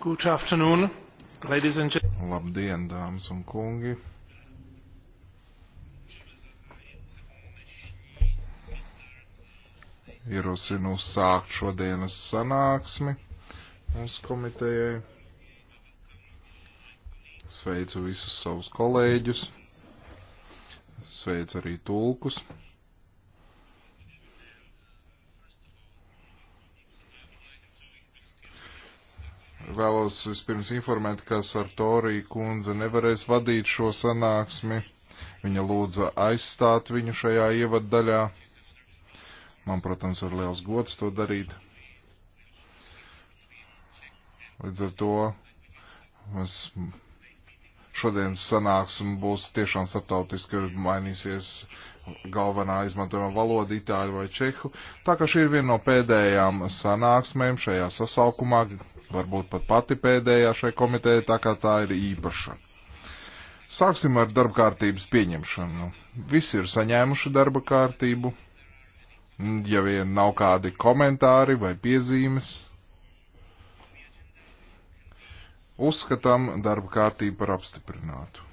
Good afternoon, ladies and gentlemen. Labdien, dāmas un kungi. Ierosinu sākt šodienas sanāksmi mūsu komitejai. Sveicu visus savus kolēģus. Sveicu arī tulkus. vēlos vispirms informēt, ka Sartori kundze nevarēs vadīt šo sanāksmi. Viņa lūdza aizstāt viņu šajā ievaddaļā. Man, protams, ir liels gods to darīt. Līdz ar to mēs šodienas sanāksme būs tiešām starptautiski, kad mainīsies galvenā izmantojama valoda itāļu vai čehu. Tā ka šī ir viena no pēdējām sanāksmēm šajā sasaukumā, varbūt pat pati pēdējā šai komitejai, tā kā tā ir īpaša. Sāksim ar darba kārtības pieņemšanu. Visi ir saņēmuši darba kārtību. Ja vien nav kādi komentāri vai piezīmes, uzskatām darba kārtību par apstiprinātu.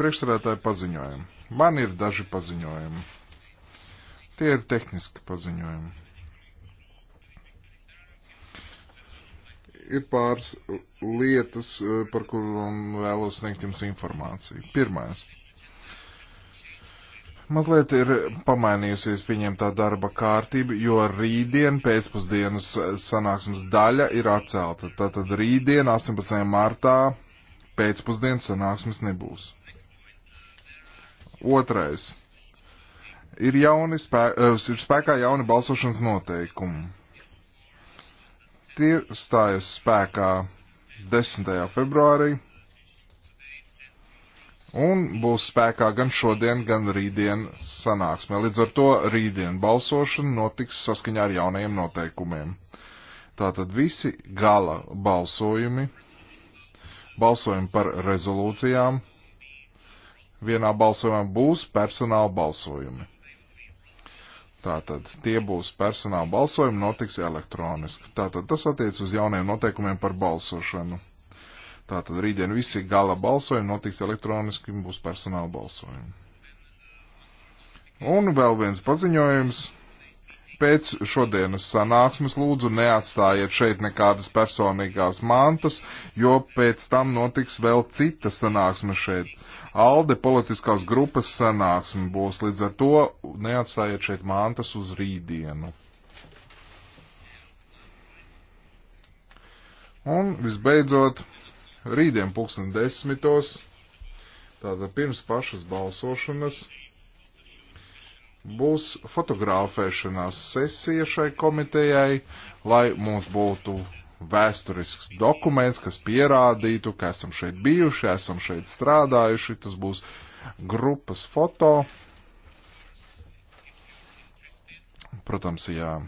Priekšsarētāji paziņojumi. Man ir daži paziņojumi. Tie ir tehniski paziņojumi. Ir pāris lietas, eh, par kurām vēlos sniegt jums informāciju. Pirmais. Mazliet ir pamainījusies pieņemtā darba kārtība, jo rītdien pēcpusdienas sanāksmes daļa ir atcelta. Tātad rītdien, 18. martā, pēcpusdienas sanāksmes nebūs. Otrais ir, jauni spē, eh, ir spēkā jauni balsošanas noteikumi. Tie stājas spēkā 10. februārī un būs spēkā gan šodien, gan rītdien sanāksmē. Līdz ar to rītdien balsošana notiks saskaņā ar jaunajiem noteikumiem. Tātad visi gala balsojumi, balsojumi par rezolūcijām, vienā balsojumā būs personāla balsojumi. Tātad tie būs personāla balsojumi, notiks elektroniski. Tātad tas attiec uz jauniem noteikumiem par balsošanu. Tātad rītdien visi gala balsojumi notiks elektroniski, būs personāla balsojumi. Un vēl viens paziņojums. Pēc šodienas sanāksmes lūdzu neatstājiet šeit nekādas personīgās mantas, jo pēc tam notiks vēl cita sanāksme šeit. Alde politiskās grupas sanāksme būs līdz ar to neatstājiet šeit mantas uz rītdienu. Un visbeidzot, rītdien pulksten desmitos, tātad pirms pašas balsošanas, būs fotografēšanās sesija šai komitejai, lai mums būtu vēsturisks dokuments, kas pierādītu, ka esam šeit bijuši, esam šeit strādājuši. Tas būs grupas foto. Protams, ja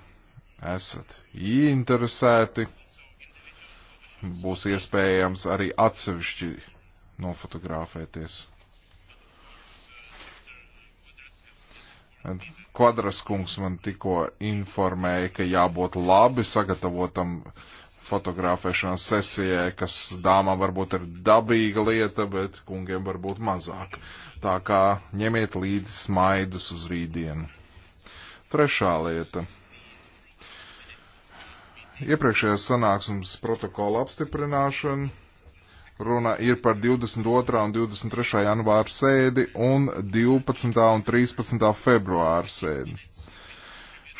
esat ieinteresēti, būs iespējams arī atsevišķi nofotografēties. Kvadras kungs man tikko informēja, ka jābūt labi sagatavotam fotografēšanas sesijai, kas dāmām varbūt ir dabīga lieta, bet kungiem varbūt mazāk. Tā kā ņemiet līdzi smaidus uz rītdienu. Trešā lieta. Iepriekšējās sanāksmes protokola apstiprināšana runa ir par 22. un 23. janvāru sēdi un 12. un 13. februāru sēdi.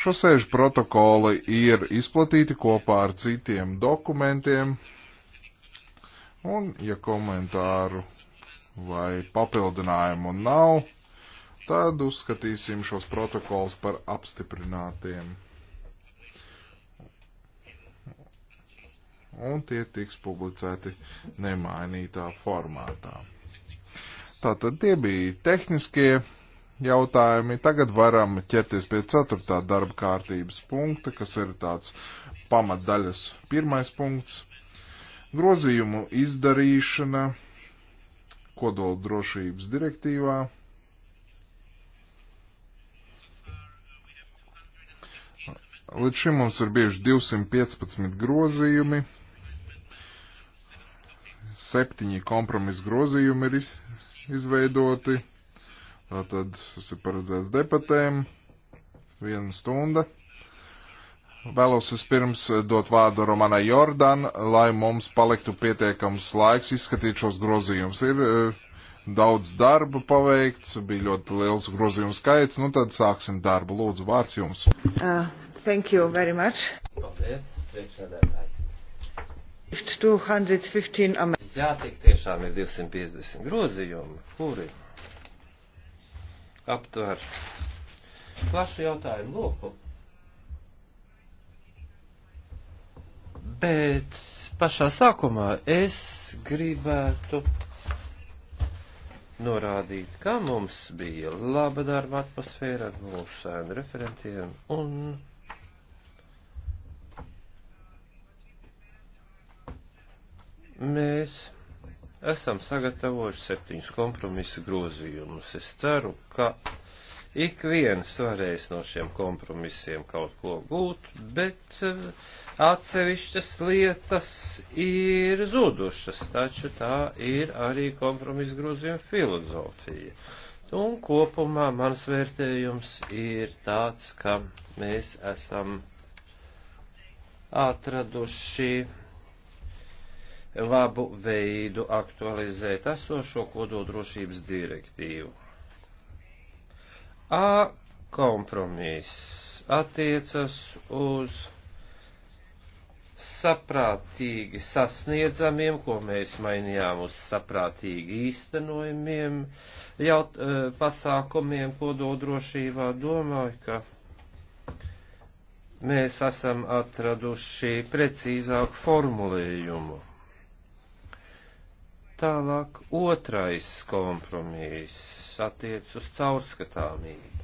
Šo sēžu protokoli ir izplatīti kopā ar citiem dokumentiem. Un, ja komentāru vai papildinājumu nav, tad uzskatīsim šos protokols par apstiprinātiem. Un tie tiks publicēti nemainītā formātā. Tātad tie bija tehniskie jautājumi. Tagad varam ķerties pie ceturtā darba kārtības punkta, kas ir tāds pamatdaļas pirmais punkts. Grozījumu izdarīšana kodola drošības direktīvā. Līdz šim mums ir bijuši 215 grozījumi, septiņi kompromisu grozījumi ir izveidoti, Tātad tas ir paredzēts debatēm. Viena stunda. Vēlos vispirms dot vārdu Romanai Jordan, lai mums paliktu pietiekams laiks izskatīt šos grozījumus. Ir eh, daudz darba paveikts, bija ļoti liels grozījumu skaits, nu tad sāksim darbu. Lūdzu, vārds jums. Uh, thank you very much. Paldies, priekšsēdētāji. 215 Jā, tik tiešām ir 250 grozījumi, kuri aptver plašu jautājumu loku. Bet pašā sākumā es gribētu norādīt, kā mums bija laba darba atmosfēra ar mūsu sēnu referentiem un mēs esam sagatavojuši septiņus kompromisu grozījumus. Es ceru, ka ik viens varēs no šiem kompromisiem kaut ko gūt, bet eh, atsevišķas lietas ir zudušas, taču tā ir arī kompromisu grozījuma filozofija. Un kopumā mans vērtējums ir tāds, ka mēs esam atraduši labu veidu aktualizēt esošo kododrošības direktīvu. A kompromiss attiecas uz saprātīgi sasniedzamiem, ko mēs mainījām uz saprātīgi īstenojumiem, jau e, pasākumiem kododrošībā domāju, ka mēs esam atraduši precīzāku formulējumu. Tālāk otrais kompromiss attiec uz caurskatāmību.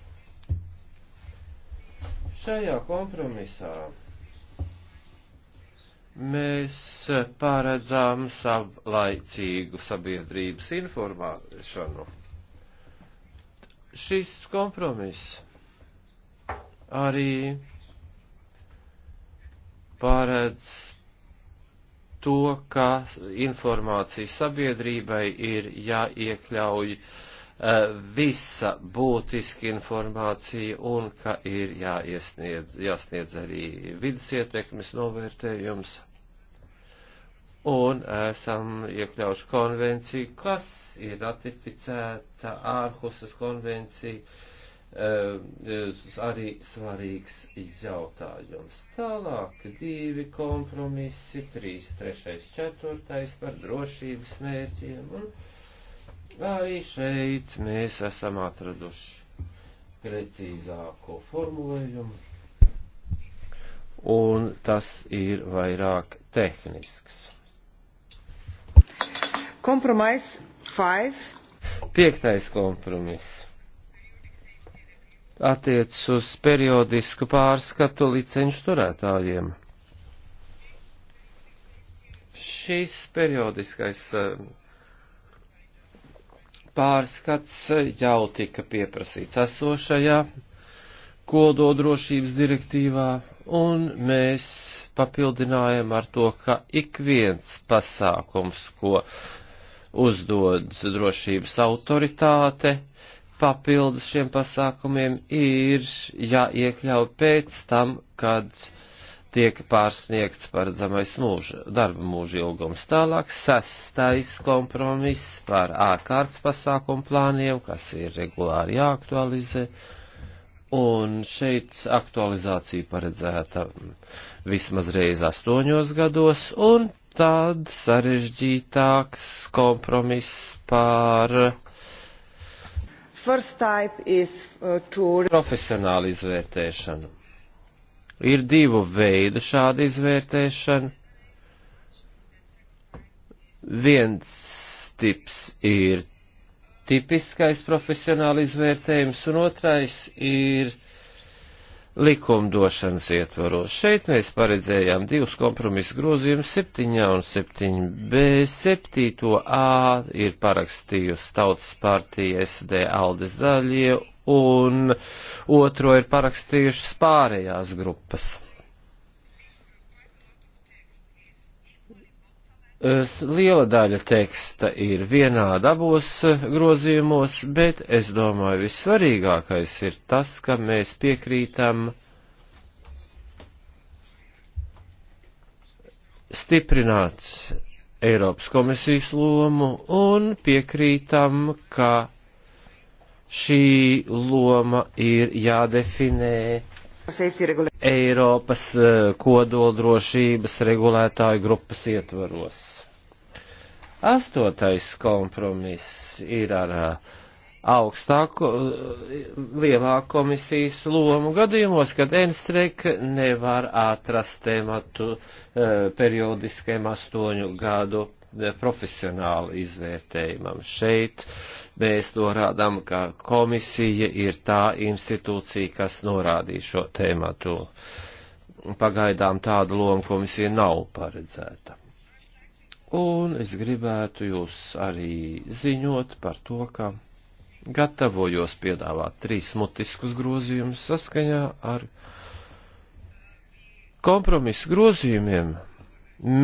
Šajā kompromisā mēs paredzām savlaicīgu sabiedrības informēšanu. Šis kompromiss arī paredz to, ka informācija sabiedrībai ir jāiekļauj eh, visa būtiska informācija un ka ir jāiesniedz, jāsniedz arī vidas ietekmes novērtējums. Un esam iekļauši konvenciju, kas ir ratificēta ārhusas konvencija Eh, eh, arī svarīgs jautājums. Tālāk divi kompromisi, trīs, trešais, ceturtais par drošības mērķiem, un arī šeit mēs esam atraduši precīzāko formulējumu, un tas ir vairāk tehnisks. Kompromiss 5. Piektais kompromiss attiec uz periodisku pārskatu licenšu turētājiem. Šis periodiskais eh, pārskats jau tika pieprasīts esošajā kododrošības direktīvā, un mēs papildinājam ar to, ka ik viens pasākums, ko uzdod drošības autoritāte, papildus šiem pasākumiem ir jāiekļauj pēc tam, kad tiek pārsniegts paredzamais mūža, darba mūža ilgums. Tālāk sastais kompromiss par ārkārtas pasākumu plāniem, kas ir regulāri jāaktualizē. Un šeit aktualizācija paredzēta vismaz reiz astoņos gados, un tad sarežģītāks kompromiss par Uh, to... Profesionāla izvērtēšana. Ir divu veidu šāda izvērtēšana. Viens tips ir tipiskais profesionāla izvērtējums, un otrais ir likumdošanas ietvaros. Šeit mēs paredzējām divus kompromisu grozījumus, 7 un 7b. 7 a ir parakstījusi Tautas partija SD Alde Zaļie un otro ir parakstījušas pārējās grupas. Liela daļa teksta ir vienāda abos eh, grozījumos, bet es domāju, vissvarīgākais ir tas, ka mēs piekrītam stiprināt Eiropas komisijas lomu un piekrītam, ka šī loma ir jādefinē Eiropas eh, kodoldrošības regulētāju grupas ietvaros. Astotais kompromiss ir ar eh, augstāku, eh, lielāku komisijas lomu gadījumos, kad Enstrek nevar atrast tematu periodiskiem astoņu gadu profesionāli izvērtējumam. Šeit Mēs norādām, ka komisija ir tā institūcija, kas norādīja šo tēmatu. Pagaidām tādu lomu komisija nav paredzēta. Un es gribētu jūs arī ziņot par to, ka gatavojos piedāvāt trīs mutiskus grozījumus saskaņā ar kompromisu grozījumiem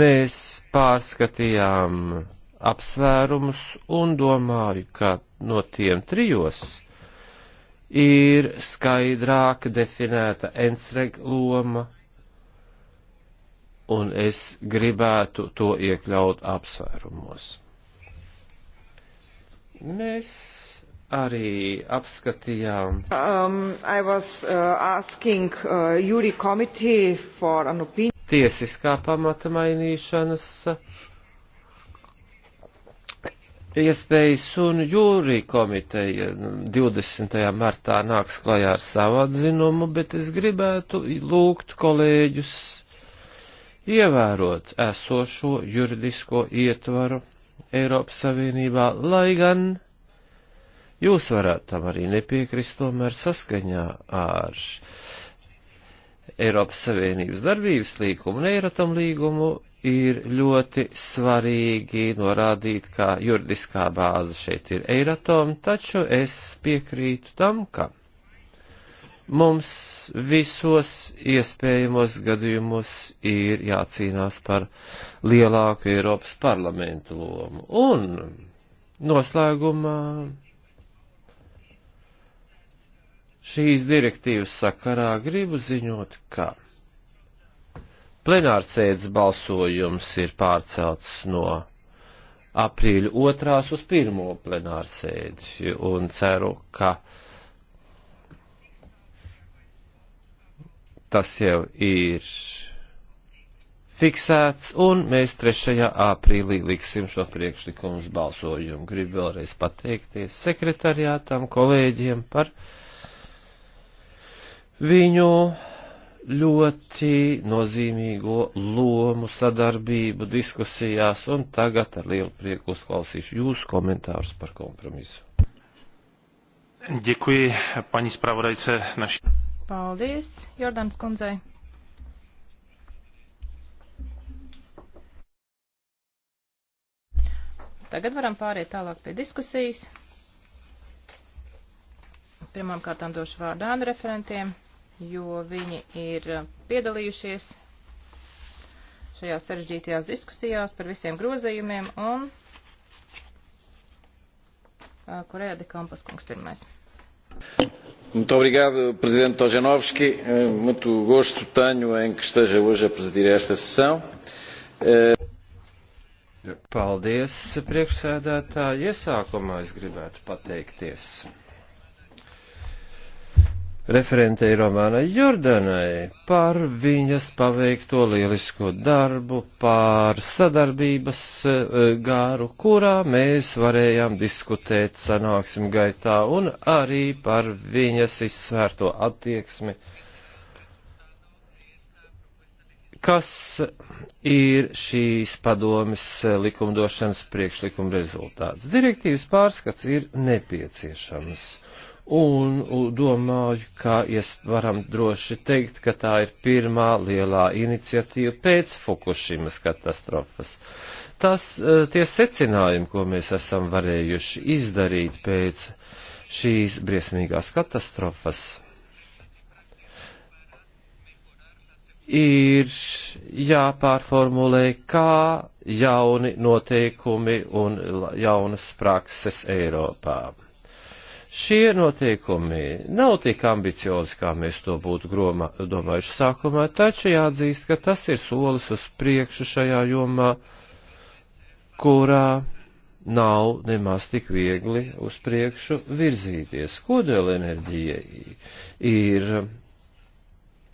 mēs pārskatījām apsvērumus un domāju, ka no tiem trijos ir skaidrāk definēta ensreg loma, un es gribētu to iekļaut apsvērumos. Mēs arī apskatījām. Um, I was uh, asking uh, Juri committee for an opinion. Tiesiskā pamata mainīšanas uh, iespējas, un jūrī komiteja 20. Nu, martā nāks klajā ar savu atzinumu, bet es gribētu lūgt kolēģus ievērot esošo juridisko ietvaru Eiropas Savienībā, lai gan jūs varētu tam arī nepiekrist tomēr saskaņā ar Eiropas Savienības darbības līgumu un Eiratam līgumu ir ļoti svarīgi norādīt, ka juridiskā bāze šeit ir Eiratom, taču es piekrītu tam, ka mums visos iespējamos gadījumos ir jācīnās par lielāku Eiropas parlamentu lomu. Un noslēgumā šīs direktīvas sakarā gribu ziņot, ka plenārsēdes balsojums ir pārcelts no aprīļa otrās uz pirmo plenārsēdi un ceru, ka tas jau ir fiksēts, un mēs 3. aprīlī liksim šo priekšlikumu uz balsojumu. Gribu vēlreiz pateikties sekretariātam, kolēģiem par viņu ļoti nozīmīgo lomu sadarbību diskusijās, un tagad ar lielu prieku uzklausīšu jūsu komentārus par kompromisu. Děkuji paní zpravodajce naší. Paldies, Jordans kundzei. Tagad varam pāriet tālāk pie diskusijas. Pirmām kārtām došu vārdu ānu referentiem jo viņi ir piedalījušies šajās sarežģītajās diskusijās par visiem grozījumiem un Koreja de Campos kungs pirmais. Muito obrigado, Presidente Tojanovski. Muito gosto tenho em que esteja hoje a presidir esta sessão. Paldies, priekšsēdētāji. Iesākumā es gribētu pateikties referentei Romānai Jordanai par viņas paveikto lielisko darbu, par sadarbības e, gāru, kurā mēs varējām diskutēt sanāksim gaitā, un arī par viņas izsvērto attieksmi, kas ir šīs padomis likumdošanas priekšlikuma rezultāts. Direktīvas pārskats ir nepieciešams un domāju, ka es varam droši teikt, ka tā ir pirmā lielā iniciatīva pēc Fukushimas katastrofas. Tas, e, tie secinājumi, ko mēs esam varējuši izdarīt pēc šīs briesmīgās katastrofas, ir jāpārformulē, kā jauni noteikumi un jaunas prakses Eiropā Šie noteikumi nav tik ambiciozi, kā mēs to būtu groma, domājuši sākumā, taču jāatzīst, ka tas ir solis uz priekšu šajā jomā, kurā nav nemaz tik viegli uz priekšu virzīties. Kodolenerģija ir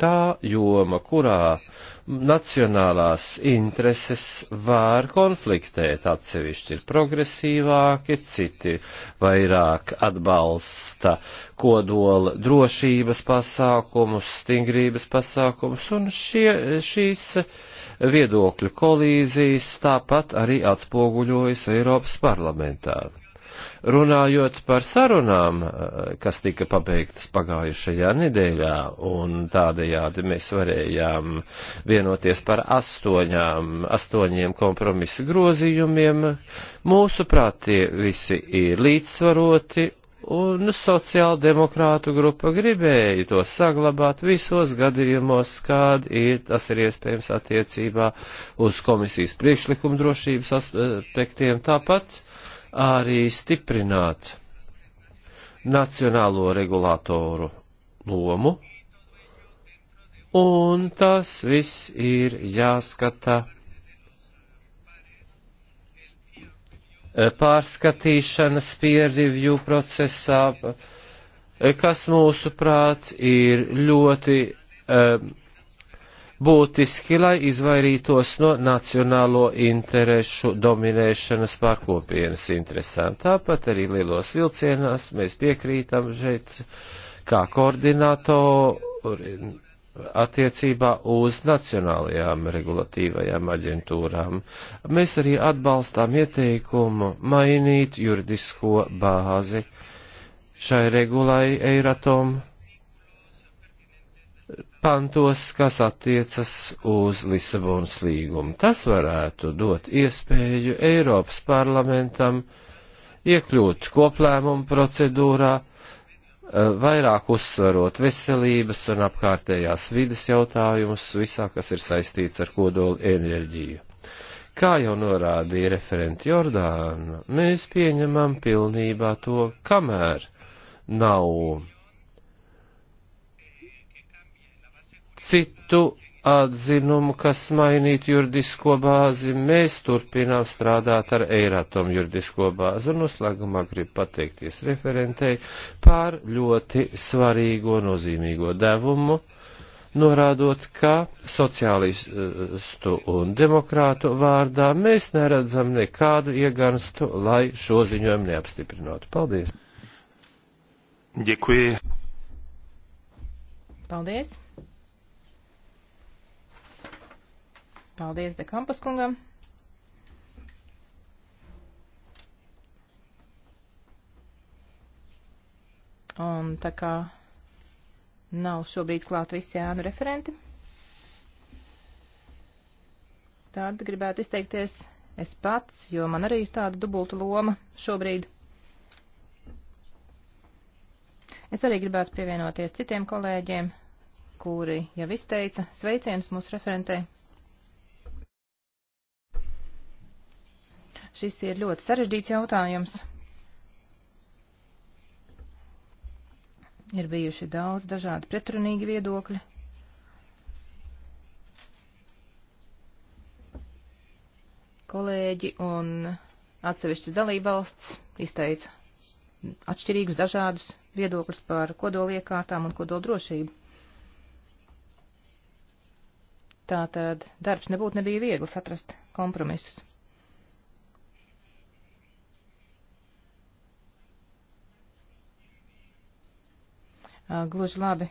tā joma, kurā nacionālās intereses var konfliktēt. Atsevišķi ir progresīvāki, citi vairāk atbalsta kodola drošības pasākumus, stingrības pasākumus, un šie, šīs viedokļu kolīzijas tāpat arī atspoguļojas Eiropas parlamentā. Runājot par sarunām, eh, kas tika pabeigtas pagājušajā nedēļā, un tādējādi mēs varējām vienoties par astoņām, astoņiem kompromisu grozījumiem, mūsuprāt tie visi ir līdzsvaroti un sociāldemokrātu grupa gribēja to saglabāt visos gadījumos, kād ir, tas ir iespējams attiecībā uz komisijas priekšlikumu drošības aspektiem. Tāpat arī stiprināt nacionālo regulātoru lomu, un tas viss ir jāskata pārskatīšanas pierrevju procesā, kas mūsuprāt ir ļoti um, būtiski, lai izvairītos no nacionālo interešu dominēšanas pārkopienas interesēm. Tāpat arī lielos vilcienās mēs piekrītam šeit kā koordinātori attiecībā uz nacionālajām regulatīvajām aģentūrām. Mēs arī atbalstām ieteikumu mainīt juridisko bāzi šai regulai Eiratom pantos, kas attiecas uz Lisabonas līgumu. Tas varētu dot iespēju Eiropas parlamentam iekļūt koplēmumu procedūrā, eh, vairāk uzsvarot veselības un apkārtējās vides jautājumus visā, kas ir saistīts ar kodolu enerģiju. Kā jau norādīja referenti Jordāna, mēs pieņemam pilnībā to, kamēr nav citu atzinumu, kas mainītu juridisko bāzi, mēs turpinām strādāt ar Eiratomu juridisko bāzi. Un noslēgumā gribu pateikties referentei pār ļoti svarīgo nozīmīgo devumu, norādot, ka sociālistu un demokrātu vārdā mēs neredzam nekādu ieganstu, lai šo ziņojumu neapstiprinātu. Paldies! Děkuji. Paldies! Paldies Dekampas kungam. Un tā kā nav šobrīd klāt visi ēnu referenti, tad gribētu izteikties es pats, jo man arī ir tāda dubulta loma šobrīd. Es arī gribētu pievienoties citiem kolēģiem, kuri jau izteica sveicienus mūsu referentei. Šis ir ļoti sarežģīts jautājums. Ir bijuši daudz dažādi pretrunīgi viedokļi. Kolēģi un atsevišķas dalībvalsts izteica atšķirīgus dažādus viedokļus par kodoliekārtām un kodoldrošību. Tātad darbs nebūtu nebija viegls atrast kompromisus. Ah, gluži labi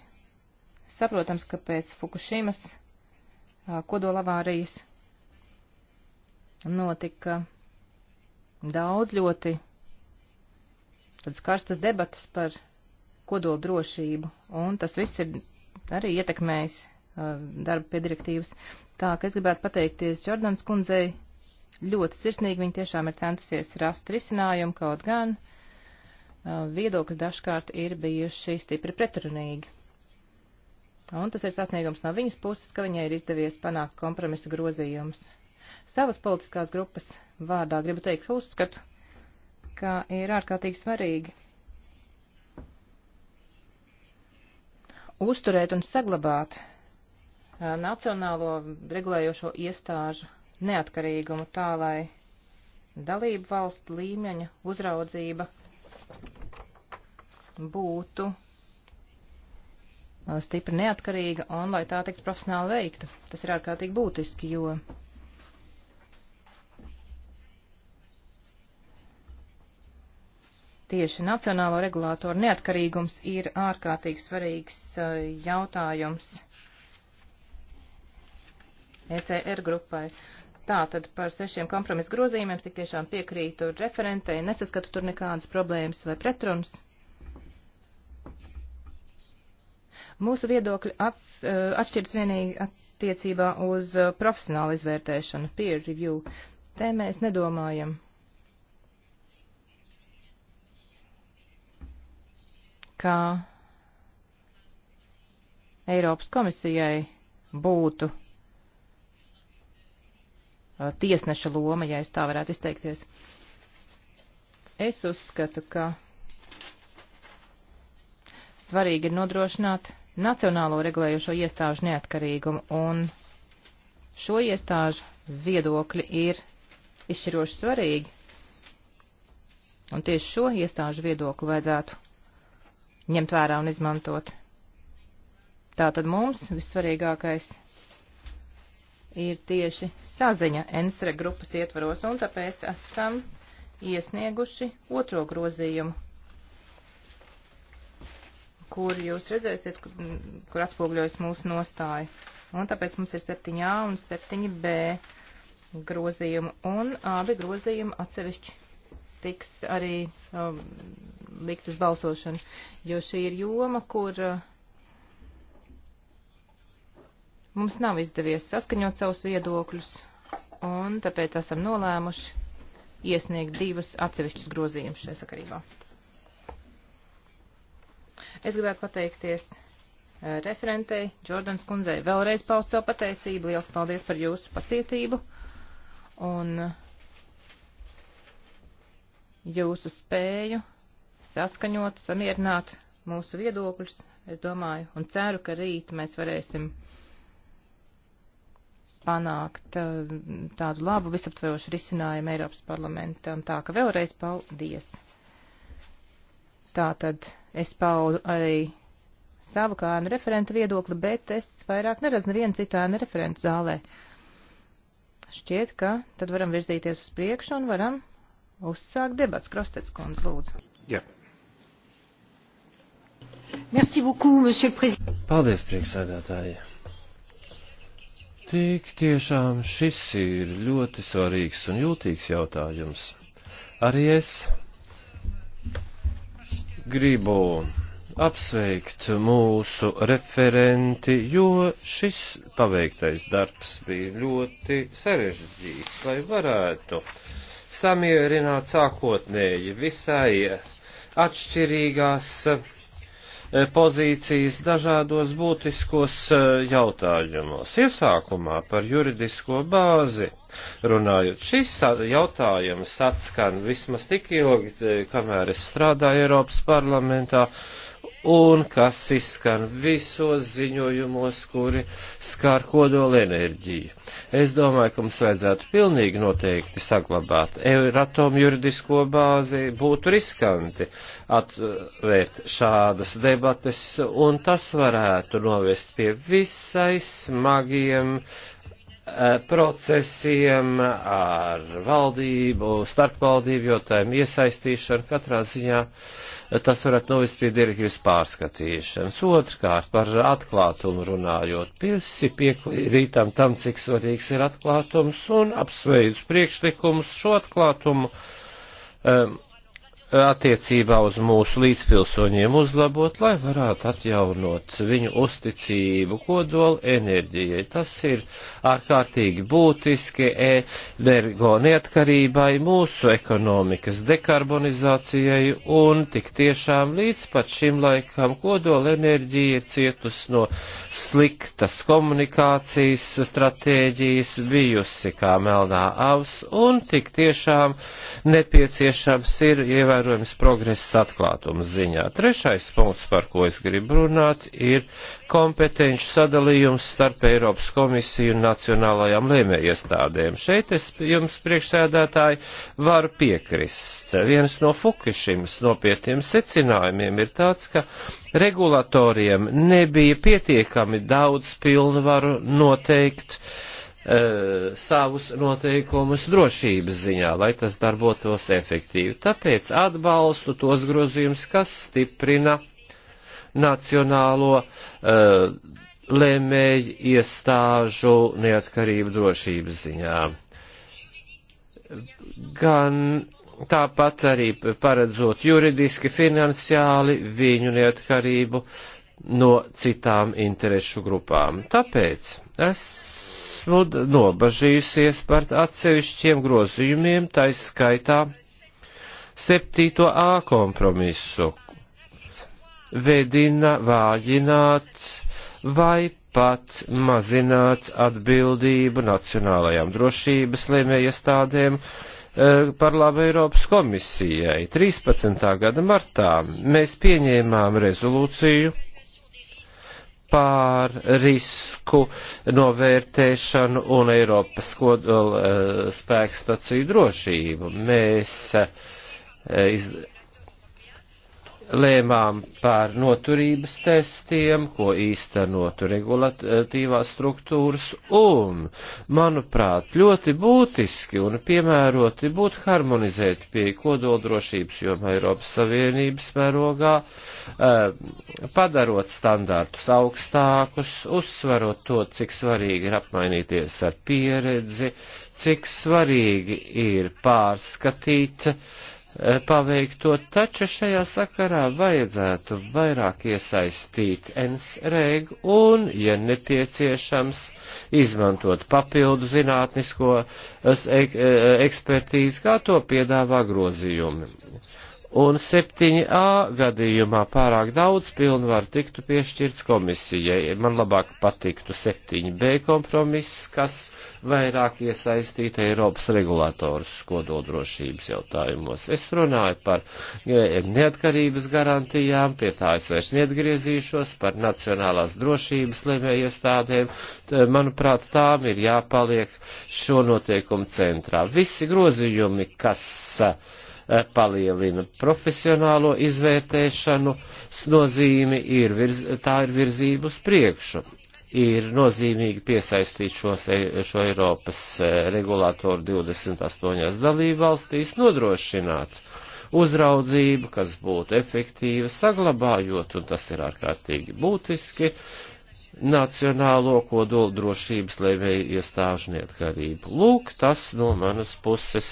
saprotams, ka pēc Fukushimas ah, kodolavārijas notika daudz ļoti tādas karstas debatas par kodolu drošību, un tas viss ir arī ietekmējis ah, darba pie direktīvas. Tā ka es gribētu pateikties Jordans kundzei ļoti sirsnīgi, viņa tiešām ir centusies rast risinājumu, kaut gan uh, Uh, viedokļi dažkārt ir bijuši stipri pretrunīgi. Un tas ir sasniegums no viņas puses, ka viņai ir izdevies panākt kompromisa grozījumus. Savas politiskās grupas vārdā gribu teikt uzskatu, ka ir ārkārtīgi svarīgi uzturēt un saglabāt uh, nacionālo regulējošo iestāžu neatkarīgumu tā, lai dalību valstu līmeņa uzraudzība būtu uh, stipri neatkarīga un lai tā tiktu profesionāli veikta. Tas ir ārkārtīgi būtiski, jo tieši nacionālo regulātoru neatkarīgums ir ārkārtīgi svarīgs uh, jautājums ECR grupai. Tātad par sešiem kompromisu grozījumiem tik tiešām piekrītu referentei, nesaskatu tur nekādas problēmas vai pretrunas. Mūsu viedokļi ats, eh, atšķiras vienīgi attiecībā uz eh, profesionālu izvērtēšanu, peer review. Te mēs nedomājam, ka Eiropas komisijai būtu Uh, tiesneša loma, ja es tā varētu izteikties. Es uzskatu, ka svarīgi ir nodrošināt nacionālo regulējošo iestāžu neatkarīgumu, un šo iestāžu viedokļi ir izšķiroši svarīgi. Un tieši šo iestāžu viedokli vajadzētu ņemt vērā un izmantot. Tātad mums vissvarīgākais ir tieši saziņa Ensre grupas ietvaros, un tāpēc esam iesnieguši otro grozījumu, kur jūs redzēsiet, kur, kur atspūgļojas mūsu nostāja. Un tāpēc mums ir 7A un 7B grozījumu, un abi grozījumi atsevišķi tiks arī um, likt uz balsošanu, jo šī ir joma, kur uh, Mums nav izdevies saskaņot savus viedokļus, un tāpēc esam nolēmuši iesniegt divas atsevišķas grozījumus šajā sakarībā. Es gribētu pateikties eh, referentei Jordans kundzei vēlreiz paust savu pateicību. Liels paldies par jūsu pacietību un eh, jūsu spēju saskaņot, samierināt mūsu viedokļus, es domāju, un ceru, ka rīt mēs varēsim uh, panākt eh, tādu labu visaptverošu risinājumu Eiropas parlamentam. Tā ka vēlreiz paldies. Tātad es paudu arī savu kā ēnu referenta viedokli, bet es vairāk neredzu nevienu citu ēnu referentu zālē. Šķiet, ka tad varam virzīties uz priekšu un varam uzsākt debats. Krostec kundze, lūdzu. Jā. Yeah. Merci beaucoup, monsieur le président. Paldies, priekšsēdētāji. Tik tiešām šis ir ļoti svarīgs un jūtīgs jautājums. Arī es gribu apsveikt mūsu referenti, jo šis paveiktais darbs bija ļoti sarežģīts, lai varētu samierināt sākotnēji visai atšķirīgās E, pozīcijas dažādos būtiskos e, jautājumos. Iesākumā par juridisko bāzi runājot. Šis jautājums atskan vismaz tik ilgi, e, kamēr es strādāju Eiropas parlamentā, un kas izskan visos ziņojumos, kuri skar kodola enerģiju. Es domāju, ka mums vajadzētu pilnīgi noteikti saglabāt Eiratomu juridisko bāzi, būtu riskanti atvērt šādas debates, un tas varētu novest pie visai smagiem uh, Eh, procesiem, ar valdību, starpvaldību jautājumu iesaistīšanu. Katrā ziņā eh, tas varētu novest pie direktīvas pārskatīšanas. Otrkārt, par atklātumu runājot, pilsi piekrītam tam, cik svarīgs ir atklātums un apsveicu priekšlikumus šo atklātumu. Um, attiecībā uz mūsu līdzpilsoņiem uzlabot, lai varētu atjaunot viņu uzticību kodola enerģijai. Tas ir ārkārtīgi būtiski energo neatkarībai, mūsu ekonomikas dekarbonizācijai un tik tiešām līdz pat šim laikam kodola enerģija ir cietus no sliktas komunikācijas stratēģijas, bijusi kā melnā avs un tik tiešām nepieciešams ir ievērot ievērojams progress atklātums ziņā. Trešais punkts, par ko es gribu runāt, ir kompetenci sadalījums starp Eiropas komisiju un nacionālajām lēmējiestādēm. Šeit es jums priekšsēdētāji varu piekrist. Viens no Fukušimas nopietniem secinājumiem ir tāds, ka regulatoriem nebija pietiekami daudz pilnvaru noteikt, uh, E, savus noteikumus drošības ziņā, lai tas darbotos efektīvi. Tāpēc atbalstu tos grozījumus, kas stiprina nacionālo uh, lēmēju iestāžu neatkarību drošības ziņā. Gan tāpat arī paredzot juridiski, finansiāli viņu neatkarību no citām interešu grupām. Tāpēc es esmu nobažījusies par atsevišķiem grozījumiem, taiskaitā 7a kompromisu. Vedina vājināt vai pat mazināt atbildību nacionālajām drošības lēmējiestādēm e, par labu Eiropas komisijai. 13. gada martā mēs pieņēmām rezolūciju par risku novērtēšanu un Eiropas kodola spēkstaciju drošību. Mēs eh, iz, lēmām par noturības testiem, ko īstenotu regulatīvās struktūras, un, manuprāt, ļoti būtiski un piemēroti būtu harmonizēt pie kodoldrošības jomā Eiropas Savienības mērogā, eh, padarot standārtus augstākus, uzsverot to, cik svarīgi ir apmainīties ar pieredzi, cik svarīgi ir pārskatīt, uh, Eh, paveikto, taču šajā sakarā vajadzētu vairāk iesaistīt NSREG un, ja nepieciešams, izmantot papildu zinātnisko eh, eh, ekspertīzi, kā to piedāvā grozījumi un 7a gadījumā pārāk daudz pilnvaru tiktu piešķirts komisijai. Man labāk patiktu 7b kompromiss, kas vairāk iesaistīta Eiropas regulātors kodoldrošības jautājumos. Es runāju par neatkarības garantijām, pie tā es vairs neatgriezīšos, par nacionālās drošības lemēju iestādēm. Manuprāt, tām ir jāpaliek šo noteikumu centrā. Visi grozījumi, kas Eh, palielina. Profesionālo izvērtēšanu nozīmi ir, virz, tā ir virzība uz priekšu. Ir nozīmīgi piesaistīt šos, e, šo Eiropas eh, regulātoru 28 dalībvalstīs, nodrošināt uzraudzību, kas būtu efektīva, saglabājot, un tas ir ārkārtīgi būtiski, nacionālo kodolu drošības lēmēju iestāžu neatkarību. Lūk, tas no manas puses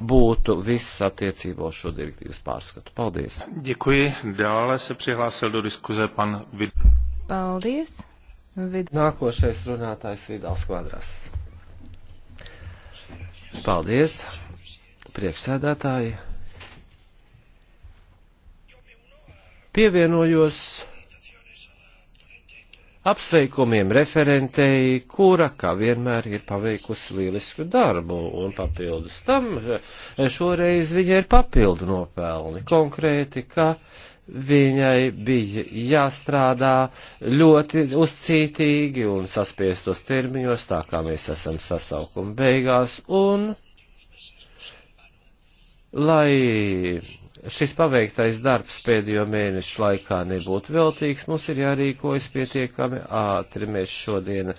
būtu viss attiecībā uz šo direktīvas pārskatu. Paldies! Děkuji. Dále se přihlásil do diskuze pan Vid. Paldies! Vid... Nākošais runātājs Vidāls Kvadrās. Paldies! Priekšsēdētāji! Pievienojos apsveikumiem referentei, kura, kā vienmēr, ir paveikusi lielisku darbu, un papildus tam eh, šoreiz viņai ir papildu nopelni. Konkrēti, ka viņai bija jāstrādā ļoti uzcītīgi un saspiestos termiņos, tā kā mēs esam sasaukuma beigās, un lai šis paveiktais darbs pēdējo mēnešu laikā nebūtu veltīgs, mums ir jārīkojas pietiekami ātri. Mēs šodien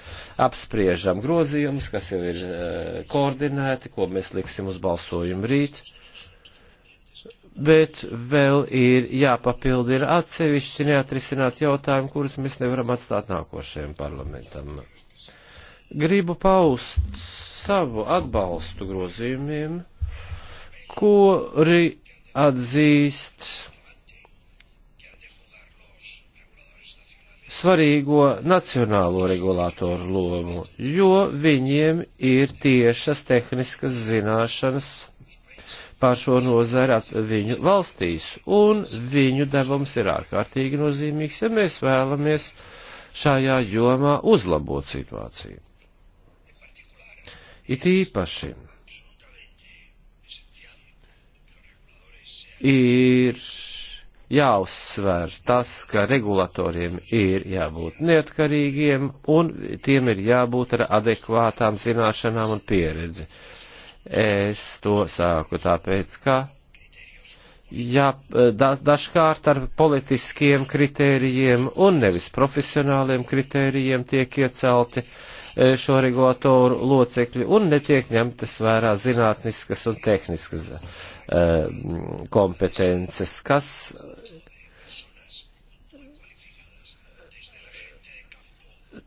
apspriežam grozījumus, kas jau ir e, koordinēti, ko mēs liksim uz balsojumu rīt. Bet vēl ir jāpapildi ir atsevišķi neatrisināt jautājumi, kurus mēs nevaram atstāt nākošajam parlamentam. Gribu paust savu atbalstu grozījumiem, kuri atzīst svarīgo nacionālo regulātoru lomu, jo viņiem ir tiešas tehniskas zināšanas pār šo nozari viņu valstīs, un viņu devums ir ārkārtīgi nozīmīgs, ja mēs vēlamies šajā jomā uzlabot situāciju. It īpaši ir jāuzsver tas, ka regulatoriem ir jābūt neatkarīgiem un tiem ir jābūt ar adekvātām zināšanām un pieredzi. Es to sāku tāpēc, ka jā, da, dažkārt ar politiskiem kritērijiem un nevis profesionāliem kritērijiem tiek iecelti e, šo regulatoru locekļi un netiek ņemtas vērā zinātniskas un tehniskas Eh, kompetences, kas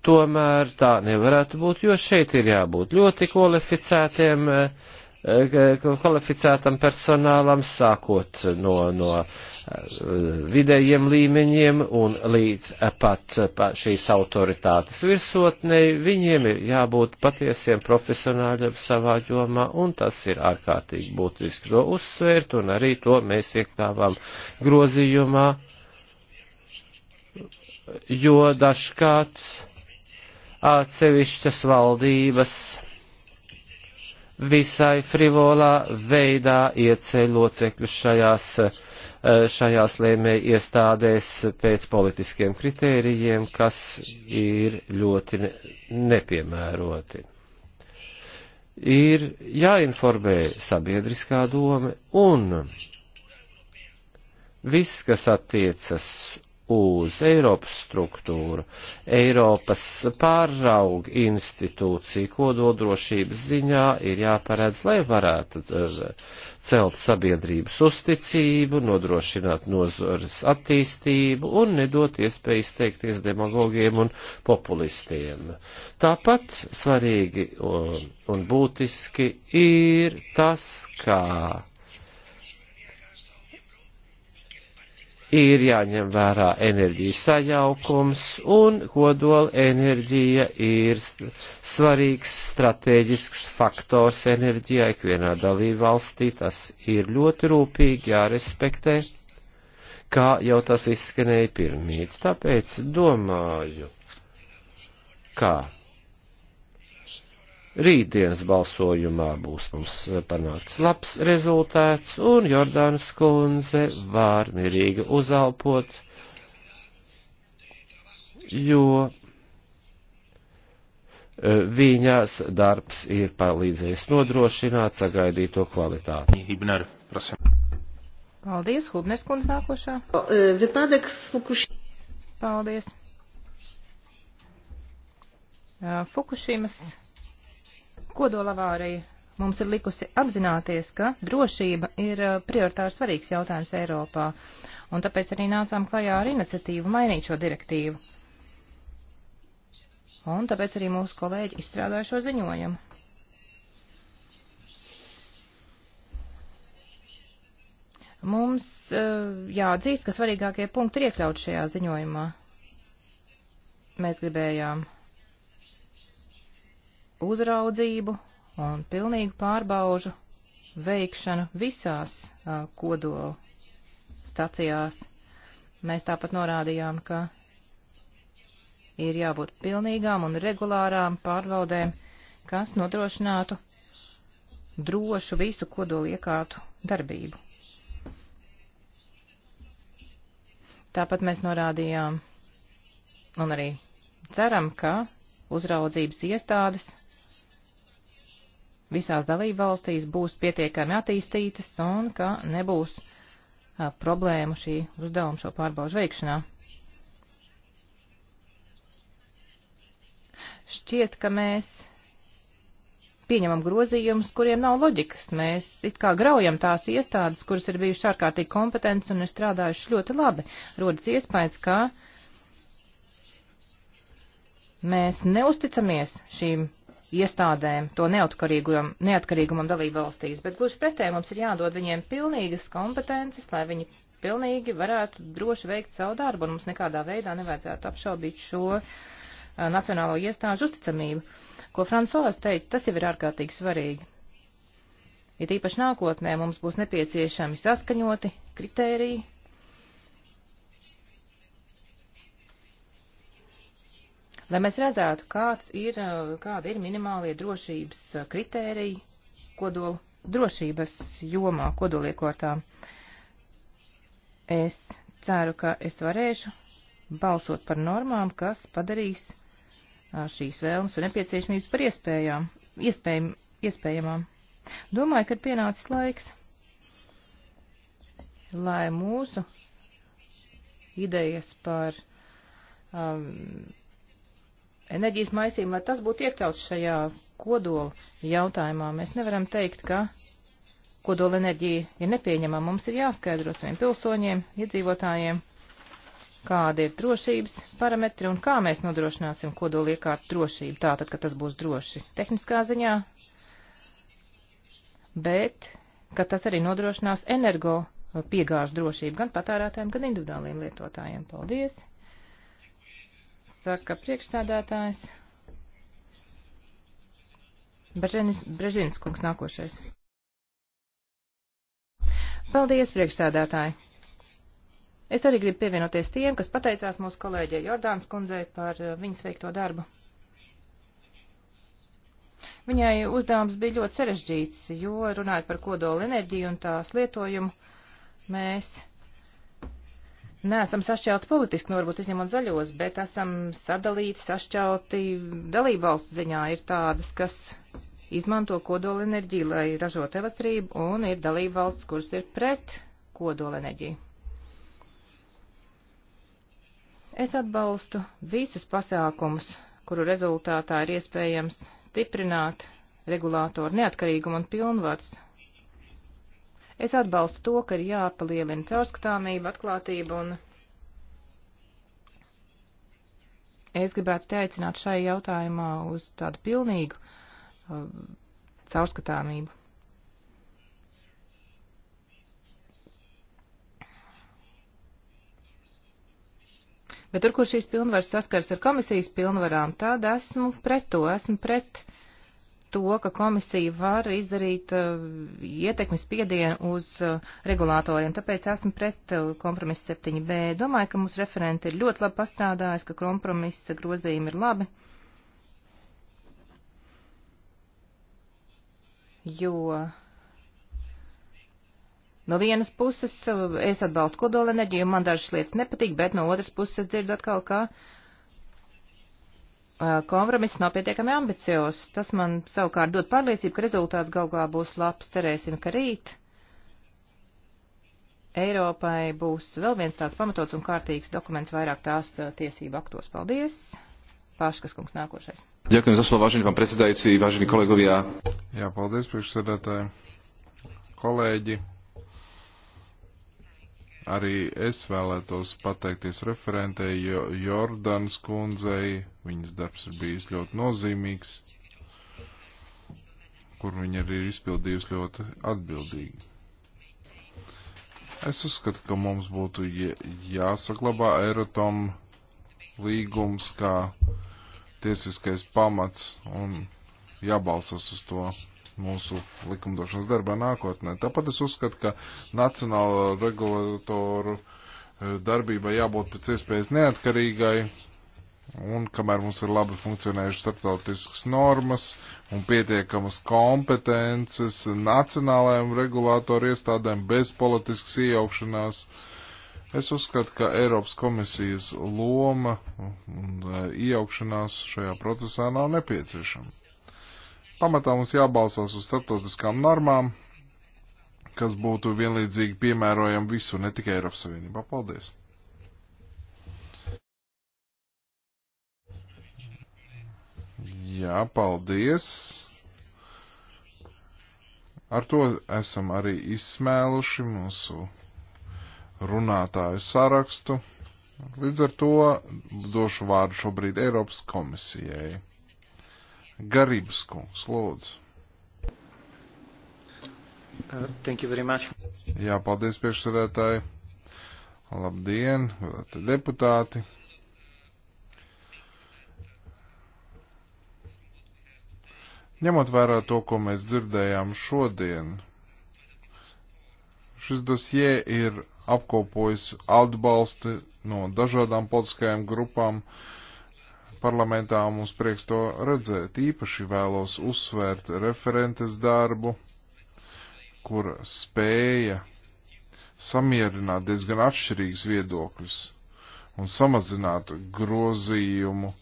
tomēr tā nevarētu būt, jo šeit ir jābūt ļoti kvalificētiem uh, kvalificētam personālam, sākot no, no eh, vidējiem līmeņiem un līdz eh, pat, pat šīs autoritātes virsotnei, viņiem ir jābūt patiesiem profesionāļiem savā jomā, un tas ir ārkārtīgi būtiski to uzsvērt, un arī to mēs iekļāvām grozījumā, jo dažkārt atsevišķas valdības visai frivolā veidā ieceļ locekļus šajās, eh, šajās lēmē iestādēs pēc politiskiem kritērijiem, kas ir ļoti nepiemēroti. Ir jāinformē sabiedriskā doma un viss, kas attiecas uz Eiropas struktūru, Eiropas pārauga institūciju kododrošības ziņā ir jāparedz, lai varētu eh, celt sabiedrības uzticību, nodrošināt nozares attīstību un nedot iespēju izteikties demagogiem un populistiem. Tāpat svarīgi un, un būtiski ir tas, kā ir jāņem vērā enerģijas sajaukums, un kodola enerģija ir svarīgs strateģisks faktors enerģijā ikvienā dalībvalstī. Tas ir ļoti rūpīgi jārespektē, kā jau tas izskanēja pirmīts. Tāpēc domāju, kā Rītdienas balsojumā būs mums panākts labs rezultāts, un Jordānas kundze var mierīgi uzelpot, jo e, viņās darbs ir palīdzējis nodrošināt sagaidīto kvalitāti. Hibner, prasam. Paldies, Hubners kundze nākošā. E, Vypadek Fukuš... Paldies. E, Fukušīmas Kodolavārija mums ir likusi apzināties, ka drošība ir eh, prioritārs svarīgs jautājums Eiropā, un tāpēc arī nācām klajā ar iniciatīvu mainīt šo direktīvu. Un tāpēc arī mūsu kolēģi izstrādāja šo ziņojumu. Mums eh, jāatzīst, ka svarīgākie punkti ir iekļauti šajā ziņojumā. Mēs gribējām uh, uzraudzību un pilnīgu pārbaužu veikšanu visās uh, kodola stacijās. Mēs tāpat norādījām, ka ir jābūt pilnīgām un regulārām pārbaudēm, kas nodrošinātu drošu visu kodoli iekārtu darbību. Tāpat mēs norādījām un arī ceram, ka uzraudzības iestādes visās dalību valstīs būs pietiekami attīstītas un ka nebūs problēmu šī uzdevuma šo pārbaužu veikšanā. Šķiet, ka mēs pieņemam grozījumus, kuriem nav loģikas. Mēs it kā graujam tās iestādes, kuras ir bijušas ārkārtīgi kompetentas un ir strādājušas ļoti labi. Rodas iespējas, ka mēs neusticamies šīm iestādēm, to neatkarīgumam, neatkarīgumam dalību valstīs, bet gluži pretēji mums ir jādod viņiem pilnīgas kompetences, lai viņi pilnīgi varētu droši veikt savu darbu, un mums nekādā veidā nevajadzētu apšaubīt šo uh, nacionālo iestāžu uzticamību. Ko Francovas teica, tas jau ir ārkārtīgi svarīgi. Ir ja īpaši nākotnē mums būs nepieciešami saskaņoti kritēriji, lai mēs redzētu, kāds ir, kāda ir minimālie drošības kritēriji kodolu drošības jomā, kodoliekortā. Es ceru, ka es varēšu balsot par normām, kas padarīs šīs vēlmes un nepieciešamības par iespējām, iespējam, iespējamām. Domāju, ka ir pienācis laiks, lai mūsu idejas par um, enerģijas maisījumu, lai tas būtu iekļauts šajā kodola jautājumā. Mēs nevaram teikt, ka kodola enerģija ir nepieņemama. Mums ir jāskaidro saviem pilsoņiem, iedzīvotājiem, kādi ir drošības parametri un kā mēs nodrošināsim kodola iekārtu drošību, tātad, ka tas būs droši tehniskā ziņā, bet ka tas arī nodrošinās energo piegāžu drošību gan patērētājiem, gan individuāliem lietotājiem. Paldies! saka priekšsēdētājs. Brežīnas kungs nākošais. Paldies, priekšsēdētāji! Es arī gribu pievienoties tiem, kas pateicās mūsu kolēģei Jordānas kundzei par uh, viņas veikto darbu. Viņai uzdevums bija ļoti sarežģīts, jo runājot par kodola enerģiju un tās lietojumu, mēs neesam sašķelti politiski, nu varbūt izņemot zaļos, bet esam sadalīti, sašķelti dalībvalstu ziņā. Ir tādas, kas izmanto kodola enerģiju, lai ražotu elektrību, un ir dalībvalsts, kuras ir pret kodola enerģiju. Es atbalstu visus pasākumus, kuru rezultātā ir iespējams stiprināt regulātoru neatkarīgumu un pilnvars Es atbalstu to, ka ir jāpalielina caurskatāmība, atklātība un es gribētu teicināt šai jautājumā uz tādu pilnīgu uh, caurskatāmību. Bet tur, kur šīs pilnvaras saskars ar komisijas pilnvarām, tad esmu pret to, esmu pret to, ka komisija var izdarīt uh, ietekmes piedienu uz uh, regulātoriem, tāpēc esmu pret uh, kompromisu 7b. Domāju, ka mūsu referenti ir ļoti labi pastrādājis, ka kompromisa grozījumi ir labi, jo no vienas puses uh, es atbalstu kodolenerģiju, man dažas lietas nepatīk, bet no otras puses es dzirdu atkal, ka uh, Uh, kompromiss nav pietiekami ambiciozs. Tas man savukārt dod pārliecību, ka rezultāts galvā būs labs. Cerēsim, ka rīt Eiropai būs vēl viens tāds pamatots un kārtīgs dokuments vairāk tās uh, tiesību aktos. Paldies! Paškas kungs nākošais. Ďakujem za slovo, vážený pán predsedajúci, vážení kolegovia. Jā, paldies, priekšsēdētāji. Kolēģi, Arī es vēlētos pateikties referentei Jordānas kundzei. Viņas darbs ir bijis ļoti nozīmīgs, kur viņa arī ir izpildījusi ļoti atbildīgi. Es uzskatu, ka mums būtu jāsaglabā Eirotom līgums kā tiesiskais pamats un jābalsas uz to mūsu likumdošanas darbā nākotnē. Tāpat es uzskatu, ka nacionālo regulatoru e, darbībai jābūt pēc iespējas neatkarīgai, un kamēr mums ir labi funkcionējušas starptautiskas normas un pietiekamas kompetences nacionālajiem regulātoru iestādēm bez politiskas iejaukšanās, Es uzskatu, ka Eiropas komisijas loma un e, iejaukšanās šajā procesā nav nepieciešama. Pamatā mums jābalsās uz starptautiskām normām, kas būtu vienlīdzīgi piemērojami visu, ne tikai Eiropas Savienībā. Paldies! Jā, paldies! Ar to esam arī izsmēluši mūsu runātāju sarakstu. Līdz ar to došu vārdu šobrīd Eiropas komisijai. Garības kungs, lūdzu. Uh, thank you very much. Jā, paldies priekšsarētāji. Labdien, deputāti. Ņemot vērā to, ko mēs dzirdējām šodien, šis dosie ir apkopojis atbalsti no dažādām politiskajām grupām. Uh, parlamentā, un mums prieks to redzēt. Īpaši vēlos uzsvērt referentes darbu, kur spēja samierināt diezgan atšķirīgus viedokļus un samazināt grozījumu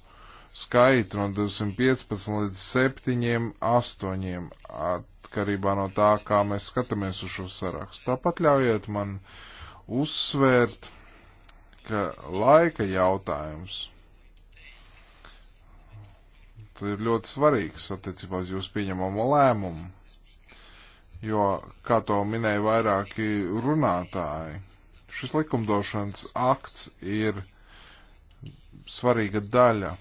skaitu no 215 līdz 7, 8 atkarībā no tā, kā mēs skatāmies uz šo sarakstu. Tāpat ļaujiet man uzsvērt, ka laika jautājums ir ļoti svarīgs attiecībā uz jūsu pieņemamo lēmumu. Jo, kā to minēja vairāki runātāji, šis likumdošanas akts ir svarīga daļa,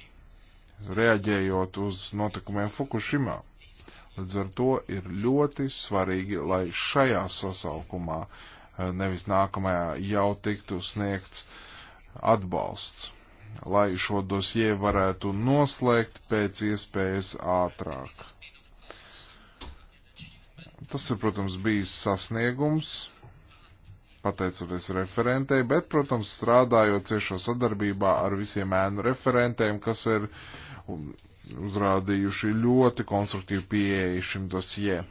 reaģējot uz notikumiem Fukushimā. Līdz ar to ir ļoti svarīgi, lai šajā sasaukumā, eh, nevis nākamajā, jau tiktu sniegts atbalsts lai šo dosie varētu noslēgt pēc iespējas ātrāk. Tas ir, protams, bijis sasniegums, pateicoties referentei, bet, protams, strādājot ciešo sadarbībā ar visiem ēnu referentiem, kas ir uzrādījuši ļoti konstruktīvu pieeju šim dosijē.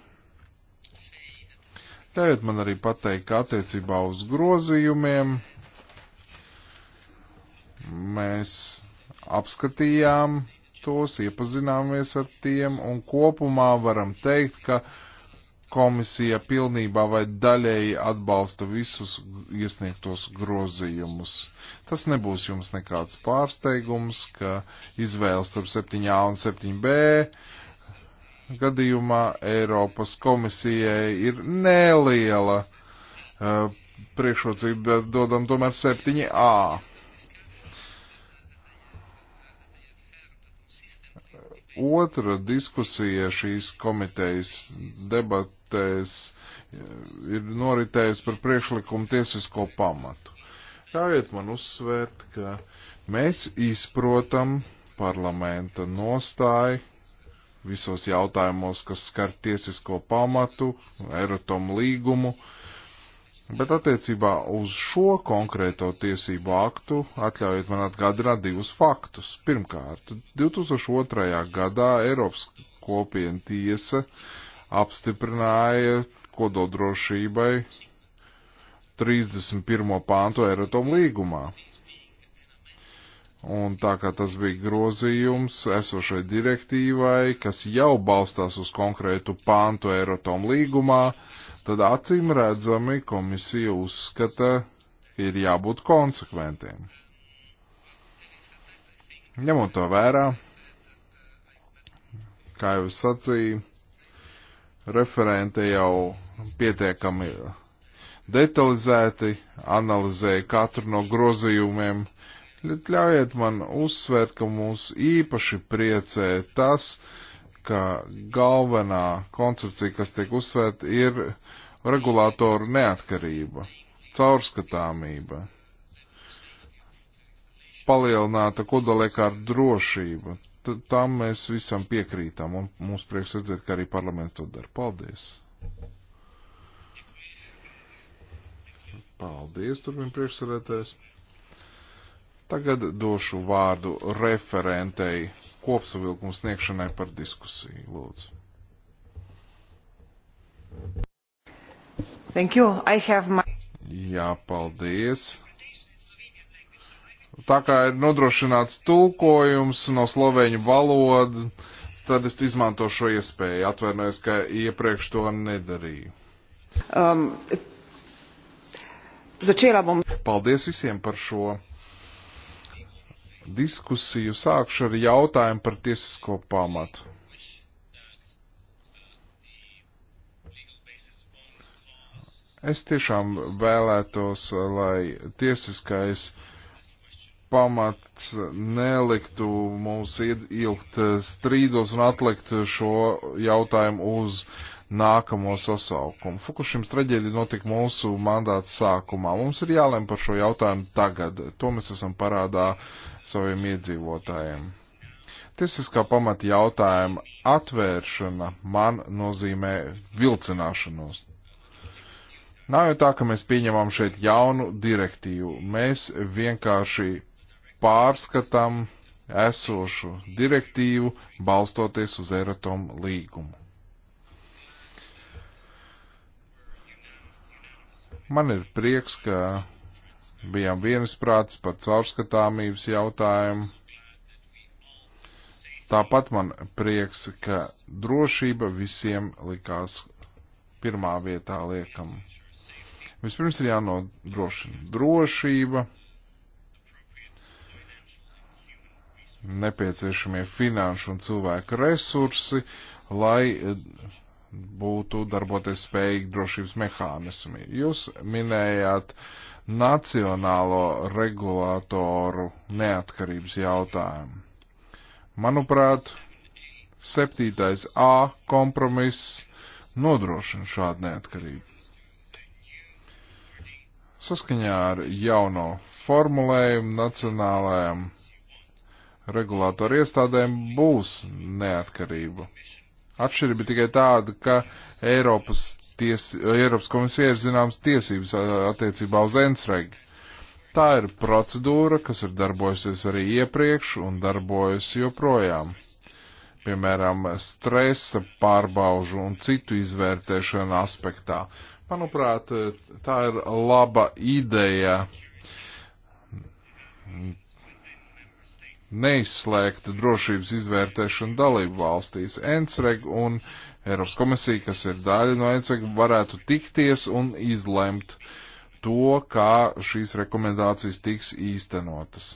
Tagad man arī pateikt, ka attiecībā uz grozījumiem Mēs apskatījām tos, iepazināmies ar tiem un kopumā varam teikt, ka komisija pilnībā vai daļēji atbalsta visus iesniegtos grozījumus. Tas nebūs jums nekāds pārsteigums, ka izvēles starp 7A un 7B gadījumā Eiropas komisijai ir neliela uh, priekšrocība, dodam tomēr 7A. otra diskusija šīs komitejas debatēs e, ir noritējusi par priekšlikumu tiesisko pamatu. Ļaujiet man uzsvērt, ka mēs izprotam parlamenta nostāju visos jautājumos, kas skar tiesisko pamatu, Eiratom līgumu, uh, Bet attiecībā uz šo konkrēto tiesību aktu atļaujiet man atgādināt divus faktus. Pirmkārt, 2002. gadā Eiropas kopiena tiesa apstiprināja kododrošībai 31. pāntu Eiratom līgumā. Un tā kā tas bija grozījums esošai direktīvai, kas jau balstās uz konkrētu pāntu Eirotom līgumā, tad acīm redzami komisija uzskata, ka ir jābūt konsekventiem. Ņemot to vērā, kā jau es sacīju, referente jau pietiekami detalizēti analizēja katru no grozījumiem Ļaujiet man uzsvērt, ka mūs īpaši priecē tas, ka galvenā koncepcija, kas tiek uzsvērta, ir regulātoru neatkarība, caurskatāmība, palielināta kodoliekārta drošība. T tam mēs visam piekrītam, un mums prieks redzēt, ka arī parlaments to dara. Paldies! Paldies, turpin priekšsēdētājs! Tagad došu vārdu referentei kopsavilkumu sniegšanai par diskusiju. Lūdzu. Thank you. I have my... Jā, paldies. Tā kā ir nodrošināts tulkojums no sloveņu valodas, tad es izmantošu šo iespēju. Atvainojos, ka iepriekš to nedarīju. Um, Paldies visiem par šo Diskusiju sākšu ar jautājumu par tiesisko pamatu. Es tiešām vēlētos, lai tiesiskais pamats neliktu mums ilgt strīdos un atlikt šo jautājumu uz uh, nākamo sasaukumu. Fukušims traģēdija notika mūsu mandāta sākumā. Mums ir jālem par šo jautājumu tagad. To mēs esam parādā saviem iedzīvotājiem. Tiesiskā pamata jautājuma atvēršana man nozīmē vilcināšanos. Nav jau tā, ka mēs pieņemam šeit jaunu direktīvu. Mēs vienkārši pārskatām esošu direktīvu, balstoties uz Eiratom līgumu. Man ir prieks, ka bijām vienisprāts par caurskatāmības jautājumu. Tāpat man prieks, ka drošība visiem likās pirmā vietā liekam. Vispirms ir jānodrošina drošība, nepieciešamie finanšu un cilvēku resursi, lai būtu darboties spējīgi drošības mehānismi. Jūs minējāt nacionālo regulātoru neatkarības jautājumu. Manuprāt, septītais A kompromiss nodrošina šādu neatkarību. Saskaņā ar jauno formulējumu nacionālajām regulātoru iestādēm būs neatkarība Atšķirība tikai tāda, ka Eiropas, ties, Eiropas komisija ir zināmas tiesības attiecībā uz Ensregi. Tā ir procedūra, kas ir darbojusies arī iepriekš un darbojas joprojām. Piemēram, stresa pārbaužu un citu izvērtēšanu aspektā. Manuprāt, tā ir laba ideja neizslēgtu drošības izvērtēšanu dalību valstīs. ENSREG un Eiropas komisija, kas ir daļa no ENSREG, varētu tikties un izlemt to, kā šīs rekomendācijas tiks īstenotas.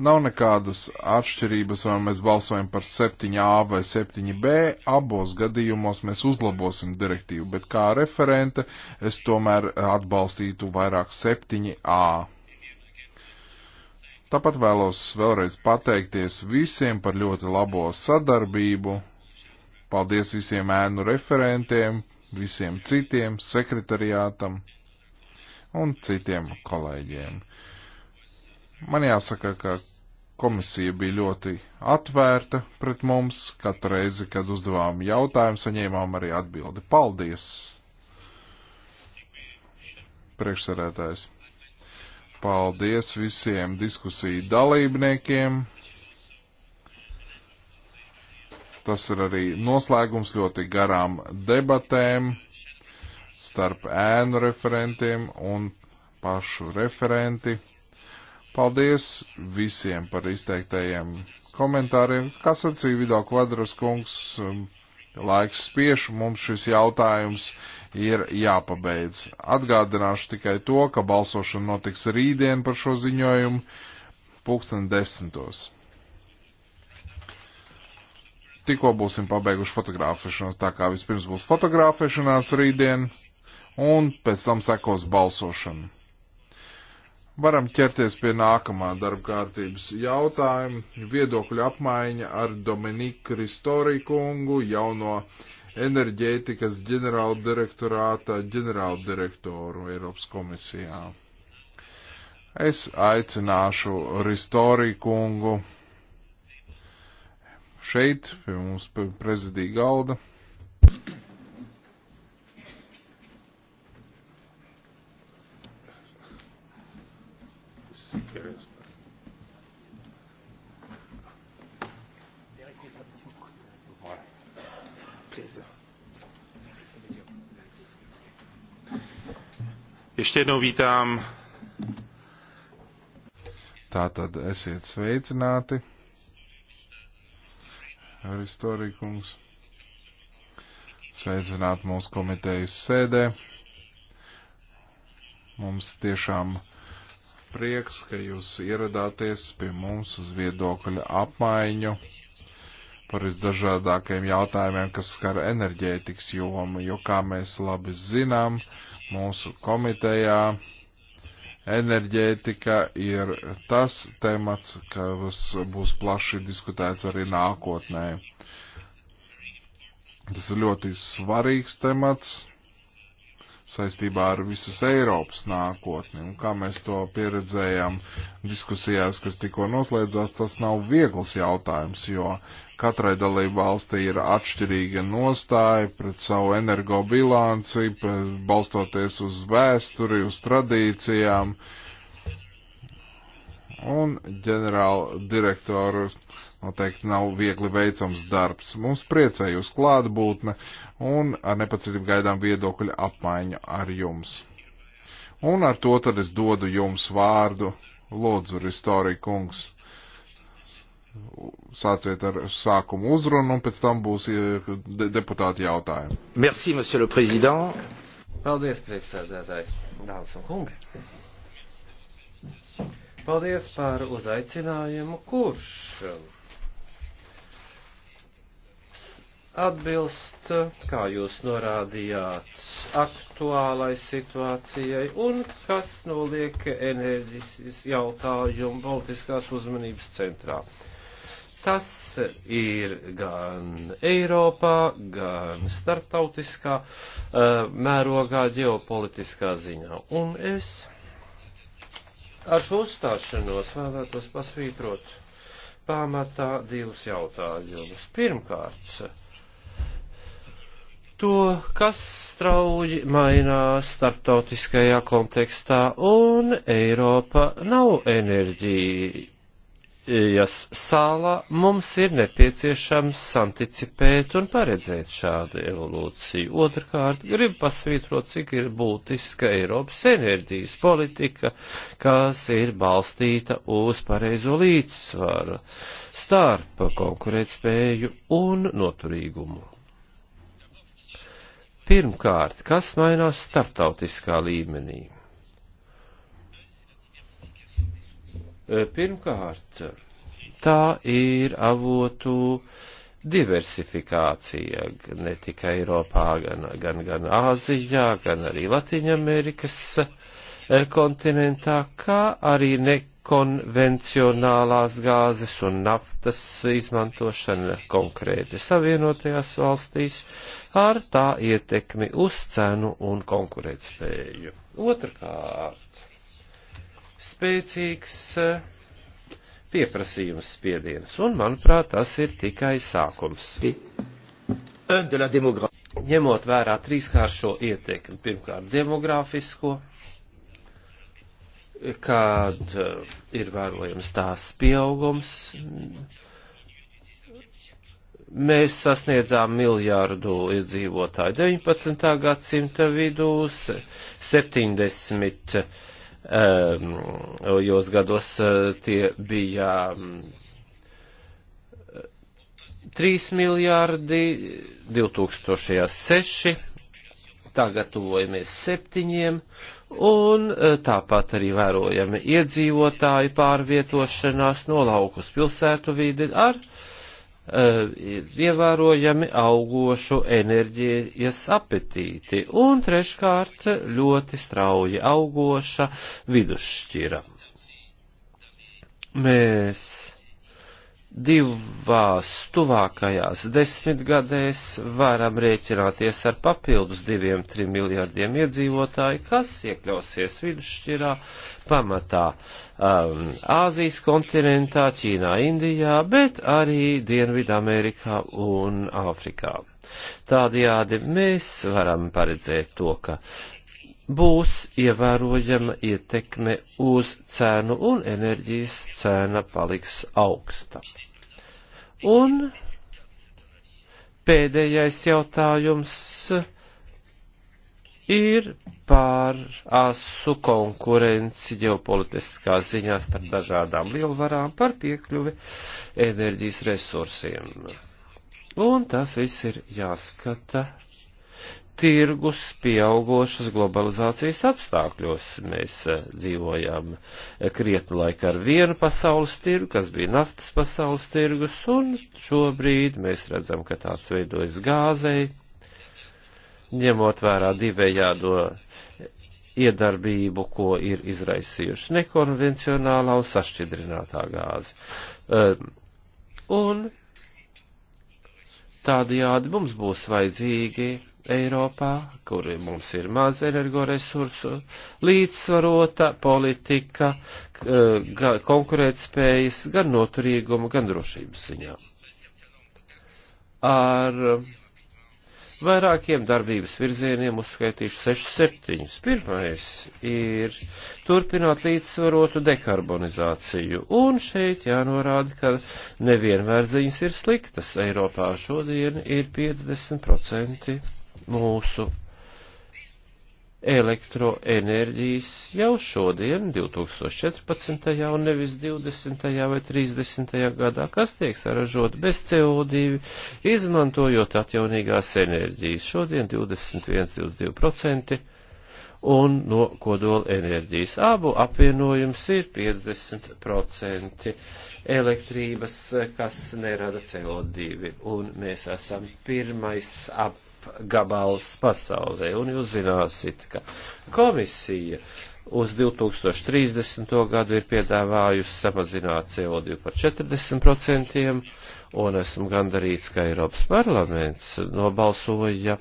Nav nekādas atšķirības, vai mēs balsojam par 7A vai 7B. Abos gadījumos mēs uzlabosim direktīvu, bet kā referente es tomēr atbalstītu vairāk 7A. Tāpat vēlos vēlreiz pateikties visiem par ļoti labo sadarbību. Paldies visiem ēnu referentiem, visiem citiem, sekretariātam un citiem kolēģiem. Man jāsaka, ka komisija bija ļoti atvērta pret mums. Katru reizi, kad uzdevām jautājumu, saņēmām arī atbildi. Paldies! Priekšsarētājs. Paldies visiem diskusiju dalībniekiem. Tas ir arī noslēgums ļoti garām debatēm starp ēnu referentiem un pašu referenti. Paldies visiem par izteiktajiem komentāriem. Kā sacīja Vido Kvadras kungs, um, laiks spiež, mums šis jautājums ir jāpabeidz. Atgādināšu tikai to, ka balsošana notiks rītdien par šo ziņojumu pulksten desmitos. Tikko būsim pabeiguši fotografēšanos, tā kā vispirms būs fotografēšanās rītdien, un pēc tam sekos balsošana. Varam ķerties pie nākamā darba kārtības jautājuma - viedokļu apmaiņa ar Dominiku Ristorikungu, jauno enerģētikas ģenerāldirektorāta ģenerāldirektoru Eiropas komisijā. Es aicināšu Ristori kungu šeit pie mums prezidija galda. Yes. Ještě jednou vítám. Tātad esiet sveicināti. Aristorikums. Sveicināt mūsu komitejas sēdē. Mums tiešām prieks, ka jūs ieradāties pie mums uz viedokļa apmaiņu par visdažādākajiem jautājumiem, kas skar enerģētikas jomu, jo, kā mēs labi zinām, uh, mūsu komitejā. Enerģētika ir tas temats, kas būs plaši diskutēts arī nākotnē. Tas ir ļoti svarīgs temats saistībā ar visas Eiropas nākotni. Un kā mēs to pieredzējām diskusijās, kas tikko noslēdzās, tas nav viegls jautājums, jo katrai dalību valstī ir atšķirīga nostāja pret savu energobilanci, balstoties uz vēsturi, uz tradīcijām. Un ģenerāla direktora noteikti nav viegli veicams darbs. Mums priecēja jūs klātbūtne un ar nepacietību gaidām viedokļa apmaiņa ar jums. Un ar to tad es dodu jums vārdu, lūdzu, Ristorija kungs. Sāciet ar sākumu uzrunu un pēc tam būs e, de deputāti jautājumi. Merci, monsieur le président. Paldies, priekšsēdētājs. Dāmas un kungi. Paldies par uzaicinājumu, kurš atbilst, kā jūs norādījāt, aktuālai situācijai un kas noliek enerģijas jautājumu politiskās uzmanības centrā. Tas ir gan Eiropā, gan starptautiskā uh, mērogā ģeopolitiskā ziņā. Un es ar šo uzstāšanos vēlētos pasvītrot pamatā divus jautājumus. Pirmkārt, to, kas strauji mainās starptautiskajā kontekstā, un Eiropa nav enerģijas sāla, mums ir nepieciešams anticipēt un paredzēt šādu evolūciju. Otrkārt, gribu pasvītrot, cik ir būtiska Eiropas enerģijas politika, kas ir balstīta uz pareizo līdzsvaru starp konkurētspēju un noturīgumu. Pirmkārt, kas mainās starptautiskā līmenī? E, pirmkārt, tā ir avotu diversifikācija ne tikai Eiropā, gan, gan, gan Āzijā, gan arī Latīņamerikas e, kontinentā, kā arī ne nekonvencionālās gāzes un naftas izmantošana konkrēti savienotajās valstīs ar tā ietekmi uz cenu un konkurētspēju. Otrkārt, spēcīgs eh, pieprasījums spiediens, un manuprāt, tas ir tikai sākums. Ņemot vērā trīskāršo ietekmi, pirmkārt demografisko, kad eh, ir vērojams tās pieaugums. Mēs sasniedzām miljārdu iedzīvotāju 19. gadsimta vidū, 70. Um, jos gados eh, tie bija 3 mm, miljārdi, 2006, tagad tuvojamies 7, Un e, tāpat arī vērojami iedzīvotāju pārvietošanās no laukus pilsētu vidi ar uh, ievērojami augošu enerģijas apetīti un treškārt ļoti strauji augoša vidusšķira. Mēs divās tuvākajās desmitgadēs varam rēķināties ar papildus diviem, trim miljardiem iedzīvotāju, kas iekļausies vidusšķirā pamatā um, Āzijas kontinentā, Ķīnā, Indijā, bet arī Dienvidamerikā un Āfrikā. Tādējādi mēs varam paredzēt to, ka būs ievērojama ietekme uz cēnu un enerģijas cēna paliks augsta. Un pēdējais jautājums ir par asu konkurenci ģeopolitiskā ziņā starp dažādām lielvarām par piekļuvi enerģijas resursiem. Un tas viss ir jāskata tirgus pieaugošas globalizācijas apstākļos. Mēs eh, dzīvojām eh, krietnu laiku ar vienu pasaules tirgu, kas bija naftas pasaules tirgus, un šobrīd mēs redzam, ka tāds veidojas gāzei, ņemot vērā divējādo iedarbību, ko ir izraisījuši nekonvencionālā un sašķidrinātā gāze. Eh, un tādajādi mums būs vajadzīgi Eiropā, kur mums ir maz energoresursu, līdzsvarota politika, konkurētspējas gan noturīguma, gan drošības ziņā. Ar vairākiem darbības virzieniem uzskaitīšu 6-7. Pirmais ir turpināt līdzsvarotu dekarbonizāciju, un šeit jānorāda, ka nevienmēr ziņas ir sliktas. Eiropā šodien ir 50% mūsu elektroenerģijas jau šodien, 2014. un nevis 20. vai 30. gadā, kas tiek saražot bez CO2, izmantojot atjaunīgās enerģijas. Šodien 21-22% un no kodola enerģijas. Abu apvienojums ir 50% elektrības, kas nerada CO2, un mēs esam pirmais apvienojums apgabals pasaulē. Un jūs zināsit, ka komisija uz 2030. gadu ir piedāvājusi samazināt CO2 par 40%, un esmu gandarīts, ka Eiropas parlaments nobalsoja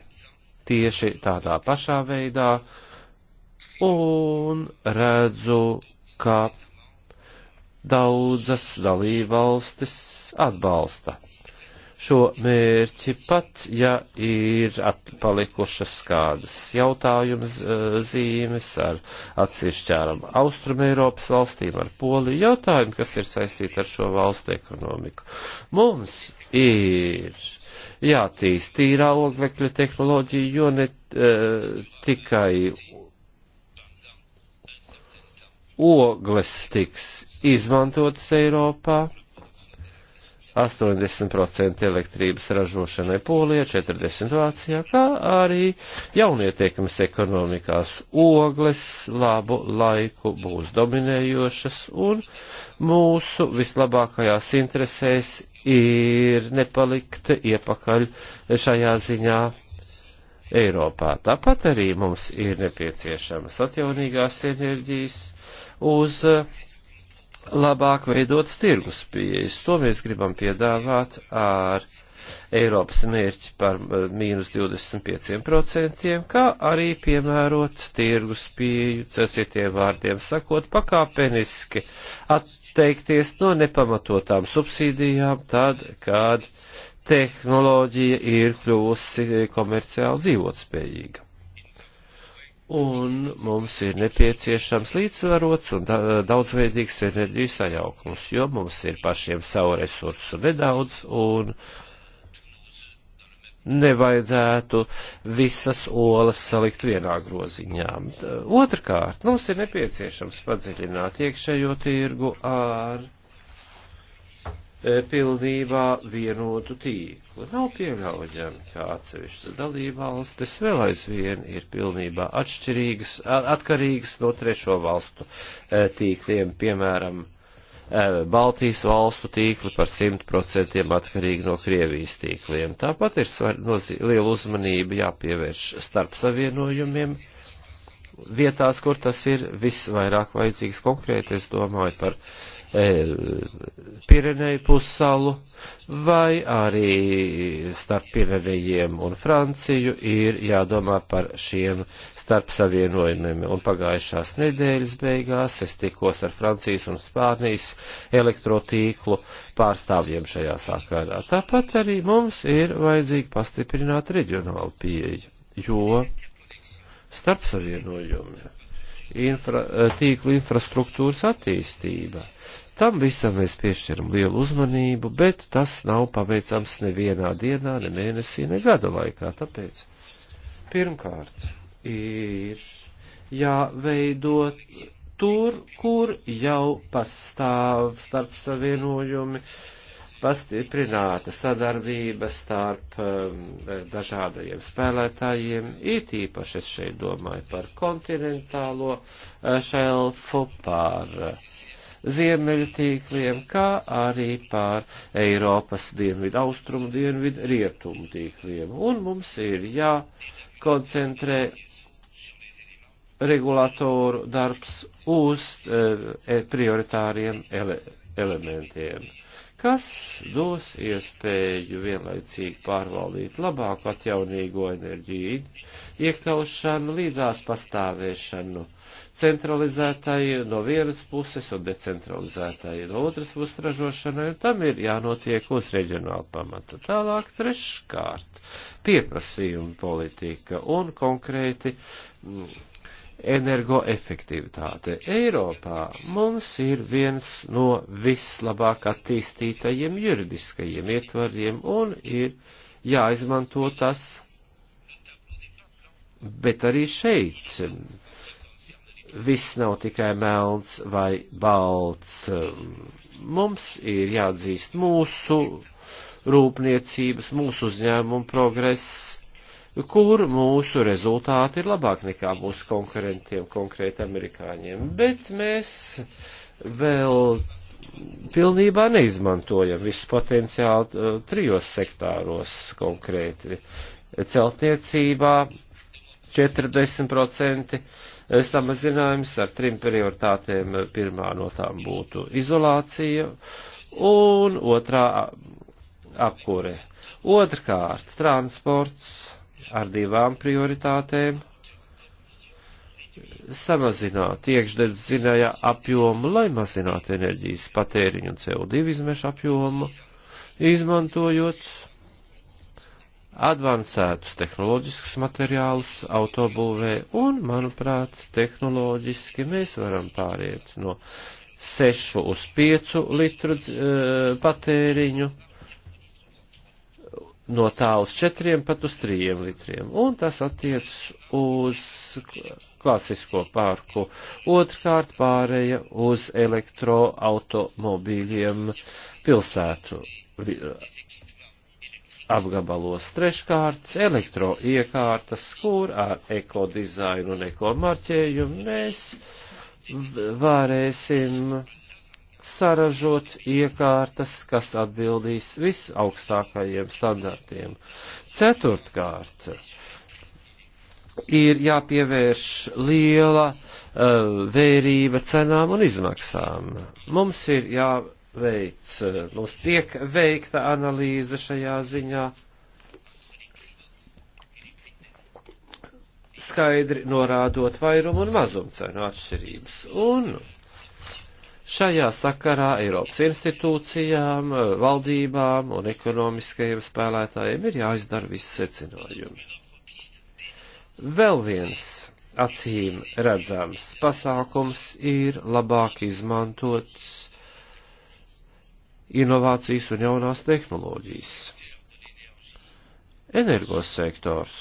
tieši tādā pašā veidā, un redzu, ka daudzas dalībvalstis atbalsta šo mērķi, pat ja ir palikušas kādas jautājumas e, zīmes ar atsevišķām Austrum Eiropas valstīm, ar Poliju, jautājumi, kas ir saistīti ar šo valstu ekonomiku. Mums ir jātīst tīrā oglekļa tehnoloģija, jo ne uh, tikai ogles tiks izmantotas Eiropā, 80% elektrības ražošanai Polijā, 40% Vācijā, kā arī jaunietekmes ekonomikās ogles labu laiku būs dominējošas un mūsu vislabākajās interesēs ir nepalikt iepakaļ šajā ziņā Eiropā. Tāpat arī mums ir nepieciešamas atjaunīgās enerģijas uz uh, labāk veidotas tirgus pieejas. To mēs gribam piedāvāt ar Eiropas mērķi par eh, mīnus 25%, kā arī piemērot tirgus pieju, citiem vārdiem sakot, pakāpeniski atteikties no nepamatotām subsīdijām tad, kad tehnoloģija ir kļūsi komerciāli dzīvotspējīga un mums ir nepieciešams līdzsvarots un daudzveidīgs enerģijas sajaukums, jo mums ir pašiem savu resursu nedaudz un nevajadzētu visas olas salikt vienā groziņā. Otrkārt, mums ir nepieciešams padziļināt iekšējo tirgu ar E, pilnībā vienotu tīklu. Nav pieļaujami, ka atsevišķas dalībvalstis vēl aizvien ir pilnībā atšķirīgas, atkarīgas no trešo valstu e, tīkliem, piemēram, e, Baltijas valstu tīkli par 100% atkarīgi no Krievijas tīkliem. Tāpat ir svar, nozi, liela uzmanība jāpievērš starp savienojumiem vietās, kur tas ir visvairāk vajadzīgs konkrēti, es domāju par uh, E, Pireneju pussalu, vai arī starp Pirenejiem un Franciju ir jādomā par šiem starp savienojumiem. Un pagājušās nedēļas beigās es tikos ar Francijas un Spānijas elektrotīklu pārstāvjiem šajā sakarā. Tāpat arī mums ir vajadzīgi pastiprināt reģionālu pieeju, jo starp savienojumi, infra, tīklu infrastruktūras attīstība Tam visam mēs piešķiram lielu uzmanību, bet tas nav paveicams nevienā dienā, ne mēnesī, ne gada laikā. Tāpēc pirmkārt ir jāveido tur, kur jau pastāv starp savienojumi, pastiprināta sadarbība starp um, dažādajiem spēlētājiem, it īpaši es šeit domāju par kontinentālo uh, šelfu, par uh, ziemeļu tīkliem, kā arī pār Eiropas dienvidu, austrumu dienvidu, rietumu tīkliem. Un mums ir jākoncentrē regulātoru darbs uz eh, e, prioritāriem ele, elementiem kas dos iespēju vienlaicīgi pārvaldīt labāku atjaunīgo enerģiju, iekļaušanu, līdzās pastāvēšanu centralizētai no vienas puses un decentralizētai no otras puses ražošanai, un tam ir jānotiek uz reģionāla pamata. Tālāk treškārt pieprasījuma politika un konkrēti mm, energoefektivitāte. Eiropā mums ir viens no vislabāk attīstītajiem juridiskajiem ietvariem un ir jāizmanto tas, bet arī šeit viss nav tikai melns vai balts. Mums ir jāatzīst mūsu rūpniecības, mūsu uzņēmumu progress, kur mūsu rezultāti ir labāk nekā mūsu konkurentiem, konkrēti amerikāņiem. Bet mēs vēl pilnībā neizmantojam visu potenciālu uh, trijos sektāros konkrēti. Celtniecībā 40%, samazinājums ar trim prioritātēm. Pirmā no tām būtu izolācija un otrā apkure. Otrkārt, transports ar divām prioritātēm samazināt iekšdedzinājā apjomu, lai mazinātu enerģijas patēriņu un CO2 izmešu apjomu, izmantojot advancētus tehnoloģiskus materiālus autobūvē, un, manuprāt, tehnoloģiski mēs varam pāriet no 6 uz 5 litru e, patēriņu, no tā uz 4 pat uz 3 litriem, un tas attiec uz klasisko pārku. Otrkārt pārēja uz elektroautomobīļiem pilsētu apgabalos. Treškārt, elektroiekārtas, kur ar ekodizainu un ekomarķējumu mēs varēsim saražot iekārtas, kas atbildīs visaugstākajiem standartiem. Ceturtkārt, ir jāpievērš liela uh, vērība cenām un izmaksām. Mums ir jā veids. Eh, Mums tiek veikta analīze šajā ziņā. Skaidri norādot vairumu un mazumcenu atšķirības. Un Šajā sakarā Eiropas institūcijām, eh, valdībām un ekonomiskajiem spēlētājiem ir jāizdara visi secinājumi. Vēl viens acīm redzams pasākums ir labāk izmantots inovācijas un jaunās tehnoloģijas. Energosektors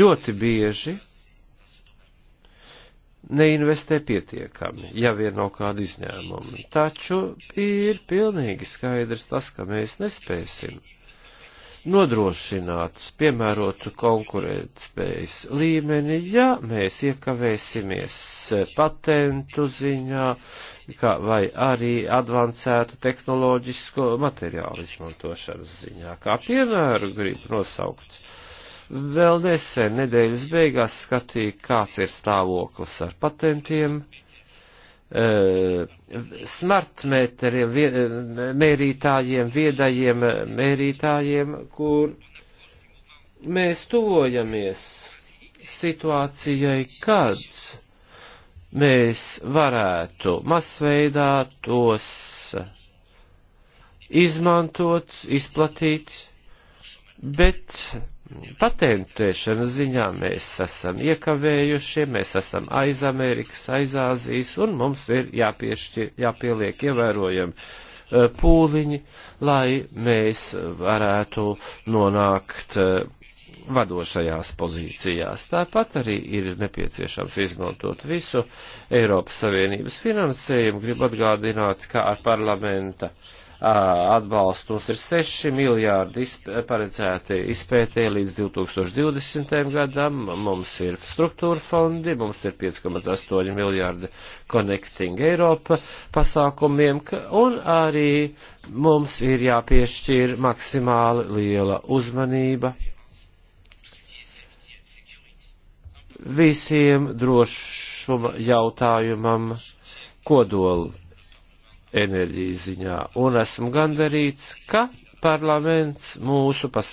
ļoti bieži neinvestē pietiekami, ja vien nav kāda izņēmuma. Taču ir pilnīgi skaidrs tas, ka mēs nespēsim nodrošināt piemērotu konkurētspējas līmeni, ja mēs iekavēsimies patentu ziņā kā, vai arī advancētu tehnoloģisko materiālu izmantošanas ziņā. Kā piemēru gribu nosaukt. Vēl nesen nedēļas beigās skatīja, kāds ir stāvoklis ar patentiem, uh, Eh, smartmēteriem, eh, mērītājiem, viedajiem eh, mērītājiem, kur mēs tuvojamies situācijai, kad mēs varētu masveidā tos izmantot, izplatīt, bet patentēšanas ziņā mēs esam iekavējušie, mēs esam aiz Amerikas, aiz Āzijas, un mums ir jāpiešķir, jāpieliek ievērojami eh, pūliņi, lai mēs varētu nonākt eh, vadošajās pozīcijās. Tāpat arī ir nepieciešams izmantot visu Eiropas Savienības finansējumu. Gribu atgādināt, kā ar parlamenta uh, atbalstos ir 6 miljārdi izpē, paredzēti izpētē līdz 2020. gadam, mums ir struktūra fondi, mums ir 5,8 miljārdi Connecting Europa pasākumiem, un arī mums ir jāpiešķir maksimāli liela uzmanība visiem drošuma jautājumam kodolu enerģijas ziņā. Un esmu gandarīts, ka parlaments mūsu pas,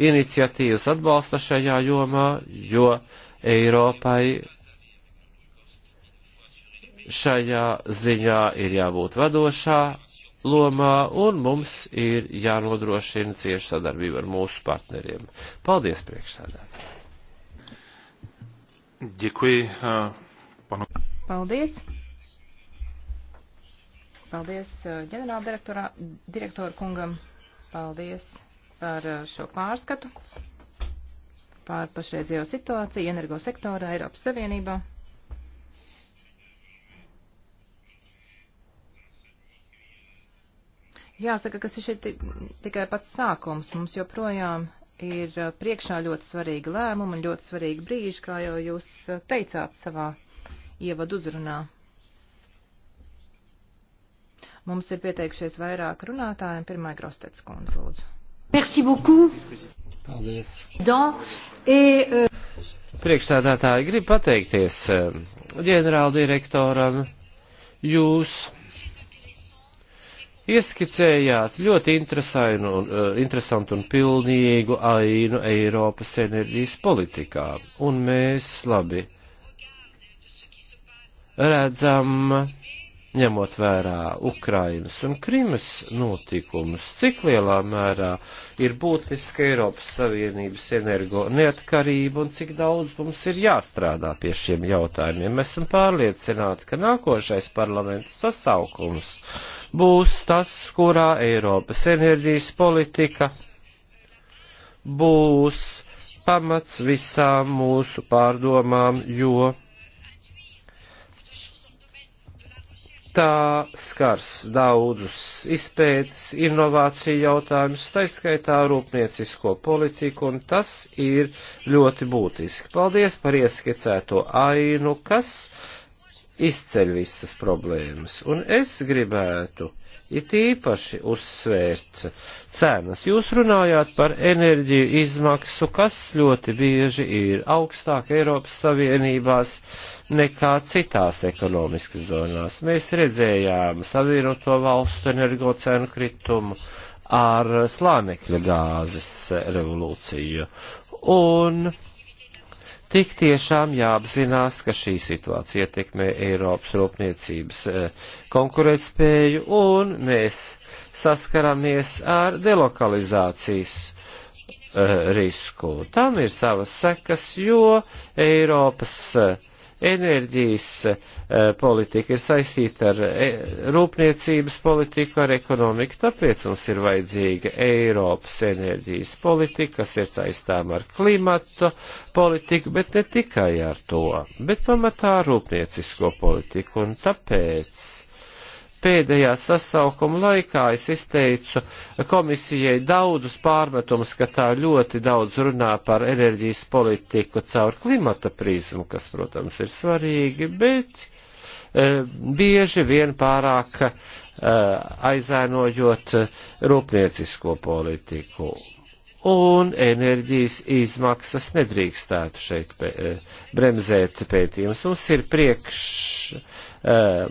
iniciatīvas atbalsta šajā jomā, jo Eiropai šajā ziņā ir jābūt vadošā lomā, un mums ir jānodrošina cieša sadarbība ar mūsu partneriem. Paldies priekšsēdētāji! Děkuji, eh, panu. Paldies. Paldies uh, ģenerāla direktora kungam. Paldies par uh, šo pārskatu pār pašreizējo situāciju energosektorā Eiropas Savienībā. Jāsaka, ka šis ir tikai pats sākums. Mums joprojām ir uh, priekšā ļoti svarīga lēmuma un ļoti svarīga brīža, kā jau jūs teicāt savā ievadu uzrunā. Mums ir pieteikušies vairāk runātājiem. Pirmai Grostets kundze, lūdzu. Merci beaucoup. Paldies. Don, et, uh... Priekšsēdētāji, gribu pateikties eh, ģenerāldirektoram. Jūs ieskicējāt ļoti interesantu un, eh, interesantu un pilnīgu ainu Eiropas enerģijas politikā, un mēs labi redzam ņemot vērā Ukrainas un Krimas notikumus, cik lielā mērā ir būtiska Eiropas Savienības energo neatkarība un cik daudz mums ir jāstrādā pie šiem jautājumiem. Mēs esam pārliecināti, ka nākošais parlamenta sasaukums būs tas, kurā Eiropas enerģijas politika būs pamats visām mūsu pārdomām, jo tā skars daudzus izpētes, inovāciju jautājumus, taiskaitā rūpniecisko politiku, un tas ir ļoti būtiski. Paldies par ieskicēto ainu, kas izceļ visas problēmas, un es gribētu it īpaši uzsvērts cenas. Jūs runājāt par enerģiju izmaksu, kas ļoti bieži ir augstāk Eiropas Savienībās nekā citās ekonomiskas zonās. Mēs redzējām savienoto valstu energocenu kritumu ar slānekļa gāzes revolūciju. Un Tik tiešām jāapzinās, ka šī situācija ietekmē Eiropas rūpniecības eh, konkurētspēju un mēs saskaramies ar delokalizācijas eh, risku. Tam ir savas sekas, jo Eiropas uh, Enerģijas eh, politika ir saistīta ar e, rūpniecības politiku, ar ekonomiku, tāpēc mums ir vajadzīga Eiropas enerģijas politika, kas ir saistām ar klimatu politiku, bet ne tikai ar to, bet pamatā rūpniecisko politiku, un tāpēc pēdējā sasaukuma laikā es izteicu komisijai daudzus pārmetumus, ka tā ļoti daudz runā par enerģijas politiku caur klimata prizmu, kas, protams, ir svarīgi, bet e, bieži vien pārāk e, aizēnojot rūpniecisko politiku. Un enerģijas izmaksas nedrīkstētu šeit pē, e, bremzēt pētījums. Mums ir priekš Eh,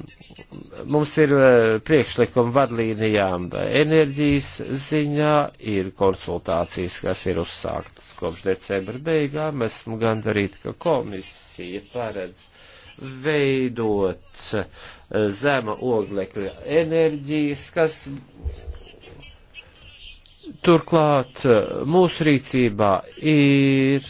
mums ir eh, priekšlikumi vadlīnijām enerģijas ziņā, ir konsultācijas, kas ir uzsāktas kopš decembra beigām. Esmu gandarīti, ka komisija paredz veidot eh, zema oglekļa enerģijas, kas turklāt mūsu rīcībā ir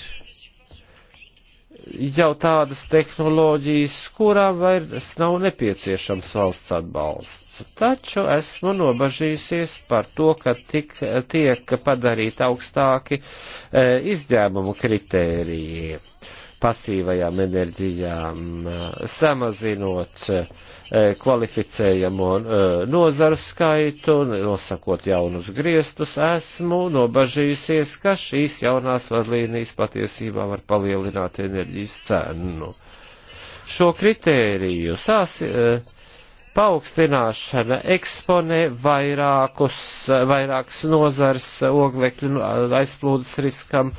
jau tādas tehnoloģijas, kurām vairs nav nepieciešams valsts atbalsts. Taču esmu nobažījusies par to, ka tik, tiek padarīti augstāki e, izņēmumu kritēriji pasīvajām enerģijām, samazinot kvalificējamo nozaru skaitu, nosakot jaunus griestus, esmu nobažījusies, ka šīs jaunās vadlīnijas patiesībā var palielināt enerģijas cenu. Šo kritēriju sāsi, paaugstināšana eksponē vairākus, vairākas nozars oglekļu aizplūdes riskam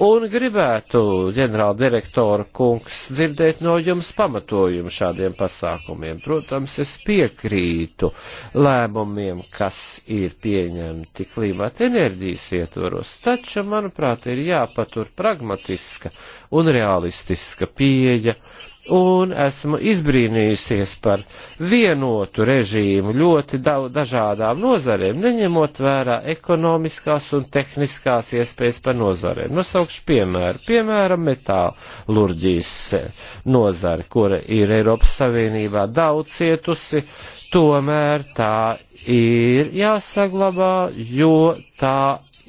Un gribētu, ģenerāla direktora kungs, dzirdēt no jums pamatojumu šādiem pasākumiem. Protams, es piekrītu lēmumiem, kas ir pieņemti klimata enerģijas ietvaros, taču, manuprāt, ir jāpatur pragmatiska un realistiska pieeja. Uh, un esmu izbrīnījusies par vienotu režīmu ļoti dažādām nozarēm, neņemot vērā ekonomiskās un tehniskās iespējas par nozarēm. Nosaukšu piemēru. Piemēram, metālurģijas nozare, kura ir Eiropas Savienībā daudz cietusi, tomēr tā ir jāsaglabā, jo tā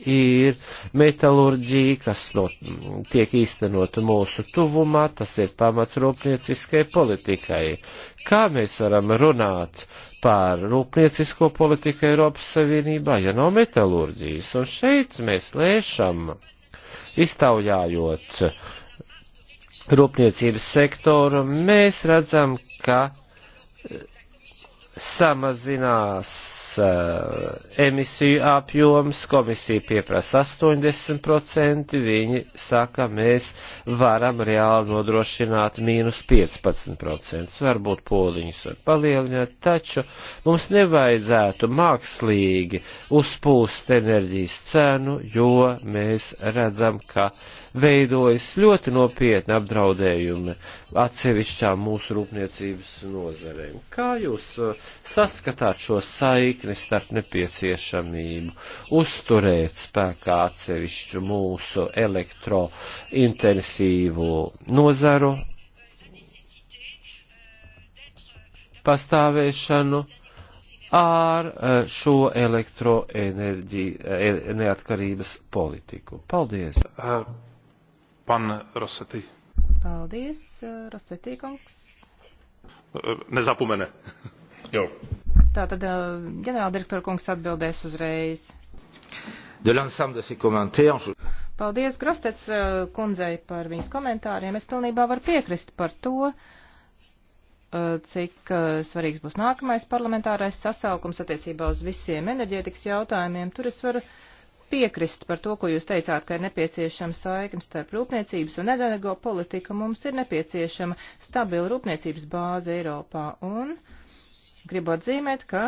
ir metalurģija, kas no, tiek īstenota mūsu tuvumā, tas ir pamats rūpnieciskai politikai. Kā mēs varam runāt par rūpniecisko politiku Eiropas Savienībā, ja nav metalurģijas? Un šeit mēs lēšam, iztaujājot rūpniecības sektoru, mēs redzam, ka samazinās Uh, emisiju apjoms, komisija pieprasa 80%, viņi saka, mēs varam reāli nodrošināt mīnus 15%. Varbūt poliņus var palielināt, taču mums nevajadzētu mākslīgi uzpūst enerģijas cenu, jo mēs redzam, ka veidojas ļoti nopietni apdraudējumi atsevišķām mūsu rūpniecības nozarēm. Kā jūs uh, saskatāt šo saikni? saikni starp nepieciešamību uzturēt spēkā atsevišķu mūsu elektrointensīvu nozaru pastāvēšanu ar eh, šo elektroenerģiju eh, neatkarības politiku. Paldies! Eh, pan Rosetī. Paldies, Rosetī kungs. Nezapumene. Jau. Tātad ģenerāldirektora kungs atbildēs uzreiz. De l'ensemble de ces commentaires, je... Paldies Grostets kundzei par viņas komentāriem. Es pilnībā varu piekrist par to, cik svarīgs būs nākamais parlamentārais sasaukums attiecībā uz visiem enerģētikas jautājumiem. Tur es varu piekrist par to, ko jūs teicāt, ka ir nepieciešama saikne starp rūpniecības un energo politiku. Mums ir nepieciešama stabila rūpniecības bāze Eiropā. Un, uh, gribu atzīmēt, ka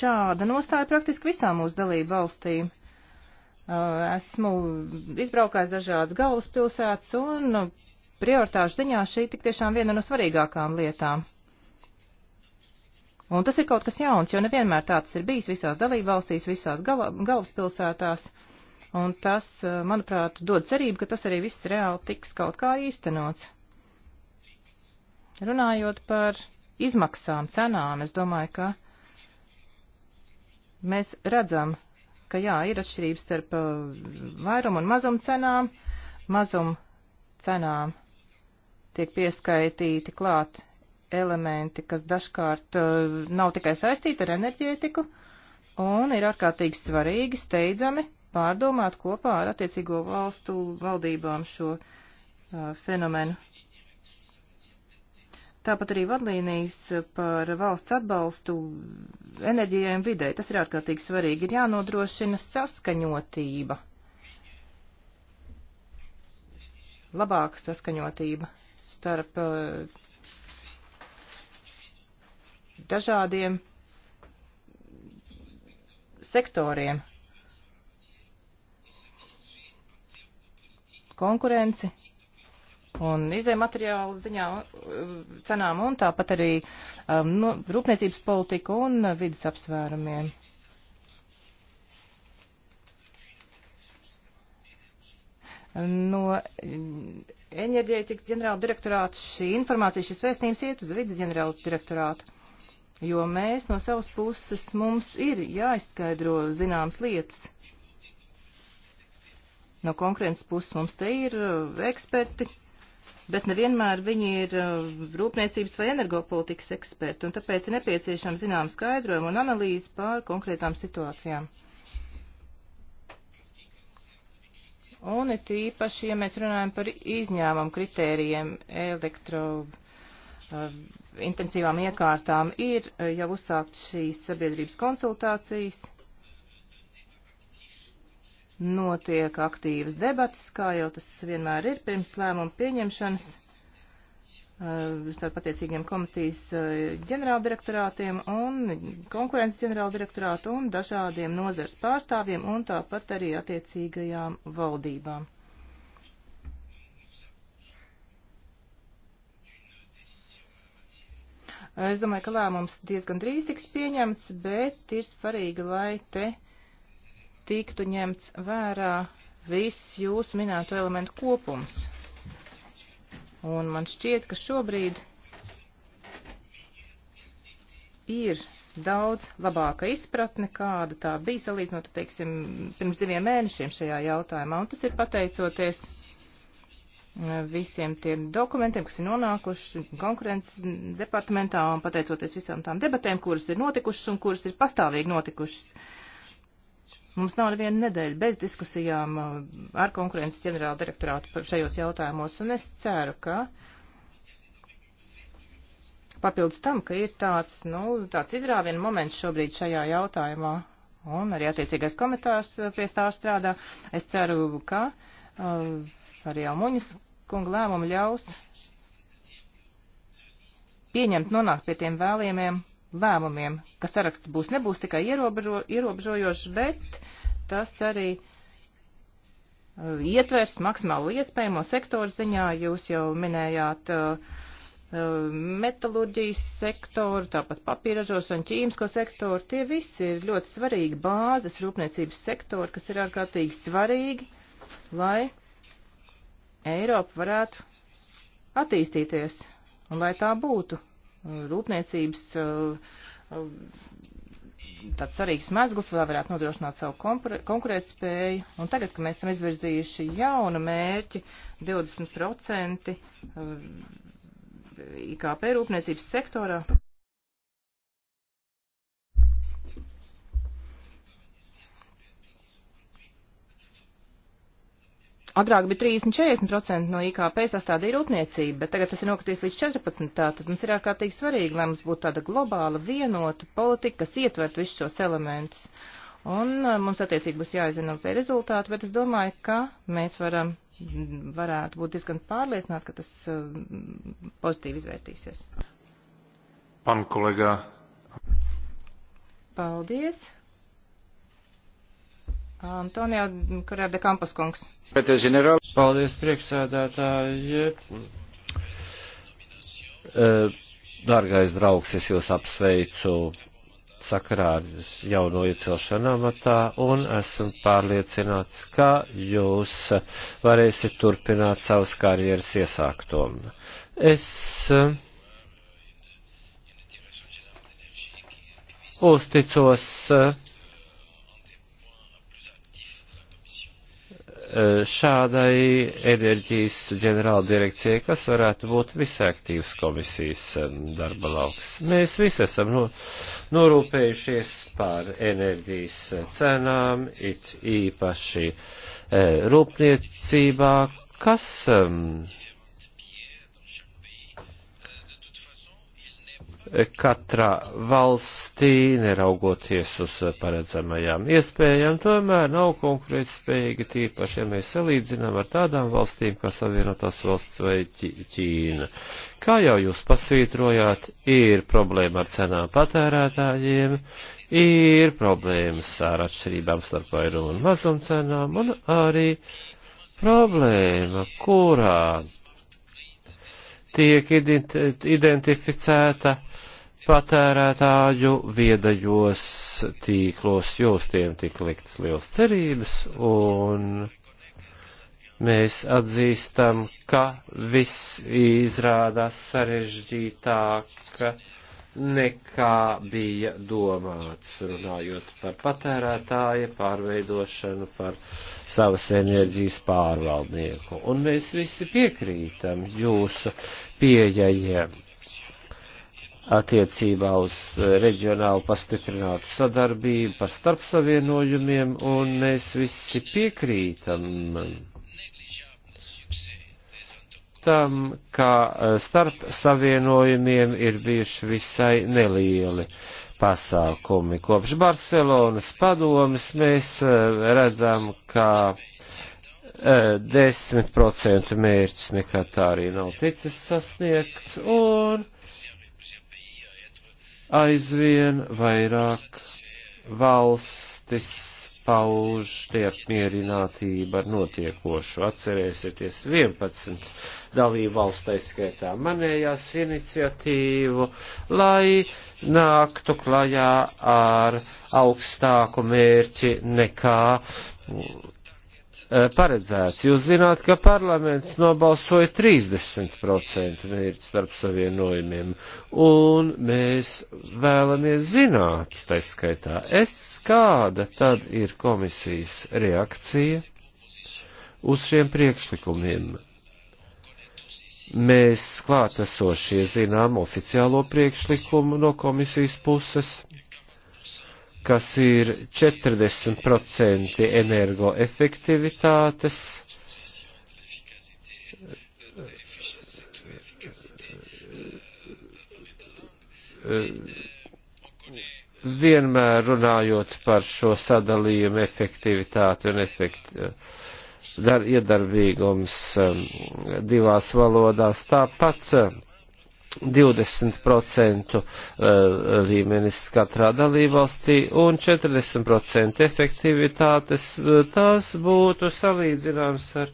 šāda nostāja praktiski visām mūsu dalību valstīm. Uh, esmu izbraukājis dažādas galvaspilsētas un nu, prioritāšu ziņā šī tik tiešām viena no svarīgākām lietām. Un tas ir kaut kas jauns, jo nevienmēr tāds ir bijis visās dalībvalstīs, visās gala, galvaspilsētās. Un tas, uh, manuprāt, dod cerību, ka tas arī viss reāli tiks kaut kā īstenots. Runājot par izmaksām, cenām, es domāju, ka mēs redzam, ka jā, ir atšķirības starp uh, vairumu un mazumu cenām. Mazumu cenām tiek pieskaitīti klāt elementi, kas dažkārt uh, nav tikai saistīti ar enerģētiku, un ir ārkārtīgi svarīgi, steidzami pārdomāt kopā ar attiecīgo valstu valdībām šo uh, fenomenu Tāpat arī vadlīnijas par valsts atbalstu enerģijai un videi. Tas ir ārkārtīgi svarīgi. Ir jānodrošina saskaņotība. Labāka saskaņotība starp eh, dažādiem sektoriem. Konkurenci un izējumateriālu ziņā uh, cenām un tāpat arī um, no, nu, rūpniecības politiku un uh, vidas apsvērumiem. No enerģētikas ģenerāla direktorāta šī informācija, šis vēstījums iet uz vidas ģenerāla direktorātu, jo mēs no savas puses mums ir jāizskaidro zināmas lietas. No konkurences puses mums te ir uh, eksperti, bet nevienmēr viņi ir eh, rūpniecības vai energopolitikas eksperti, un tāpēc ir nepieciešama zinām skaidrojuma un analīze pār konkrētām situācijām. Un it īpaši, ja mēs runājam par izņēmumu kritērijiem elektro eh, intensīvām iekārtām, ir eh, jau uzsākt šīs sabiedrības konsultācijas notiek aktīvas debatas, kā jau tas vienmēr ir pirms lēmuma pieņemšanas uh, starp attiecīgiem komitīs uh, ģenerāldirektorātiem un konkurences ģenerāldirektorātu un dažādiem nozars pārstāvjiem un tāpat arī attiecīgajām valdībām. Es domāju, ka lēmums diezgan drīz tiks pieņemts, bet ir svarīgi, lai te uh, tiktu ņemts vērā viss jūsu minēto elementu kopums. Un man šķiet, ka šobrīd ir daudz labāka izpratne, kāda tā bija salīdzinot, teiksim, pirms diviem mēnešiem šajā jautājumā. Un tas ir pateicoties eh, visiem tiem dokumentiem, kas ir nonākuši konkurences departamentā un pateicoties visām tām debatēm, kuras ir notikušas un kuras ir pastāvīgi notikušas. Mums nav neviena nedēļa bez diskusijām uh, ar konkurences ģenerāla direktorātu šajos jautājumos, un es ceru, ka papildus tam, ka ir tāds, nu, tāds izrāviena moments šobrīd šajā jautājumā, un arī attiecīgais komentārs uh, pie tā strādā, es ceru, ka uh, arī Almuņas kunga lēmumu ļaus pieņemt, nonākt pie tiem vēlējumiem lēmumiem, ka saraksts būs nebūs tikai ierobežo, ierobežojošs, bet tas arī uh, ietvers maksimālo iespējamo sektoru ziņā. Jūs jau minējāt uh, uh metalurģijas sektoru, tāpat papīražošanu, ķīmisko sektoru. Tie visi ir ļoti svarīgi bāzes rūpniecības sektori, kas ir ārkārtīgi svarīgi, lai Eiropa varētu attīstīties un lai tā būtu rūpniecības eh, tāds svarīgs mezgls, lai varētu nodrošināt savu konkurētspēju. Un tagad, kad mēs esam izvirzījuši jaunu mērķi 20% eh, IKP rūpniecības sektorā. Agrāk bija 30-40% no IKP sastādīja rūpniecība, bet tagad tas ir nokrities līdz 14%. Tātad mums ir ārkārtīgi svarīgi, lai mums būtu tāda globāla, vienota politika, kas ietvertu visus šos elementus. Un uh, mums attiecīgi būs jāizanalizē rezultāti, bet es domāju, ka mēs varam, varētu būt diezgan pārliecināti, ka tas uh, pozitīvi izvērtīsies. Pan kolega. Paldies. Antonija Korēda Kampaskungs. Paldies, priekšsēdētāji. E, Dārgais draugs, es jūs apsveicu sakarā ar jauno iecelšanu amatā un esmu pārliecināts, ka jūs varēsiet turpināt savas karjeras iesākto. Es e, uzticos uh, šādai enerģijas ģenerāla direkcijai, kas varētu būt visaktīvs komisijas darba lauks. Mēs visi esam no, norūpējušies par enerģijas cenām, it īpaši eh, rūpniecībā, kas katrā valstī, neraugoties uz paredzamajām iespējām, tomēr nav konkurētspējīga tīpaši, ja mēs salīdzinām ar tādām valstīm kā Savienotās valsts vai Ķīna. Kā jau jūs pasvītrojāt, ir problēma ar cenām patērētājiem, ir problēmas ar atšķirībām starp vairumu un mazumcenām, un arī problēma, kurā tiek identificēta patērētāju viedajos tīklos, jo uz tiem tika liktas liels cerības, un mēs atzīstam, ka viss izrādās sarežģītāk nekā bija domāts, runājot par patērētāja pārveidošanu, par savas enerģijas pārvaldnieku. Un mēs visi piekrītam jūsu pieejiem attiecībā uz eh, reģionālu pastiprinātu sadarbību, par starpsavienojumiem, un mēs visi piekrītam tam, ka eh, starpsavienojumiem ir bijuši visai nelieli pasākumi. Kopš Barcelonas padomas mēs eh, redzam, ka 10% mērķis nekad tā arī nav ticis sasniegts, un aizvien vairāk valstis pauž neapmierinātība ar notiekošu. Atcerēsieties 11 dalību valstu aizskaitā manējās iniciatīvu, lai nāktu klajā ar augstāku mērķi nekā Eh, paredzēts. Jūs zināt, ka parlaments nobalsoja 30% mērķi starp savienojumiem, un mēs vēlamies zināt, tā skaitā, es kāda tad ir komisijas reakcija uz šiem priekšlikumiem. Mēs klātesošie zinām oficiālo priekšlikumu no komisijas puses kas ir 40% energoefektivitātes, vienmēr runājot par šo sadalījumu efektivitāti un efektivitāti dar, iedarbīgums um, divās valodās. Tāpat 20% eh, līmenis katrā dalībvalstī un 40% efektivitātes, eh, tās būtu salīdzināms ar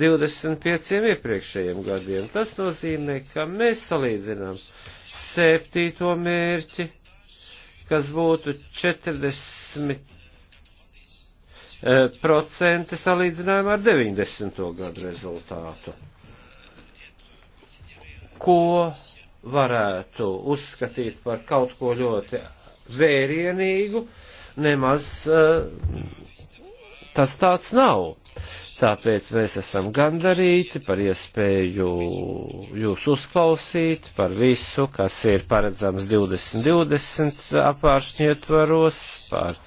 25 iepriekšējiem gadiem. Tas nozīmē, ka mēs salīdzinām septīto mērķi, kas būtu 40% eh, salīdzinājumā ar 90. gadu rezultātu ko varētu uzskatīt par kaut ko ļoti vērienīgu, nemaz eh, tas tāds nav. Tāpēc mēs esam gandarīti par iespēju jūs uzklausīt, par visu, kas ir paredzams 2020 apāršņietvaros, par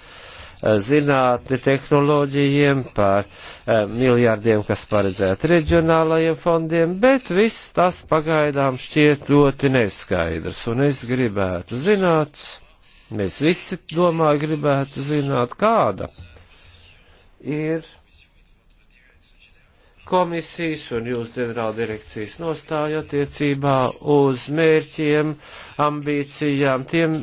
zinātni, tehnoloģijiem, par eh, miljārdiem, kas paredzēti reģionālajiem fondiem, bet viss tas pagaidām šķiet ļoti neskaidrs. Un es gribētu zināt, mēs visi domāju gribētu zināt, kāda ir komisijas un jūs ģenerāldirekcijas nostāja attiecībā uz mērķiem, ambīcijām, tiem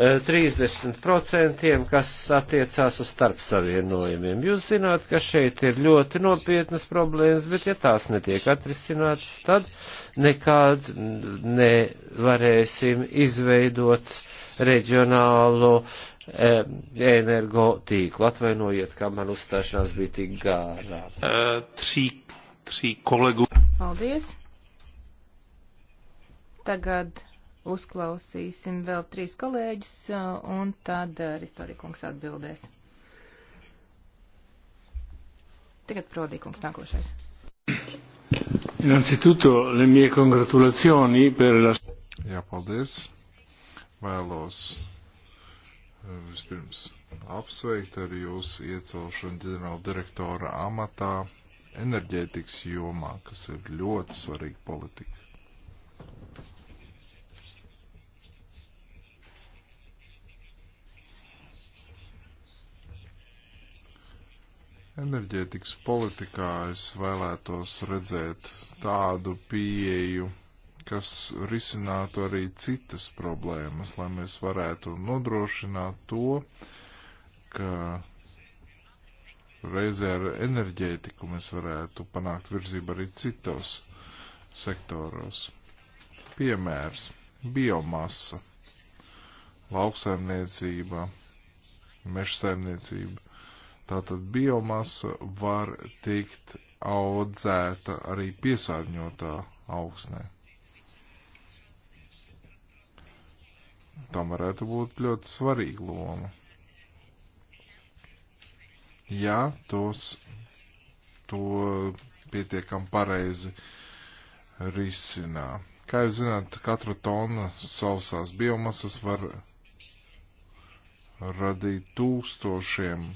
30%, kas attiecās uz starpsavienojumiem. Jūs zināt, ka šeit ir ļoti nopietnas problēmas, bet ja tās netiek atrisinātas, tad nekāds nevarēsim izveidot reģionālo eh, energo tīklu. Atvainojiet, kā man uzstāšanās bija tik gārā. Uh, trī, trī kolegu. Paldies. Tagad uzklausīsim vēl trīs kolēģus, uh, un tad uh, Ristorikungs atbildēs. Tagad Prodīkungs nākošais. Innanzitutto le mie congratulazioni per la... Jā, paldies. Vēlos uh, vispirms apsveikt ar jūsu iecelšanu ģenerāla direktora amatā enerģētikas jomā, kas ir ļoti svarīga politika. Enerģētikas politikā es vēlētos redzēt tādu pieeju, kas risinātu arī citas problēmas, lai mēs varētu nodrošināt to, ka reizē ar enerģētiku mēs varētu panākt virzību arī citos sektoros. Piemērs - biomasa, lauksaimniecība, mežsaimniecība. Tātad biomasa var tikt audzēta arī piesārņotā augsnē. Tam varētu būt ļoti svarīga loma. Ja tos, to pietiekam pareizi risinā. Kā jūs zināt, katru tonu sausās biomasas var radīt tūkstošiem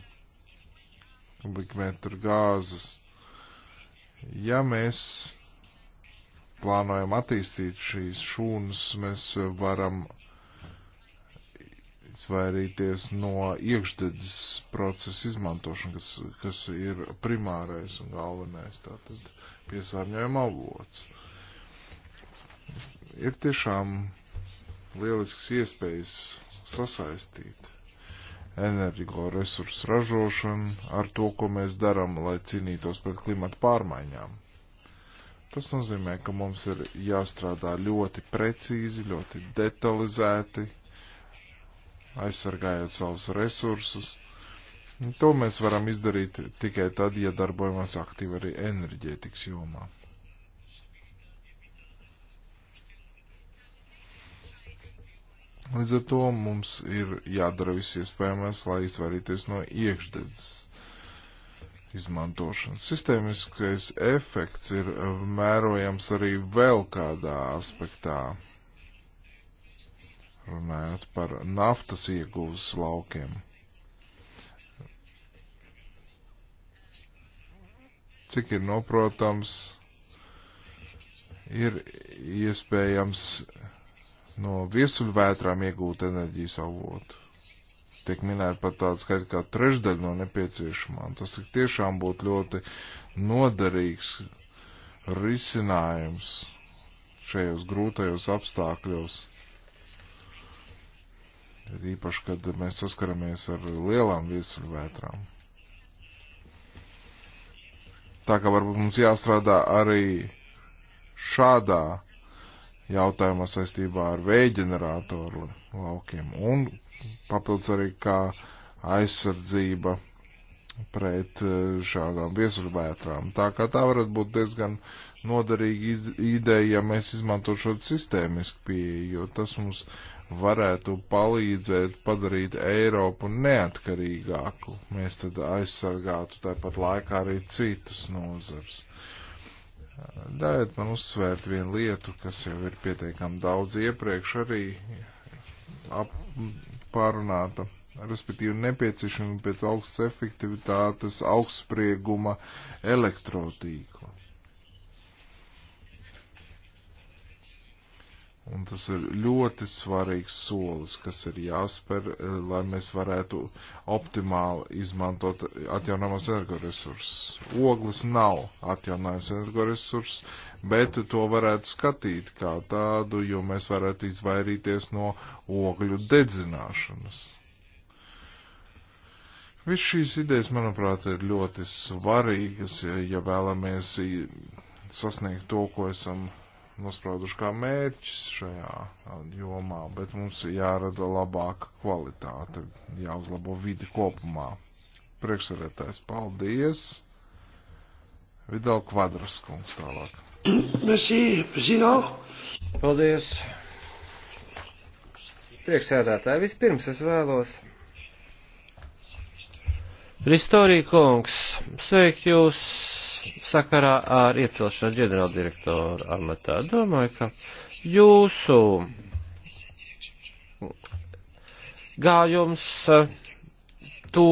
kubikmetru gāzes. Ja mēs plānojam attīstīt šīs šūnas, mēs varam izvairīties no iekšdedzes procesa izmantošana, kas, kas ir primārais un galvenais, tātad piesārņojuma avots. Ir tiešām lielisks iespējas sasaistīt energoresursu ražošanu, ar to, ko mēs darām, lai cīnītos pret klimatu pārmaiņām. Tas nozīmē, ka mums ir jāstrādā ļoti precīzi, ļoti detalizēti, aizsargājot savus resursus. Un to mēs varam izdarīt tikai tad, ja darbojamies aktīvi arī enerģētikas jomā. Līdz ar to mums ir jādara viss iespējamais, lai izvairīties no iekšdedzes izmantošanas. Sistēmiskais efekts ir eh, mērojams arī vēl kādā aspektā runājot par naftas ieguvas laukiem. Cik ir noprotams, ir iespējams no virsuļvētrām iegūt enerģijas avotu. Tiek minēta pat tāda skaita kā trešdaļa no nepieciešamā. Tas tiešām būtu ļoti noderīgs risinājums šajos grūtajos apstākļos. Tad īpaši, kad mēs saskaramies ar lielām virsuļvētrām. Tā kā varbūt mums jāstrādā arī šādā jautājumā saistībā ar vējģeneratoru laukiem un papildus arī kā aizsardzība pret e, šādām viesuļvētrām. Tā kā tā varētu būt diezgan noderīga iz, ideja, ja mēs izmantotu šo sistēmisku pieeju, jo tas mums varētu palīdzēt padarīt Eiropu neatkarīgāku. Mēs tad aizsargātu tāpat laikā arī citas nozars. Uh, Ļaujiet man uzsvērt vienu lietu, kas jau ir pietiekami daudz iepriekš arī ap, pārunāta respektīvi nepieciešami pēc augstas efektivitātes augstsprieguma elektrotīkla. Un tas ir ļoti svarīgs solis, kas ir jāspēr, eh, lai mēs varētu optimāli izmantot atjaunojamos energoresursus. Ogles nav atjaunojams energoresurss, bet to varētu skatīt kā tādu, jo mēs varētu izvairīties no ogļu dedzināšanas. Viss šīs idejas, manuprāt, ir ļoti svarīgas, ja vēlamies sasniegt to, ko esam nosprauduši kā mērķis šajā jomā, bet mums jārada labāka kvalitāte, jāuzlabo vidi kopumā. Priekšsarētājs, paldies! Vidal Kvadras kungs tālāk. Merci, président. Paldies. Priekšsēdētāji, vispirms es vēlos. Ristorija kungs, sveikt jūs sakarā ar iecelšanu ģenerāldirektoru amatā. Domāju, ka jūsu gājums eh, to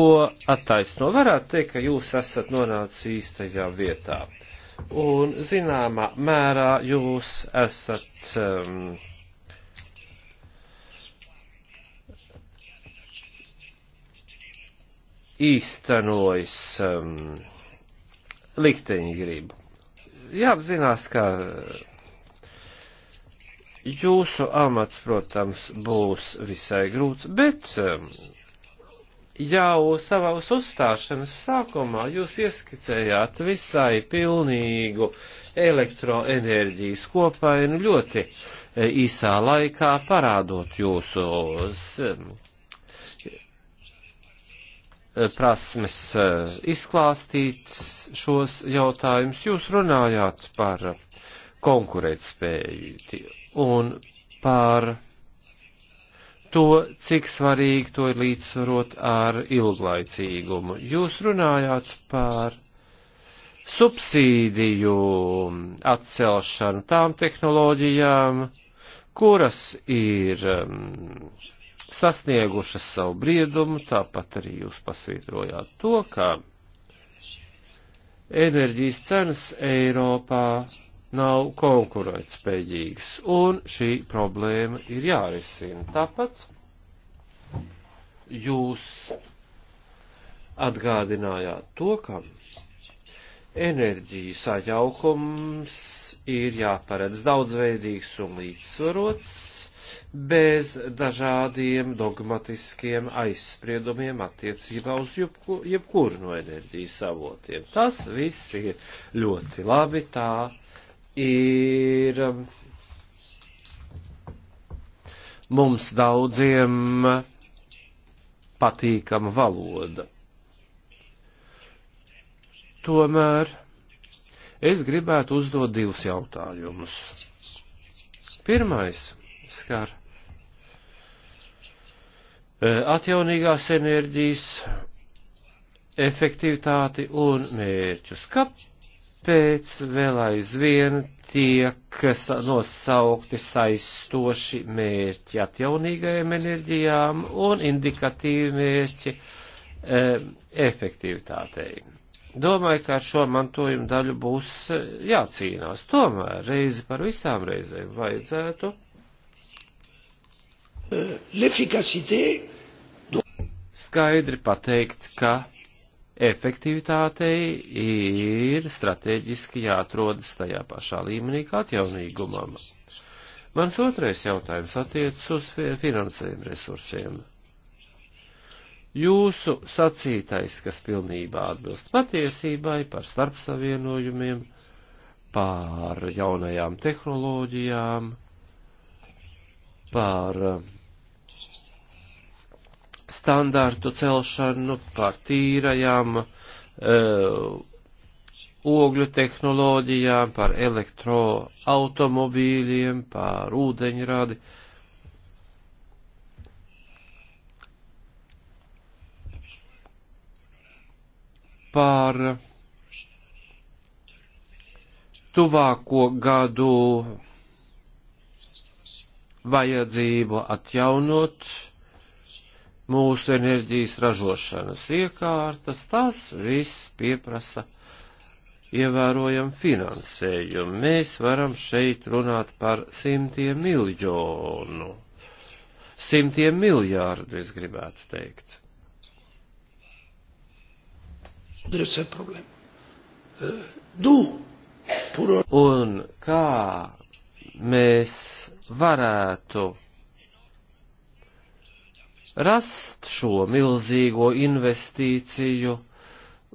attaisno. Varētu teikt, ka jūs esat nonācis īstajā vietā. Un zināmā mērā jūs esat um, īstenojis um, likteņa gribu. Jāapzinās, ka jūsu amats, protams, būs visai grūts, bet um, jau savās uzstāšanas sākumā jūs ieskicējāt visai pilnīgu elektroenerģijas kopainu ļoti eh, īsā laikā parādot jūsu Eh, prasmes eh, izklāstīt šos jautājumus. Jūs runājāt par konkurētspēju un par to, cik svarīgi to ir līdzsvarot ar ilglaicīgumu. Jūs runājāt par subsīdiju atcelšanu tām tehnoloģijām, kuras ir um, sasniegušas savu briedumu, tāpat arī jūs pasvītrojāt to, ka enerģijas cenas Eiropā nav konkurētspējīgas, un šī problēma ir jārisina. Tāpat jūs atgādinājāt to, ka enerģijas sajaukums ir jāparedz daudzveidīgs un līdzsvarots, bez dažādiem dogmatiskiem aizspriedumiem attiecībā uz jebkuru jebkur no enerģijas avotiem. Tas viss ir ļoti labi, tā ir um, mums daudziem patīkama valoda. Tomēr es gribētu uzdot divus jautājumus. Pirmais skar Eh, atjaunīgās enerģijas efektivitāti un mērķus. Kāpēc vēl aizvien tiek nosaukti saistoši mērķi atjaunīgajām enerģijām un indikatīvi mērķi eh, efektivitātei? Domāju, ka ar šo mantojumu daļu būs eh, jācīnās. Tomēr reizi par visām reizēm vajadzētu Euh, Skaidri pateikt, ka efektivitātei ir strateģiski jāatrodas tajā pašā līmenī kā atjaunīgumam. Mans otrais jautājums attiecas uz finansējiem resursiem. Jūsu sacītais, kas pilnībā atbilst patiesībai par starpsavienojumiem, par jaunajām tehnoloģijām, par uh, standārtu celšanu, par tīrajām uh, ogļu tehnoloģijām, par elektroautomobīļiem, par ūdeņradi. Par tuvāko gadu vajadzību atjaunot mūsu enerģijas ražošanas iekārtas, tas viss pieprasa ievērojam finansējumu. Mēs varam šeit runāt par simtiem miljonu, simtiem miljārdu, es gribētu teikt. E, Un kā mēs varētu rast šo milzīgo investīciju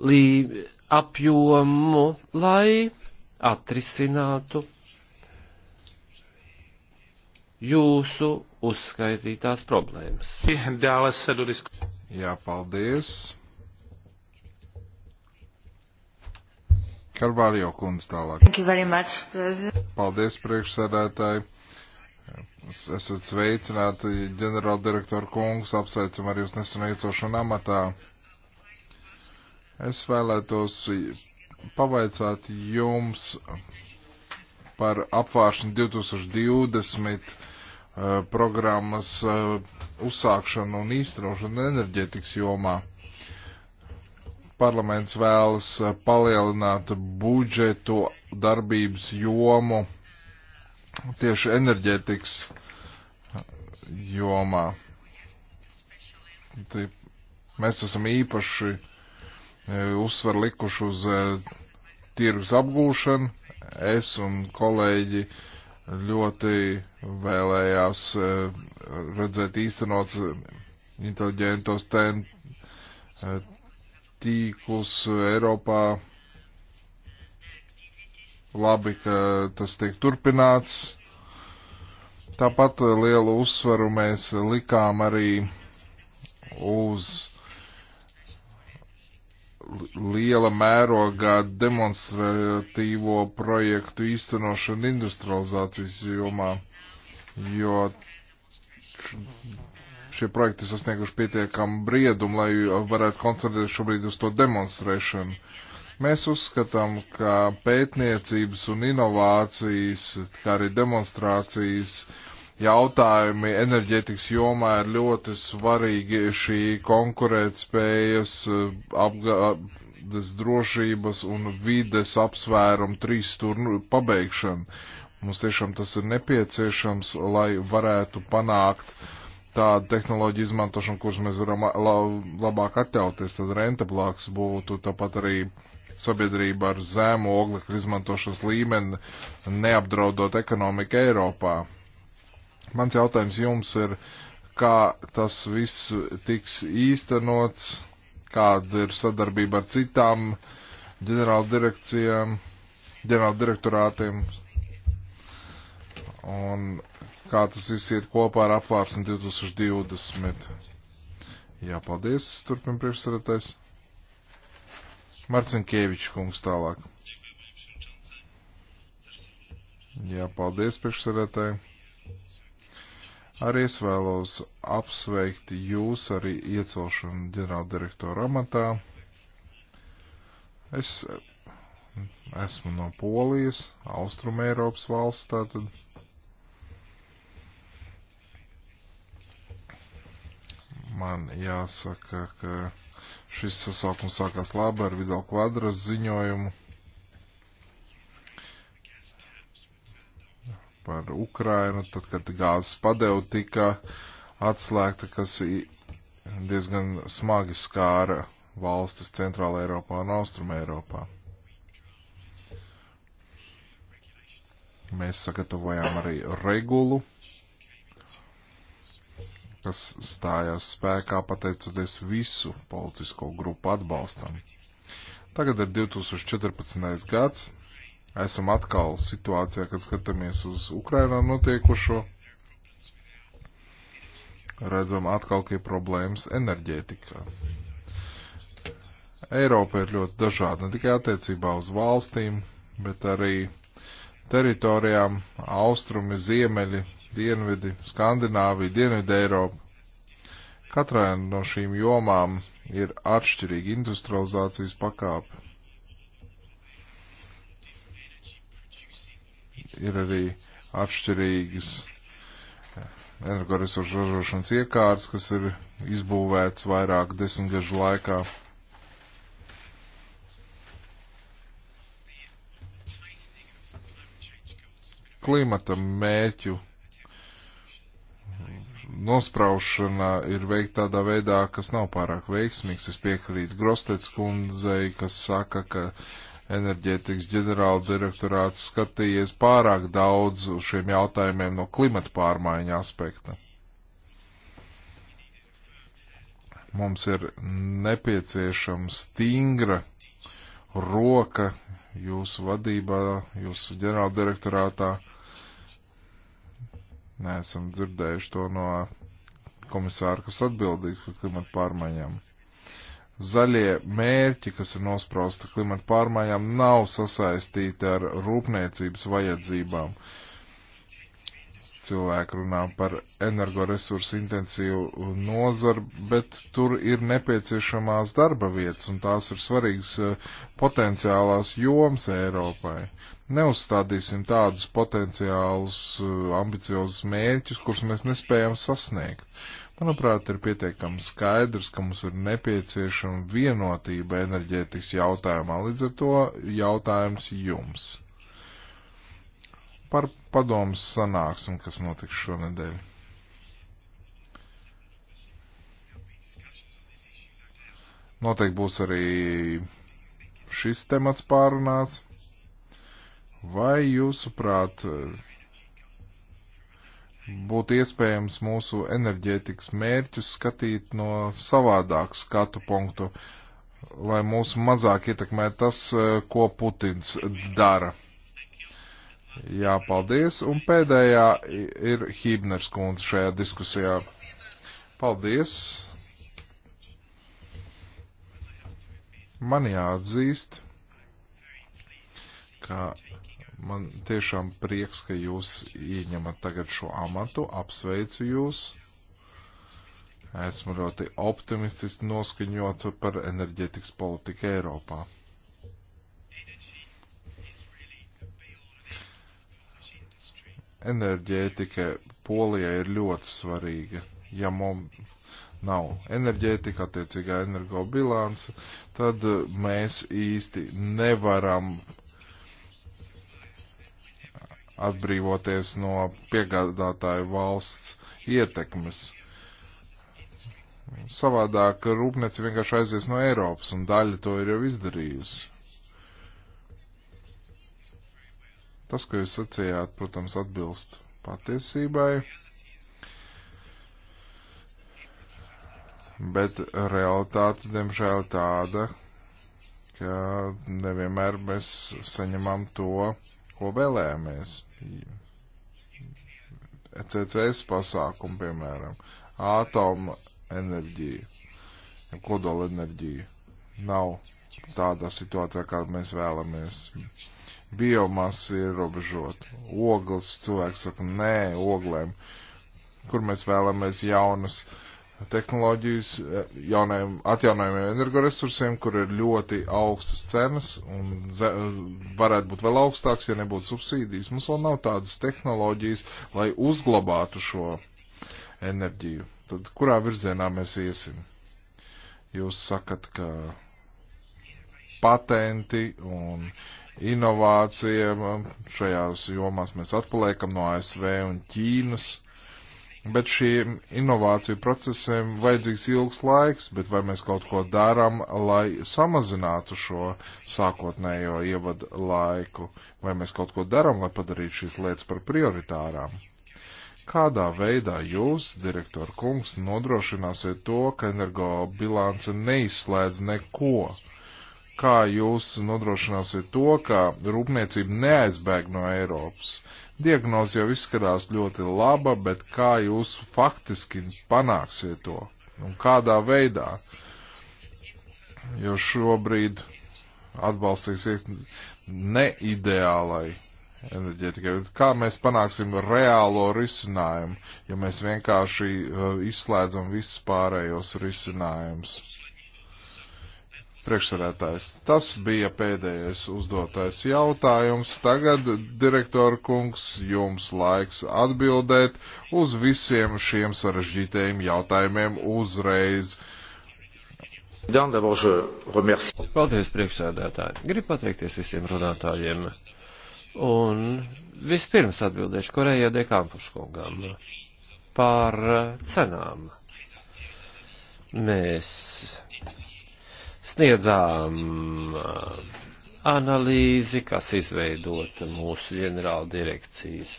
lī, apjomu, lai atrisinātu jūsu uzskaitītās problēmas. Jā, paldies. Karvāļo kundze tālāk. Much, paldies, priekšsēdētāji esat sveicināti, ģenerāldirektora kungs, apsveicam ar jūs nesenu iecošanu amatā. Es vēlētos pavaicāt jums par apvāršanu 2020 uh, eh, programmas uh, uzsākšanu un īstenošanu enerģetikas jomā. Parlaments vēlas eh, palielināt budžetu darbības jomu tieši enerģētikas jomā. Tī, mēs esam īpaši e, uzsver likuši uz e, tirgus apgūšanu. Es un kolēģi ļoti vēlējās e, redzēt īstenots inteliģentos ten tīklus Eiropā Labi, ka tas tiek turpināts. Tāpat eh, lielu uzsvaru mēs likām arī uz liela mērogā demonstratīvo projektu īstenošanu industrializācijas jomā, jo šie projekti sasnieguši pietiekamu briedumu, lai varētu koncentrēties šobrīd uz to demonstrēšanu. Mēs uzskatām, ka pētniecības un inovācijas, kā arī demonstrācijas jautājumi enerģetikas jomā ir ļoti svarīgi šī konkurētspējas, eh, apgādes drošības un vides apsvērumu trīs turnu pabeigšana. Mums tiešām tas ir nepieciešams, lai varētu panākt tādu tehnoloģiju izmantošanu, kuras mēs varam labāk atļauties, tad rentablāks būtu, tāpat arī sabiedrība ar zēmu oglekļu izmantošanas līmeni, neapdraudot ekonomiku Eiropā. Mans jautājums jums ir, kā tas viss tiks īstenots, kāda ir sadarbība ar citām ģenerāla direkcijām, ģenerāla direktorātiem un kā tas viss iet kopā ar apvārsni 2020. Jā, paldies, turpin priekšsarētais. Marcinkievičs kungs tālāk. Jā, paldies priekšsarētāji. Arī es vēlos apsveikt jūs arī iecelšanu ģenerāldirektora amatā. Es esmu no Polijas, Austrum Eiropas valsts tātad. Man jāsaka, ka Šis sasaukums sākās labi ar Vidal kvadras ziņojumu par Ukrainu, tad, kad gāzes padeva tika atslēgta, kas diezgan smagi skāra valstis Centrāla Eiropā un Austruma Eiropā. Mēs sagatavojām arī regulu kas stājās spēkā pateicoties visu politisko grupu atbalstam. Tagad ir 2014. gads, esam atkal situācijā, kad skatāmies uz Ukrainā notiekušo, redzam atkal, ka ir problēmas enerģētikā. Eiropa ir ļoti dažāda, ne tikai attiecībā uz valstīm, bet arī teritorijām, austrumi, ziemeļi, Dienvidi, Skandināviju, Dienvidu Eiropu. Katrai no šīm jomām ir atšķirīga industrializācijas pakāpe. Ir arī atšķirīgas eh, energoresursu ražošanas iekārtas, kas ir izbūvēts vairāk desmitgažu laikā. klimata mērķu nospraušana ir veikta tādā veidā, kas nav pārāk veiksmīgs. Es piekrītu Grostets kundzei, kas saka, ka enerģētikas ģenerāla direktorāts skatījies pārāk daudz uz šiem jautājumiem no klimata pārmaiņa aspekta. Mums ir nepieciešama stingra roka jūsu vadībā, jūsu ģenerāla direktorātā Neesam dzirdējuši to no komisāra, kas atbildīgs par klimatu pārmaiņām. Zaļie mērķi, kas ir nosprausta klimatu pārmaiņām, nav sasaistīti ar rūpniecības vajadzībām. Cilvēki runā par energoresursu intensīvu nozaru, bet tur ir nepieciešamās darba vietas, un tās ir svarīgas eh, potenciālās joms Eiropai neuzstādīsim tādus potenciālus eh, ambiciozus mērķus, kurus mēs nespējam sasniegt. Manuprāt, ir pietiekami skaidrs, ka mums ir nepieciešama vienotība enerģētikas jautājumā, līdz ar to jautājums jums. Par padomus sanāksim, kas notiks šonedēļ. Noteikti būs arī šis temats pārunāts. Vai jūsuprāt būtu iespējams mūsu enerģētikas mērķus skatīt no savādāku skatu punktu, lai mūsu mazāk ietekmē tas, ko Putins dara? Jā, paldies. Un pēdējā ir Hībners kundze šajā diskusijā. Paldies. Man jāatzīst, ka Man tiešām prieks, ka jūs ieņemat tagad šo amatu. Apsveicu jūs. Esmu ļoti optimistiski noskaņot par enerģetikas politiku Eiropā. Enerģētika Polijai ir ļoti svarīga. Ja mums nav enerģētika, attiecīgā energobilance, tad mēs īsti nevaram atbrīvoties no piegādātāju valsts ietekmes. Savādāk rūpnieci vienkārši aizies no Eiropas, un daļa to ir jau izdarījusi. Tas, ko jūs sacījāt, protams, atbilst patiesībai, bet realitāte, diemžēl, tāda, ka nevienmēr mēs saņemam to, ko vēlējāmies. ECCS pasākumu, piemēram, ātoma enerģija, kodola enerģija nav tādā situācijā, kā mēs vēlamies. Biomasa ir ierobežota, ogles cilvēks saka nē, oglēm, kur mēs vēlamies jaunas uh, tehnoloģijas eh, jaunajiem atjaunojumiem energoresursiem, kur ir ļoti augstas cenas un varētu būt vēl augstāks, ja nebūtu subsīdijas. Mums vēl nav tādas tehnoloģijas, lai uzglabātu šo enerģiju. Tad kurā virzienā mēs iesim? Jūs sakat, ka patenti un inovācija eh, šajās jomās mēs atpaliekam no ASV un Ķīnas Bet šiem inovāciju procesiem vajadzīgs ilgs laiks, bet vai mēs kaut ko darām, lai samazinātu šo sākotnējo ievadu laiku, vai mēs kaut ko darām, lai padarītu šīs lietas par prioritārām? Kādā veidā jūs, direktor kungs, nodrošināsiet to, ka energobilance neizslēdz neko? Kā jūs nodrošināsiet to, ka rūpniecība neaizbēg no Eiropas? Uh, Diagnoze jau izskatās ļoti laba, bet kā jūs faktiski panāksiet to? Un kādā veidā? Jo šobrīd atbalstīsies neideālai enerģētikai. Kā mēs panāksim reālo risinājumu, ja mēs vienkārši uh, izslēdzam visus pārējos risinājumus? Priekšsarētājs, tas bija pēdējais uzdotais jautājums. Tagad, direktora kungs, jums laiks atbildēt uz visiem šiem sarežģītajiem jautājumiem uzreiz. Paldies, priekšsēdētāji. Gribu pateikties visiem runātājiem. Un vispirms atbildēšu Korejā dekampuškungam par cenām. Mēs sniedzām uh, analīzi, kas izveidota mūsu ģenerāla direkcijas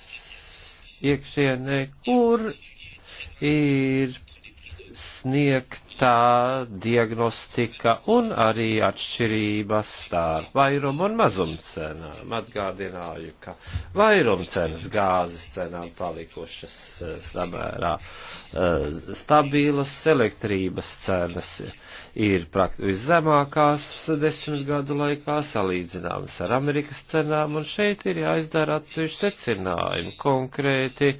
iekšienē, kur ir sniegtā diagnostika un arī atšķirības starp vairumu un mazumcenām. Atgādināju, ka vairumcenas gāzes cenām palikušas eh, samērā eh, stabilas elektrības cenas. Uh, ir praktiski viszemākās desmitgadu laikā, salīdzināmas ar Amerikas cenām, un šeit ir jāizdara atsevišķi secinājumi konkrēti eh,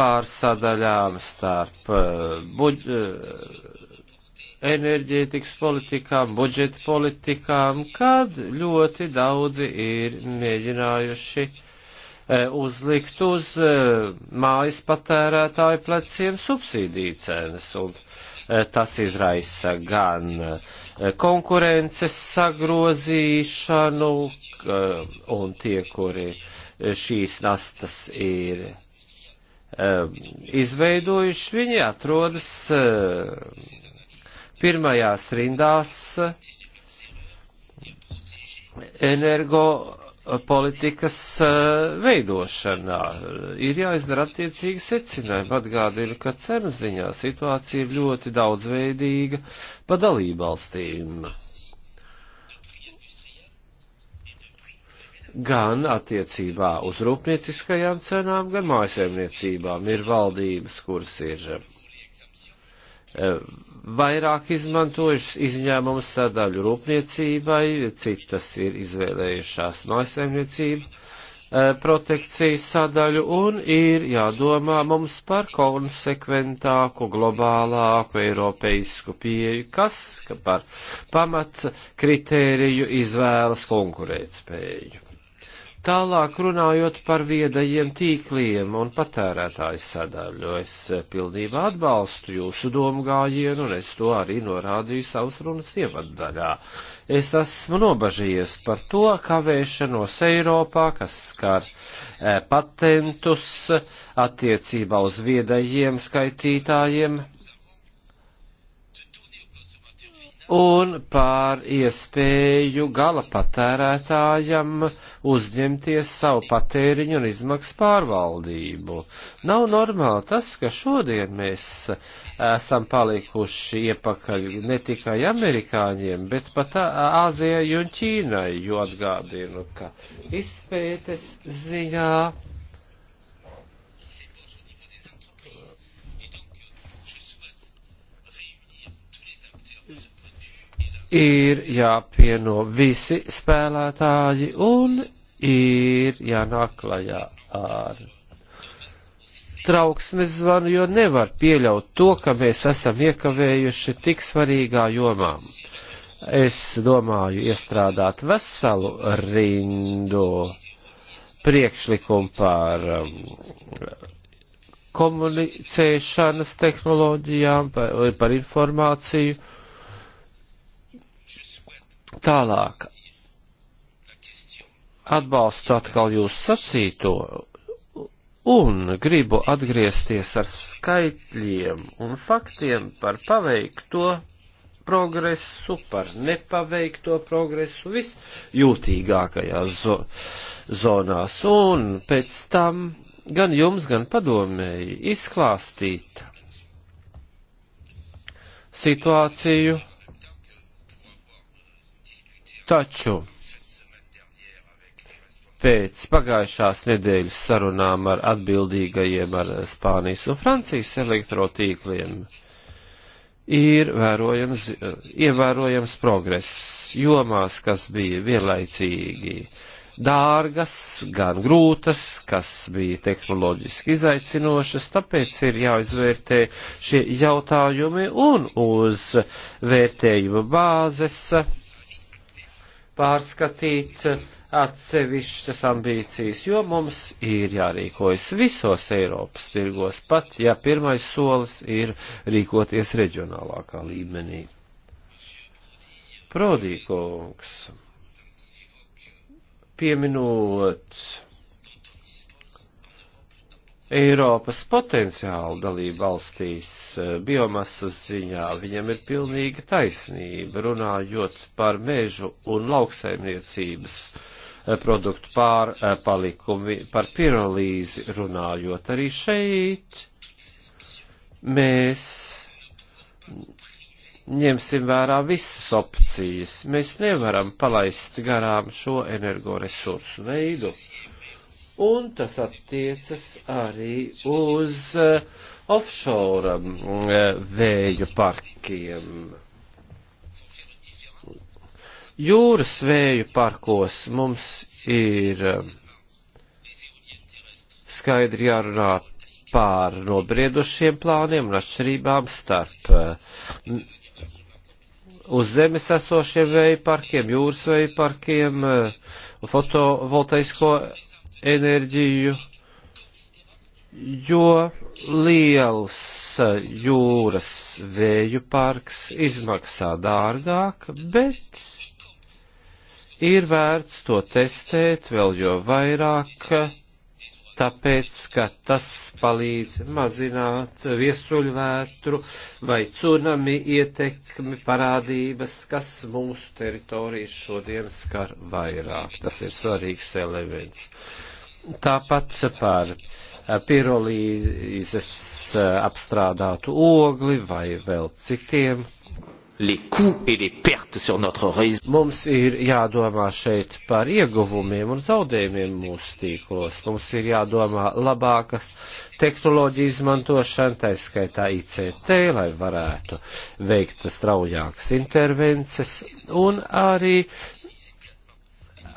pārsadaļām starp eh, buģ, eh, enerģētikas politikām, budžeta politikām, kad ļoti daudzi ir mēģinājuši uh, E, uzlikt uz e, mājas patērētāju pleciem subsīdiju cenas. Un e, tas izraisa gan konkurences sagrozīšanu, un tie, kuri šīs nastas ir izveidojuši, viņi atrodas pirmajās rindās energo politikas eh, veidošanā. Ir jāizdara attiecīgi secinājumi. Atgādinu, ka cenu ziņā situācija ir ļoti daudzveidīga pa dalībvalstīm. Gan attiecībā uz rūpnieciskajām cenām, gan mājasēmniecībām ir valdības, kuras ir Eh, vairāk izmantojušas izņēmumu sadaļu rūpniecībai, citas ir izvēlējušās mājasemniecību eh, protekcijas sadaļu un ir jādomā mums par konsekventāku, globālāku, eiropeisku pieeju, kas par pamat kritēriju izvēlas konkurētspēju. Tālāk runājot par viedajiem tīkliem un patērētājs sadaļu, es pilnībā atbalstu jūsu domu gājienu, un es to arī norādīju savas runas ievaddaļā. Es esmu nobažījies par to kavēšanos Eiropā, kas skar e, patentus attiecībā uz viedajiem skaitītājiem un pār iespēju gala patērētājam uzņemties savu patēriņu un izmaksu pārvaldību. Nav normāli tas, ka šodien mēs esam palikuši iepakaļ ne tikai amerikāņiem, bet pat Āzijai un Ķīnai, jo atgādinu, ka izpētes ziņā ir jāpieno visi spēlētāji un ir jānāk klajā ar trauksmes zvanu, jo nevar pieļaut to, ka mēs esam iekavējuši tik svarīgā jomā. Es domāju iestrādāt veselu rindu priekšlikumu par um, komunicēšanas tehnoloģijām, par, par informāciju Tālāk. Atbalstu atkal jūs sacīto un gribu atgriezties ar skaitļiem un faktiem par paveikto progresu, par nepaveikto progresu visjūtīgākajās zo zonās. Un pēc tam gan jums, gan padomēji izklāstīt situāciju Taču pēc pagājušās nedēļas sarunām ar atbildīgajiem ar Spānijas un Francijas elektrotīkliem ir vērojams, ievērojams progress jomās, kas bija vienlaicīgi dārgas, gan grūtas, kas bija tehnoloģiski izaicinošas, tāpēc ir jāizvērtē šie jautājumi un uz vērtējuma bāzes pārskatīt atsevišķas ambīcijas, jo mums ir jārīkojas visos Eiropas tirgos, pat ja pirmais solis ir rīkoties reģionālākā līmenī. Prodīkungs pieminot Eiropas potenciālu dalību valstīs eh, biomasas ziņā viņam ir pilnīga taisnība, runājot par mežu un lauksaimniecības eh, produktu pārpalikumu, eh, par pirolīzi runājot arī šeit. Mēs ņemsim vērā visas opcijas. Mēs nevaram palaist garām šo energoresursu veidu un tas attiecas arī uz uh, eh, offshore uh, eh, vēju parkiem. Jūras vēju parkos mums ir eh, skaidri jārunā pār nobriedušiem plāniem un atšķirībām starp uz zemes esošiem vēju parkiem, jūras vēju parkiem, fotovoltaisko enerģiju, jo liels jūras vēju parks izmaksā dārgāk, bet ir vērts to testēt vēl jo vairāk tāpēc, ka tas palīdz mazināt viesuļvētru vai cunami ietekmi parādības, kas mūsu teritorijas šodien skar vairāk. Tas ir svarīgs elements. Tāpat par pirolīzes apstrādātu ogli vai vēl citiem Mums ir jādomā šeit par ieguvumiem un zaudējumiem mūsu tīklos. Mums ir jādomā labākas tehnoloģiju izmantošana, tā skaitā ICT, lai varētu veikt straujākas intervences un arī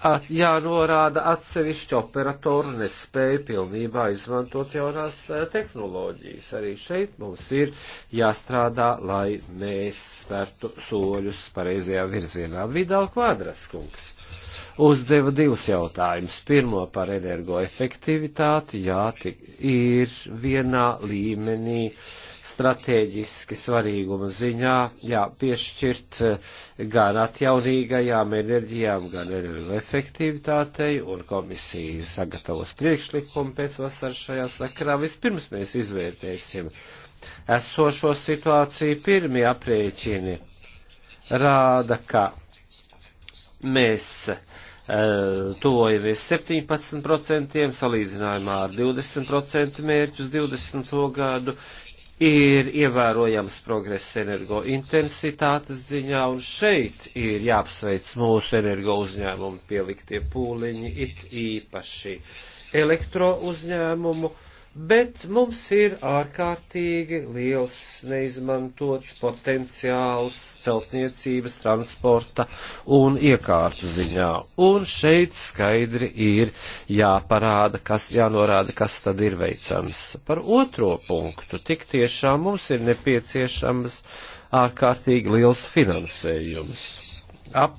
at, jānorāda atsevišķi operatoru nespēja pilnībā izmantot jaunās eh, tehnoloģijas. Arī šeit mums ir jāstrādā, lai mēs spērtu soļus pareizajā virzienā. Vidal Kvadraskungs uzdeva divus jautājumus. Pirmo par energoefektivitāti, jā, tik ir vienā līmenī. Uh, stratēģiski svarīguma ziņā jā, piešķirt eh, gan atjaunīgajām enerģijām, gan energoefektivitātei, un komisija sagatavos priekšlikumu pēc vasaras šajā sakarā. Vispirms mēs izvērtēsim esošo situāciju, pirmie aprēķini rāda, ka mēs eh, tuvojamies 17%, salīdzinājumā ar 20% mērķus 20. gadu, ir ievērojams progress energo intensitātes ziņā, un šeit ir jāapsveic mūsu energo uzņēmumu pieliktie pūliņi, it īpaši elektro uzņēmumu bet mums ir ārkārtīgi liels neizmantots potenciāls celtniecības, transporta un iekārtu ziņā. Un šeit skaidri ir jāparāda, kas jānorāda, kas tad ir veicams. Par otro punktu, tik tiešām mums ir nepieciešams ārkārtīgi liels finansējums. Ap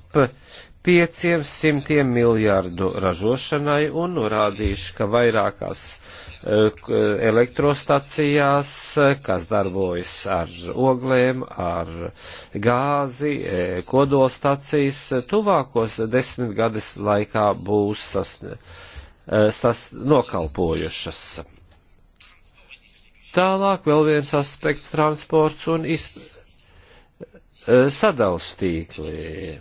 500 miljardu ražošanai un norādīšu, ka vairākās uh, elektrostacijās, kas darbojas ar oglēm, ar gāzi, e, kodolstacijas. Tuvākos desmit gadus laikā būs sas, e, sas, nokalpojušas. Tālāk vēl viens aspekts - transports un iz, e, sadalstīkli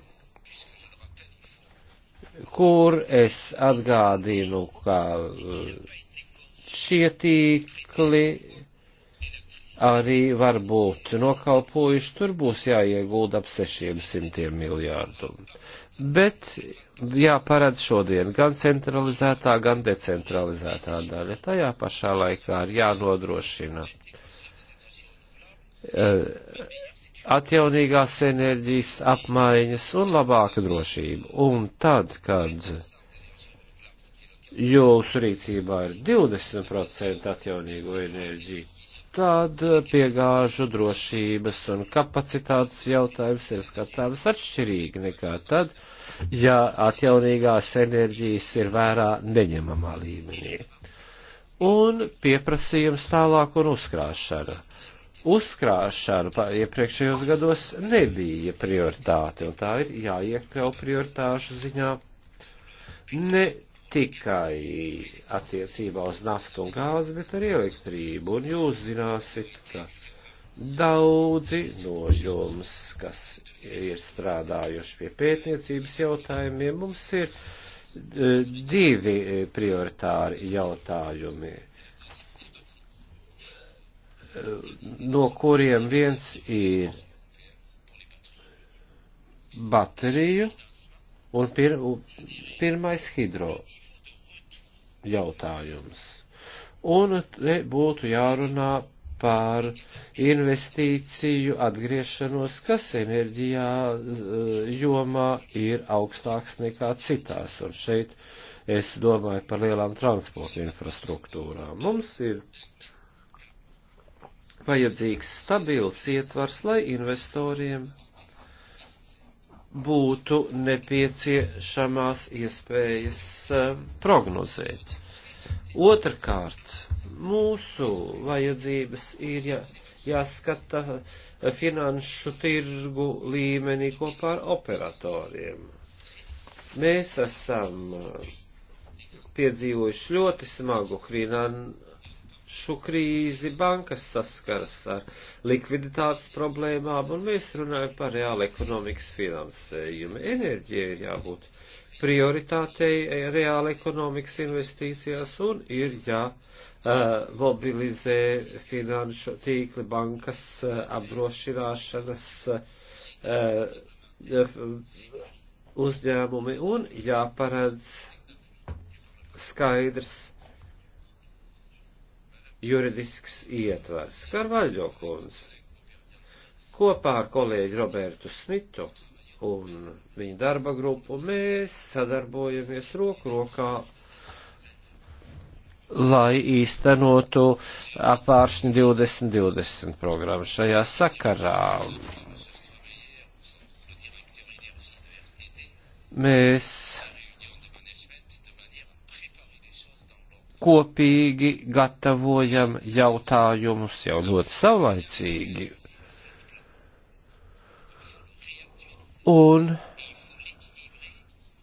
kur es atgādinu, ka šie tīkli arī var būt nokalpojuši, tur būs jāiegulda ap 600 miljārdu. Bet jāparad šodien gan centralizētā, gan decentralizētā daļa. Tajā pašā laikā ir jānodrošina eh, atjaunīgās enerģijas apmaiņas un labāka drošība. Un tad, kad jūsu rīcībā ir 20% atjaunīgo enerģiju, tad eh, piegāžu drošības un kapacitātes jautājums ir skatāms atšķirīgi nekā tad, ja atjaunīgās enerģijas ir vērā neņemamā līmenī. Un pieprasījums tālāk un uzkrāšana. Uzkrāšana iepriekšējos gados nebija prioritāte, un tā ir jāiekļau prioritāšu ziņā ne tikai attiecībā uz naftu un gāzi, bet arī elektrību. Un jūs zināsiet, ka daudzi no jums, kas ir strādājuši pie pētniecības jautājumiem, mums ir e, divi prioritāri jautājumi e, no kuriem viens ir bateriju un pir, pirmais hidro jautājums. Un te būtu jārunā par investīciju atgriešanos, kas enerģijā eh, jomā ir augstāks nekā citās. Un šeit es domāju par lielām transporta infrastruktūrām. Mums ir vajadzīgs stabils ietvars, lai investoriem būtu nepieciešamās iespējas eh, prognozēt. Otrkārt, mūsu vajadzības ir jā, jāskata eh, finanšu tirgu līmenī kopā ar operatoriem. Mēs esam eh, piedzīvojuši ļoti smagu finan, finanšu krīzi, bankas saskaras ar likviditātes problēmām, un mēs runājam par reālu ekonomikas finansējumu. Enerģija ir jābūt prioritātei e, reāla ekonomikas investīcijās un ir jāmobilizē e, ja, uh, finanšu tīkli bankas uh, apdrošināšanas uh, uzņēmumi un jāparedz skaidrs juridisks ietvers. Karvaļo kundz, kopā ar kolēģi Robertu Smitu un viņa darba grupu mēs sadarbojamies roku rokā, lai īstenotu apāršņu 2020 programmu šajā sakarā. Mēs kopīgi gatavojam jautājumus jau ļoti savlaicīgi. Un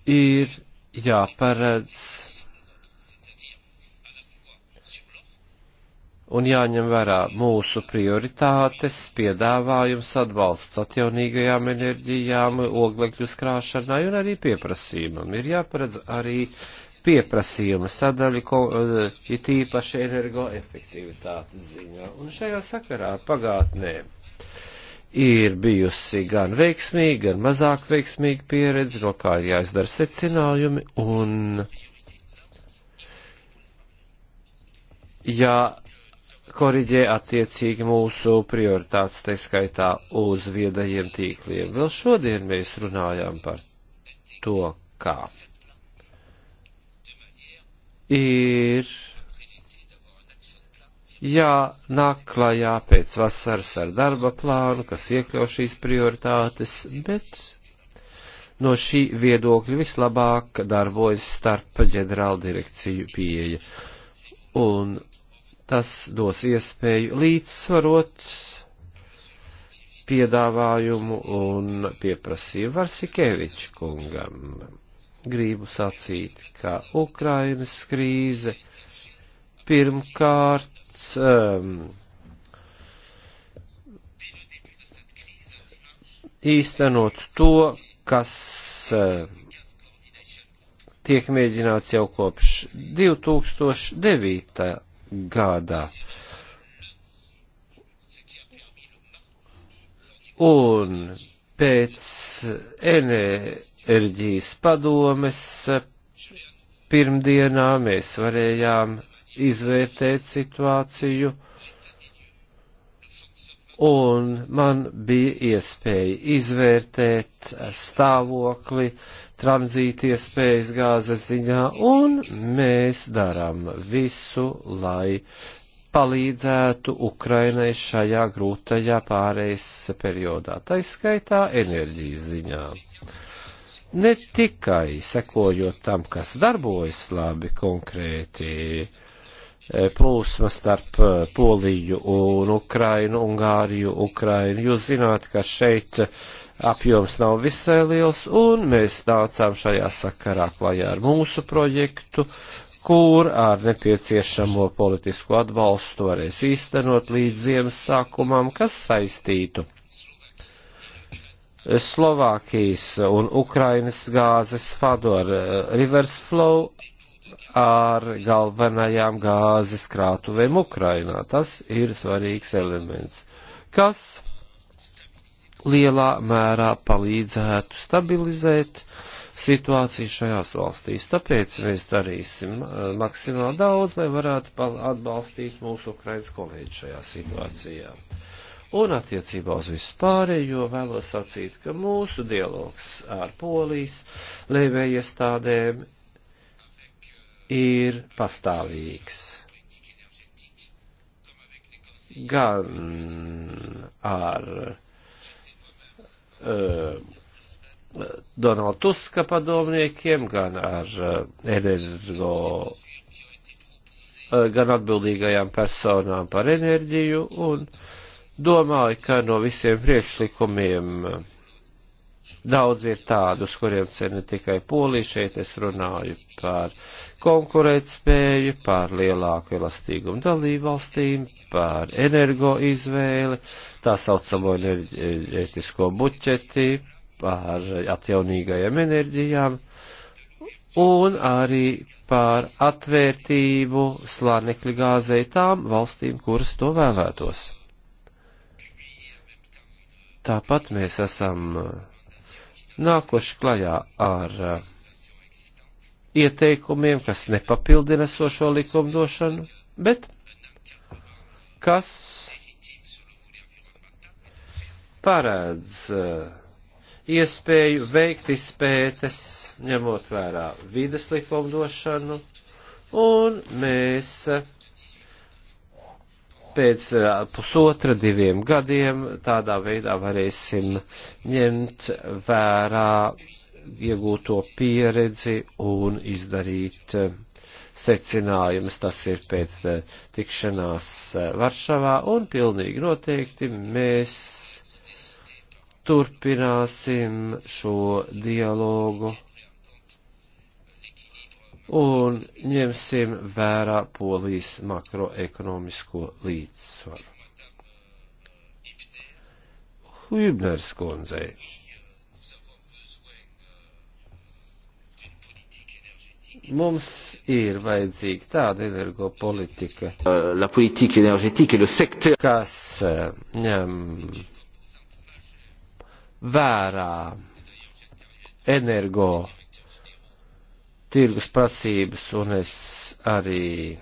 ir jāparedz un jāņem vērā mūsu prioritātes, piedāvājums, atbalsts atjaunīgajām enerģijām, oglekļu skrāšanai un arī pieprasījumam. Ir jāparedz arī uh, pieprasījumu sadaļu, ko, eh, it īpaši energoefektivitātes ziņā. Un šajā sakarā pagātnē ir bijusi gan veiksmīga, gan mazāk veiksmīga pieredze, no kā ir jāizdara secinājumi un jā, koriģē attiecīgi mūsu prioritātes, tai skaitā uz viedajiem tīkliem. Vēl šodien mēs runājām par to, kā ir jānāk klajā pēc vasaras ar darba plānu, kas iekļau šīs prioritātes, bet no šī viedokļa vislabāk darbojas starp ģenerāla direkciju pieeja. Un tas dos iespēju līdzsvarot piedāvājumu un pieprasīju Varsikeviču kungam gribu sacīt, ka Ukrainas krīze pirmkārt um, īstenot to, kas uh, tiek mēģināts jau kopš 2009. gadā. Un pēc NE enerģijas padomes pirmdienā mēs varējām izvērtēt situāciju, un man bija iespēja izvērtēt stāvokli, tranzīta iespējas gāzes ziņā, un mēs darām visu, lai palīdzētu Ukrainai šajā grūtajā pārejas periodā, taiskaitā enerģijas ziņā ne tikai sekojot tam, kas darbojas labi konkrēti, e, plūsma starp e, Poliju un Ukrainu, Ungāriju, Ukrainu. Jūs zināt, ka šeit apjoms nav visai liels, un mēs nācām šajā sakarā klajā ar mūsu projektu, kur ar nepieciešamo politisko atbalstu varēs īstenot līdz ziemas sākumam, kas saistītu Slovākijas un Ukrainas gāzes Fador eh, Rivers Flow ar galvenajām gāzes krātuvēm Ukrainā. Tas ir svarīgs elements, kas lielā mērā palīdzētu stabilizēt situāciju šajās valstīs. Tāpēc mēs darīsim eh, maksimāli daudz, lai varētu atbalstīt mūsu Ukrainas kolēģi šajā situācijā. Mm. Un attiecībā uz vispārējo vēlos sacīt, ka mūsu dialogs ar polijas lēvējiestādēm ir pastāvīgs. Gan ar uh, Donalda Tuska padomniekiem, gan ar eh, energo, eh, gan atbildīgajām personām par enerģiju un uh, Domāju, ka no visiem priekšlikumiem daudz ir tādu, uz kuriem cer ne tikai polija, šeit es runāju par konkurētspēju, par lielāku elastīgumu dalību valstīm, par energo izvēli, tā saucamo enerģētisko buķeti, par atjaunīgajām enerģijām un arī par atvērtību slānekļa gāzei tām valstīm, kuras to vēlētos. Tāpat mēs esam uh, nākoši klajā ar uh, ieteikumiem, kas nepapildina sošo likumdošanu, bet kas paredz uh, iespēju veikt izpētes, ņemot vērā vides likumdošanu, un mēs pēc eh, pusotra diviem gadiem tādā veidā varēsim ņemt vērā iegūto pieredzi un izdarīt eh, secinājumus. Tas ir pēc eh, tikšanās Varšavā un pilnīgi noteikti mēs turpināsim šo dialogu un ņemsim vērā polijas makroekonomisko līdzsvaru. Hübners kundzei. Mums ir vajadzīga tāda energopolitika, euh, la politika enerģetika, le sektor, kas eh, ņem vērā energo tirgus prasības, un es arī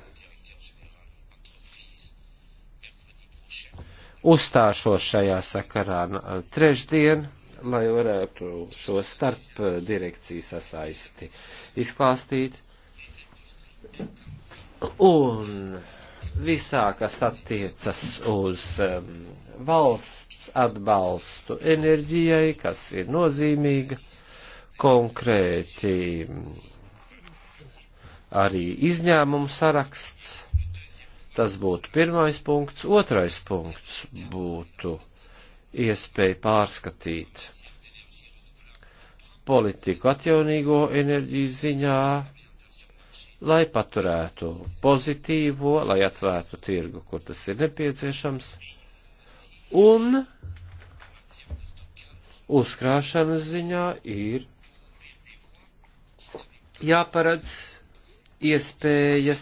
uzstāšos šajā sakarā nu, trešdien, lai varētu šo starp direkciju sasaisti izklāstīt. Un visā, kas attiecas uz um, valsts atbalstu enerģijai, kas ir nozīmīga, konkrēti arī izņēmumu saraksts. Tas būtu pirmais punkts. Otrais punkts būtu iespēja pārskatīt politiku atjaunīgo enerģijas ziņā, lai paturētu pozitīvo, lai atvērtu tirgu, kur tas ir nepieciešams, un uzkrāšanas ziņā ir jāparedz iespējas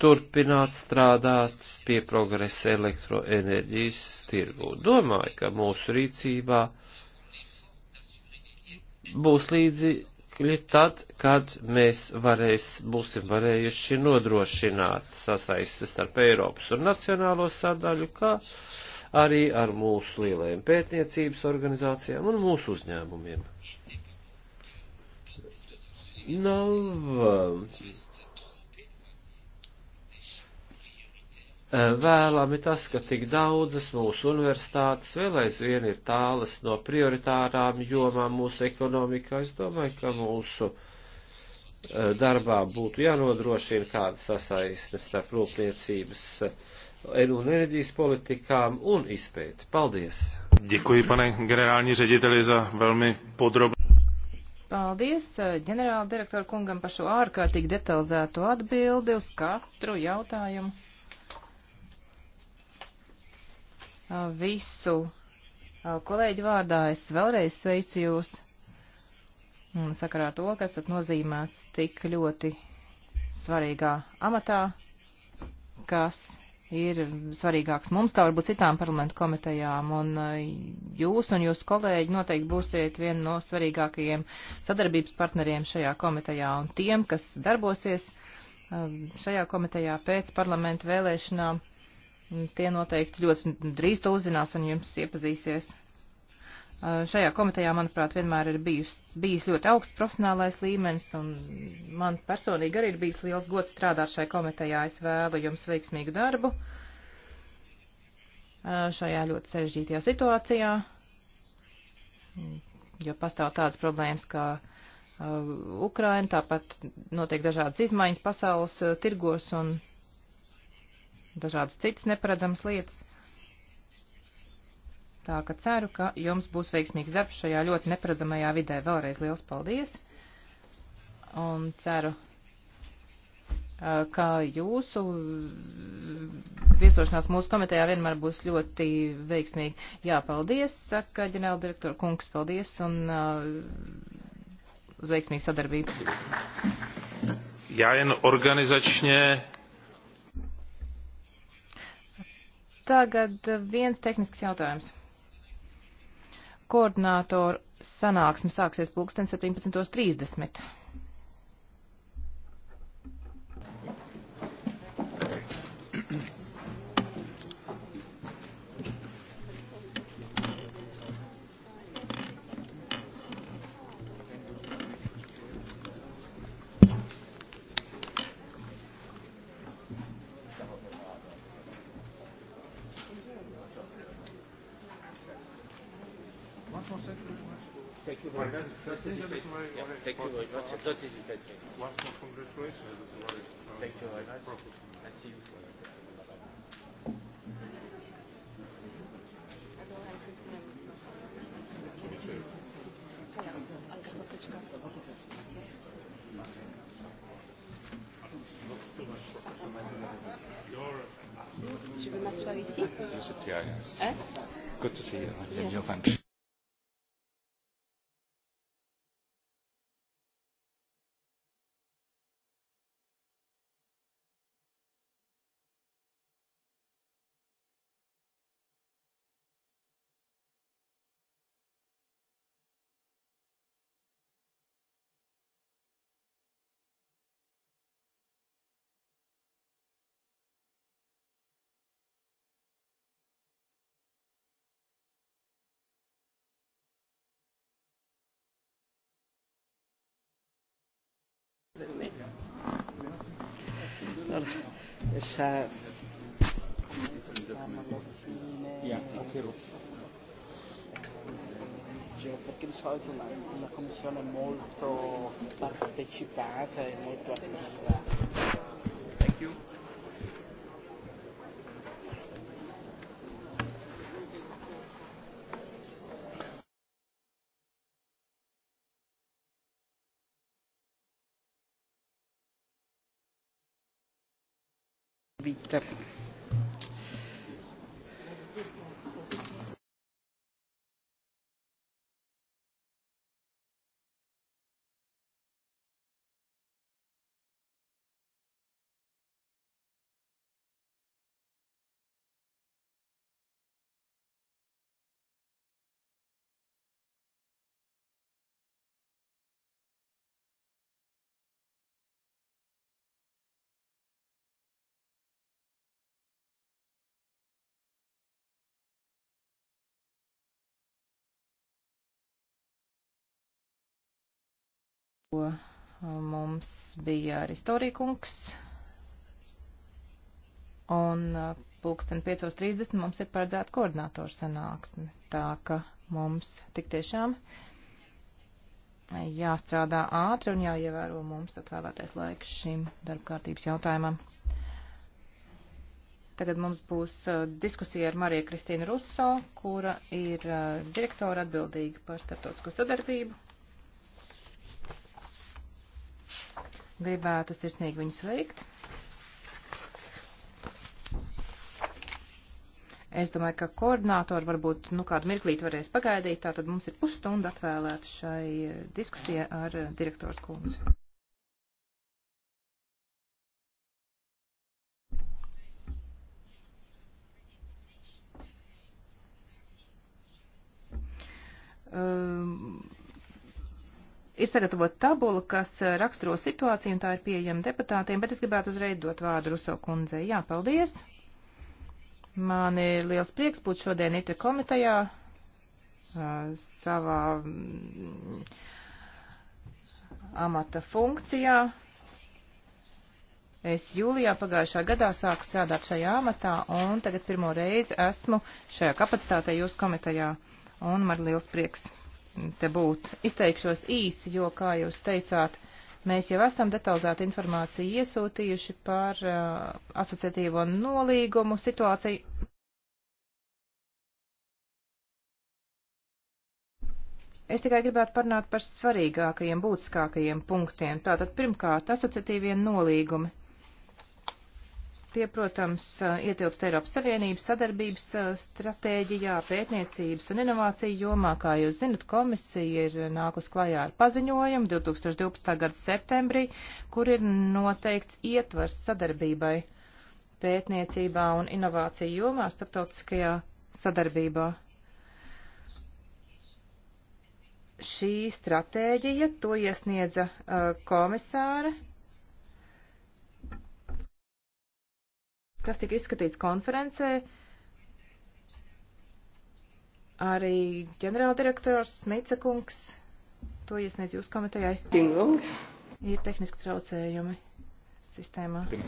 turpināt strādāt pie progresa elektroenerģijas tirgu. Domāju, ka mūsu rīcībā būs līdzīgi tad, kad mēs varēs, būsim varējuši nodrošināt sasaistes starp Eiropas un nacionālo sadaļu, kā arī ar mūsu lielajiem pētniecības organizācijām un mūsu uzņēmumiem. Nav eh, vēlami tas, ka tik daudzas mūsu universitātes vēl aizvien ir tālas no prioritārām jomām mūsu ekonomikā. Es domāju, ka mūsu eh, darbā būtu jānodrošina kāda sasaistes starp rūpniecības uh, un enerģijas politikām un izpēti. Paldies! Děkuji, pane generální řediteli, za velmi podrobnou. Paldies eh, ģenerāla direktora kungam par šo ārkārtīgi detalizēto atbildi uz katru jautājumu. Eh, visu eh, kolēģu vārdā es vēlreiz sveicu jūs un sakarā to, ka esat nozīmēts tik ļoti svarīgā amatā, kas ir svarīgāks mums, kā varbūt citām parlamentu komitejām, un eh, jūs un jūs kolēģi noteikti būsiet viena no svarīgākajiem sadarbības partneriem šajā komitejā, un tiem, kas darbosies eh, šajā komitejā pēc parlamentu vēlēšanām, tie noteikti ļoti drīz to uzzinās un jums iepazīsies Eh, šajā komitejā, manuprāt, vienmēr ir bijis, bijis ļoti augsts profesionālais līmenis, un man personīgi arī ir bijis liels gods strādāt šajā komitejā. Es vēlu jums veiksmīgu darbu eh, šajā ļoti sarežģītajā situācijā, jo pastāv tādas problēmas, kā eh, Ukraina, tāpat notiek dažādas izmaiņas pasaules tirgos un dažādas citas neparedzamas lietas. Tā ka ceru, ka jums būs veiksmīgs darbs šajā ļoti neparedzamajā vidē. Vēlreiz liels paldies un ceru, ka jūsu viesošanās mūsu komitejā vienmēr būs ļoti veiksmīgi. Jā, paldies, saka ģenerāla direktora kungs, paldies un uz veiksmīgu sadarbību. Jā, jen organizačņē Tagad viens tehnisks jautājums. Koordinātoru sanāksme sāksies pulksten 17.30. Yeah, thank you very much. That is it. One congratulations. Thank you very much. And see you soon. Tu veux m'asseoir ici? Yes, it's, yeah, yes. Hein? Good to see you. Eh? Yes. Your function. is... Uh, ja, perché di solito una, una commissione molto partecipata e molto attiva együtt. Uh, mums bija arī storīkungs. Un uh, pulksten 5.30 mums ir paredzēta koordinātora sanāksme. Tā ka mums tik tiešām jāstrādā ātri un jāievēro mums atvēlētais laiks šim darbkārtības jautājumam. Tagad mums būs uh, diskusija ar Mariju Kristīnu Russo, kura ir direktora atbildīga par starptautisko sadarbību. Gribētu sirsnīgi viņus veikt. Es domāju, ka koordinātori varbūt nu, kādu mirklīt varēs pagaidīt, tātad mums ir pusstunda atvēlēta šai eh, diskusijai ar eh, direktors kundzi. Um, ehm, ir sagatavota tabula, kas eh, raksturo situāciju, un tā ir pieejama deputātiem, bet es gribētu uzreiz dot vārdu Ruso kundzei. Jā, paldies! Man ir liels prieks būt šodien ITRA komitejā eh, savā mm, amata funkcijā. Es jūlijā pagājušā gadā sāku strādāt šajā amatā, un tagad pirmo reizi esmu šajā kapacitātē jūsu komitejā, un man ir liels prieks te būt. Izteikšos īsi, jo, kā jūs teicāt, mēs jau esam detalizētu informāciju iesūtījuši par uh, asociatīvo nolīgumu situāciju. Es tikai gribētu parunāt par svarīgākajiem, būtiskākajiem punktiem. Tātad pirmkārt, asociatīvie nolīgumi. Tie, protams, eh, ietilpst Eiropas Savienības sadarbības eh, stratēģijā, pētniecības un inovāciju jomā. Kā jūs zinat, komisija ir nākus klajā ar paziņojumu 2012. gada septembrī, kur ir noteikts ietvars sadarbībai pētniecībā un inovāciju jomā starptautiskajā sadarbībā. Šī stratēģija to iesniedza uh, eh, komisāra kas tika izskatīts konferencē. Arī ģenerāldirektors Smica kungs to iesniedz jūs komitejai. Ding dong. Ir tehniski traucējumi sistēmā. Ding,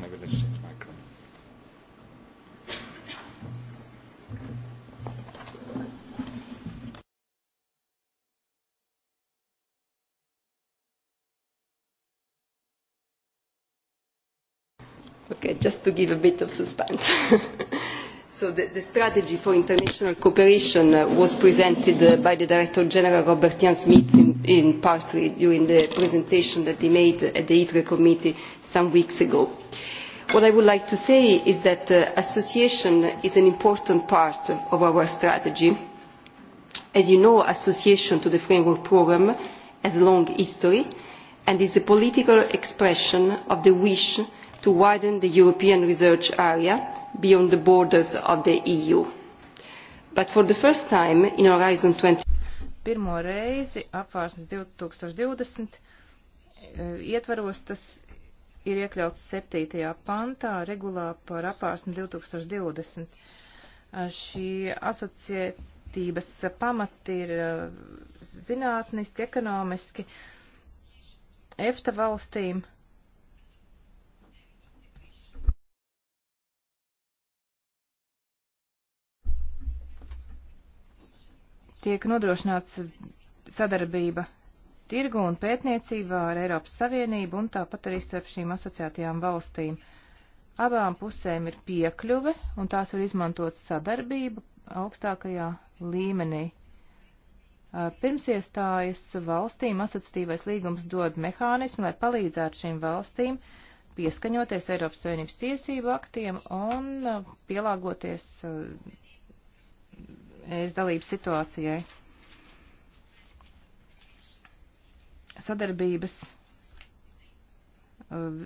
Okay, just to give a bit of suspense. so the, the strategy for international cooperation uh, was presented uh, by the Director General Robert Jan Smith in, in partly during the presentation that he made at the ITRE committee some weeks ago. What I would like to say is that uh, association is an important part of our strategy. As you know, association to the framework programme has a long history and is a political expression of the wish to widen the European research area beyond the borders of the EU. But for the first time in Horizon 20... Pirmo reizi apvārsnes 2020 e, ietvaros tas ir iekļauts 7. pantā regulā par apvārsni 2020. E, šī asociētības pamati ir e, zinātniski, ekonomiski, EFTA valstīm Tiek nodrošināts sadarbība tirgu un pētniecībā ar Eiropas Savienību un tāpat arī starp šīm asociētajām valstīm. Abām pusēm ir piekļuve un tās var izmantot sadarbību augstākajā līmenī. Pirms iestājas valstīm asociatīvais līgums dod mehānismu, lai palīdzētu šīm valstīm pieskaņoties Eiropas Savienības tiesību aktiem un pielāgoties es dalību situācijai. Sadarbības uh,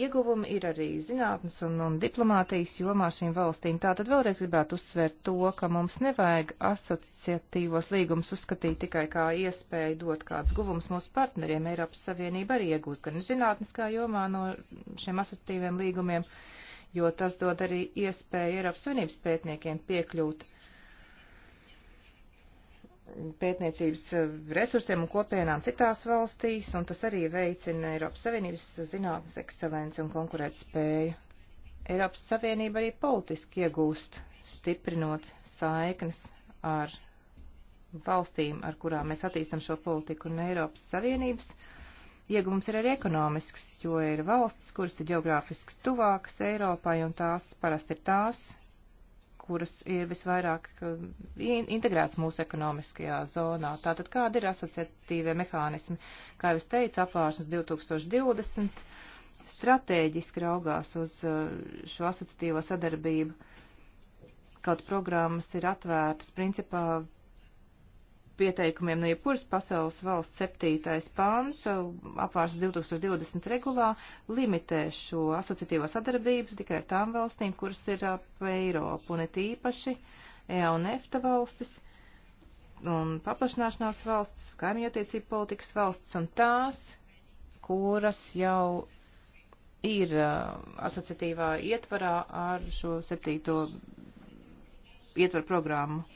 ieguvumi ir arī zinātnes un, un diplomātijas jomā šīm valstīm. Tātad vēlreiz gribētu uzsvērt to, ka mums nevajag asociatīvos līgumus uzskatīt tikai kā iespēju dot kāds guvums mūsu partneriem. Eiropas Savienība arī iegūst gan zinātniskā jomā no šiem asociatīviem līgumiem, jo tas dod arī iespēju Eiropas Savienības pētniekiem piekļūt uh, pētniecības eh, resursiem un kopienām citās valstīs, un tas arī veicina Eiropas Savienības zinātnes ekscelenci un konkurētspēju. Eiropas Savienība arī politiski iegūst, stiprinot saiknes ar valstīm, ar kurām mēs attīstam šo politiku, un Eiropas Savienības iegums ir arī ekonomisks, jo ir valsts, kuras ir geogrāfiski tuvākas Eiropai, un tās parasti ir tās, kuras ir visvairāk um, integrētas mūsu ekonomiskajā zonā. Tātad kāda ir asociatīvie mehānismi? Kā jau es teicu, apvārsnes 2020 stratēģiski raugās uz uh, šo asociatīvo sadarbību. Kaut programmas ir atvērtas principā pieteikumiem no jebkuras pasaules valsts septītais pāns uh, apvārs 2020 regulā limitē šo asociatīvo sadarbību tikai ar tām valstīm, kuras ir ap Eiropu, un it īpaši EA un EFTA valstis un paplašināšanās valsts, kaimiņattiecību politikas valsts un tās, kuras jau ir uh, asociatīvā ietvarā ar šo septīto ietvaru programmu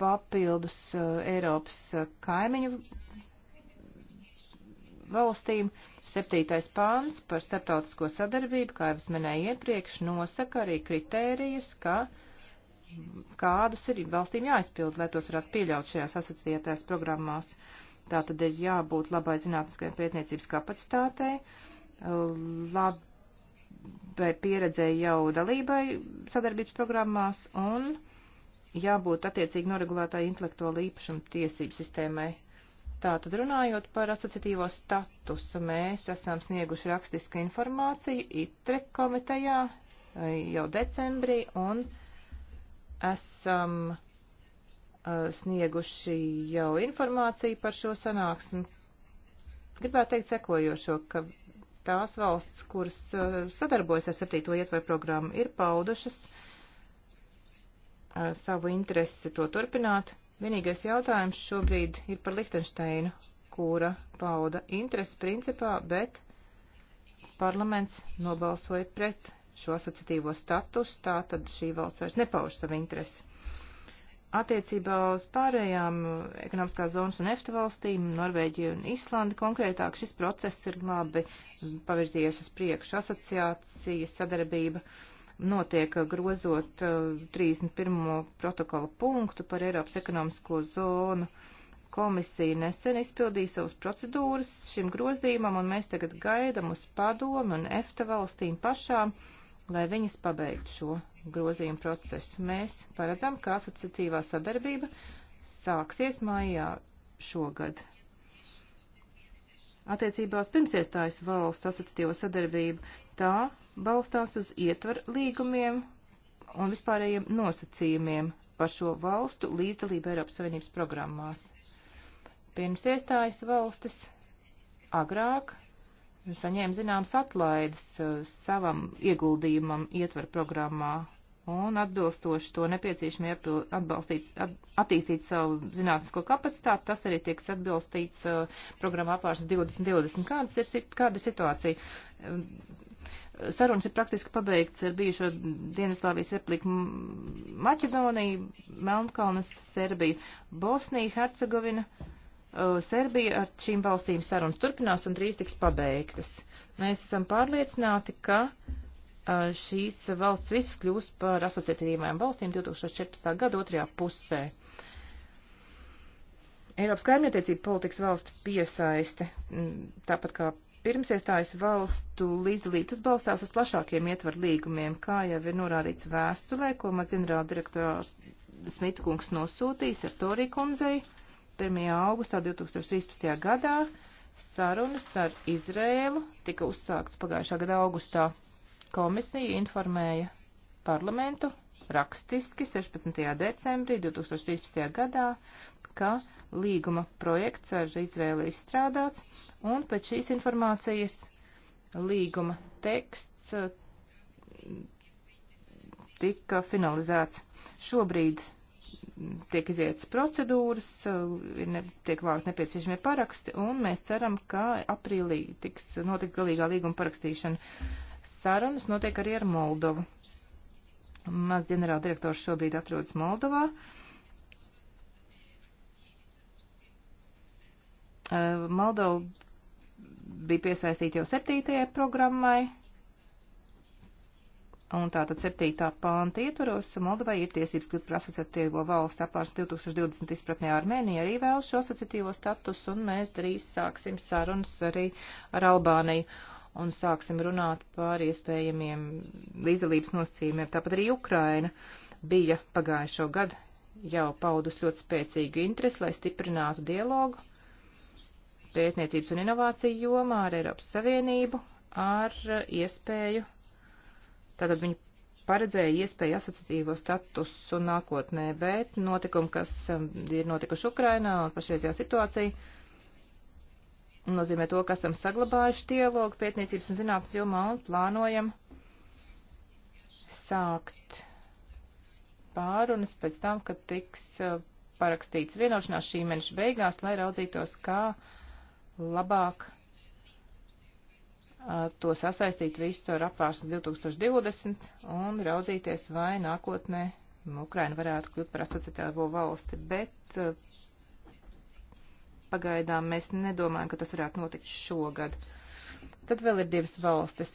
papildus eh, Eiropas eh, kaimiņu valstīm. Septītais pāns par starptautisko sadarbību, kā jau es minēju iepriekš, nosaka arī kritērijas, ka kādus ir valstīm jāizpild, lai tos varētu pieļaut šajās asociētās programmās. Tā tad ir jābūt labai zinātniskai pētniecības kapacitātei, labai pieredzēji jau dalībai sadarbības programmās un jābūt attiecīgi noregulētāji intelektuāla īpašuma tiesību sistēmai. Tātad runājot par asociatīvo statusu, mēs esam snieguši rakstisku informāciju ITRE komitejā eh, jau decembrī un esam eh, snieguši jau informāciju par šo sanāksmi. Gribētu teikt sekojošo, ka tās valsts, kuras eh, sadarbojas ar septīto ietvaru programmu, ir paudušas uh, savu interesi to turpināt. Vienīgais jautājums šobrīd ir par Lihtensteinu, kura pauda interesi principā, bet parlaments nobalsoja pret šo asociatīvo statusu, tā tad šī valsts vairs nepauž savu interesi. Attiecībā uz pārējām ekonomiskās zonas un EFTA valstīm, Norvēģija un Islanda konkrētāk, šis process ir labi pavirzījies uz priekšu asociācijas sadarbība. Uh, notiek eh, grozot 31. Eh, protokola punktu par Eiropas ekonomisko zonu. Komisija nesen izpildīja savas procedūras šim grozījumam, un mēs tagad gaidam uz padomu un EFTA valstīm pašām, lai viņas pabeigtu šo grozījumu procesu. Mēs paredzam, ka asociatīvā sadarbība sāksies mājā šogad. Attiecībā uz pirmsiestājas valstu asociatīvo sadarbību tā balstās uz ietver līgumiem un vispārējiem nosacījumiem par šo valstu līdzdalību Eiropas Savienības programmās. Pirms iestājas valstis agrāk saņēma zināmas atlaides uh, savam ieguldījumam ietver programmā un atbilstoši to nepieciešamie atbalstīt, at, attīstīt savu zinātnisko kapacitāti, tas arī tiks atbilstīts uh, programmā apvārs 2020. Kādas ir, kāda ir situācija? Um, Sarunas ir praktiski pabeigts ar bijušo Dienaslāvijas repliku Maķedoniju, Melnkalnas, Serbiju, Bosniju, Hercegovinu. Serbija ar šīm valstīm sarunas turpinās un drīz tiks pabeigtas. Mēs esam pārliecināti, ka šīs valsts viss kļūs par asociatīvajām valstīm 2014. gada otrajā pusē. Eiropas kaimietiecība politikas valstu piesaiste, tāpat kā pirms iestājas valstu līdzdalība, tas balstās uz plašākiem ietvaru līgumiem, kā jau ir norādīts vēstulē, ko maz ģenerāla direktors Smita kungs nosūtīs ar Torī kundzei 1. augustā 2013. gadā. Sarunas ar Izrēlu tika uzsāktas pagājušā gada augustā. Komisija informēja parlamentu rakstiski 16. decembrī 2013. gadā, ka līguma projekts ar Izraēlu izstrādāts, un pēc šīs informācijas līguma teksts uh, tika finalizēts. Šobrīd tiek izietas procedūras, uh, ir ne, tiek vākt nepieciešamie paraksti, un mēs ceram, ka aprīlī tiks notikt galīgā līguma parakstīšana. Sarunas notiek arī ar Moldovu. Mans ģenerāldirektors šobrīd atrodas Moldovā. Eh, Moldova bija piesaistīta jau septītajai programmai, un tātad septītā pānta ietvaros Moldovai ir tiesības kļūt par asociatīvo valstu apārs 2020 izpratnē Armēnija arī vēl šo asociatīvo statusu, un mēs drīz sāksim sarunas arī ar Albāniju un sāksim runāt par iespējamiem līdzdalības nosacījumiem. Tāpat arī Ukraina bija pagājušo gadu jau paudus ļoti spēcīgu interesi, lai stiprinātu dialogu pētniecības un inovāciju jomā ar Eiropas Savienību ar iespēju, tātad viņi paredzēja iespēju asociatīvo statusu nākotnē, bet notikumi, kas um, ir notikuši Ukrainā un pašreizajā situācija, nozīmē to, ka esam saglabājuši dialogu pētniecības un zinātnes jomā un plānojam sākt pārunas pēc tam, kad tiks uh, parakstīts vienošanās šī mēneša beigās, lai raudzītos, kā labāk uh, to sasaistīt visu ar apvārsni 2020 un raudzīties, vai nākotnē Ukraina varētu kļūt par asociatīvo valsti, bet uh, Pagaidām mēs nedomājam, ka tas varētu notikt šogad. Tad vēl ir divas valstis.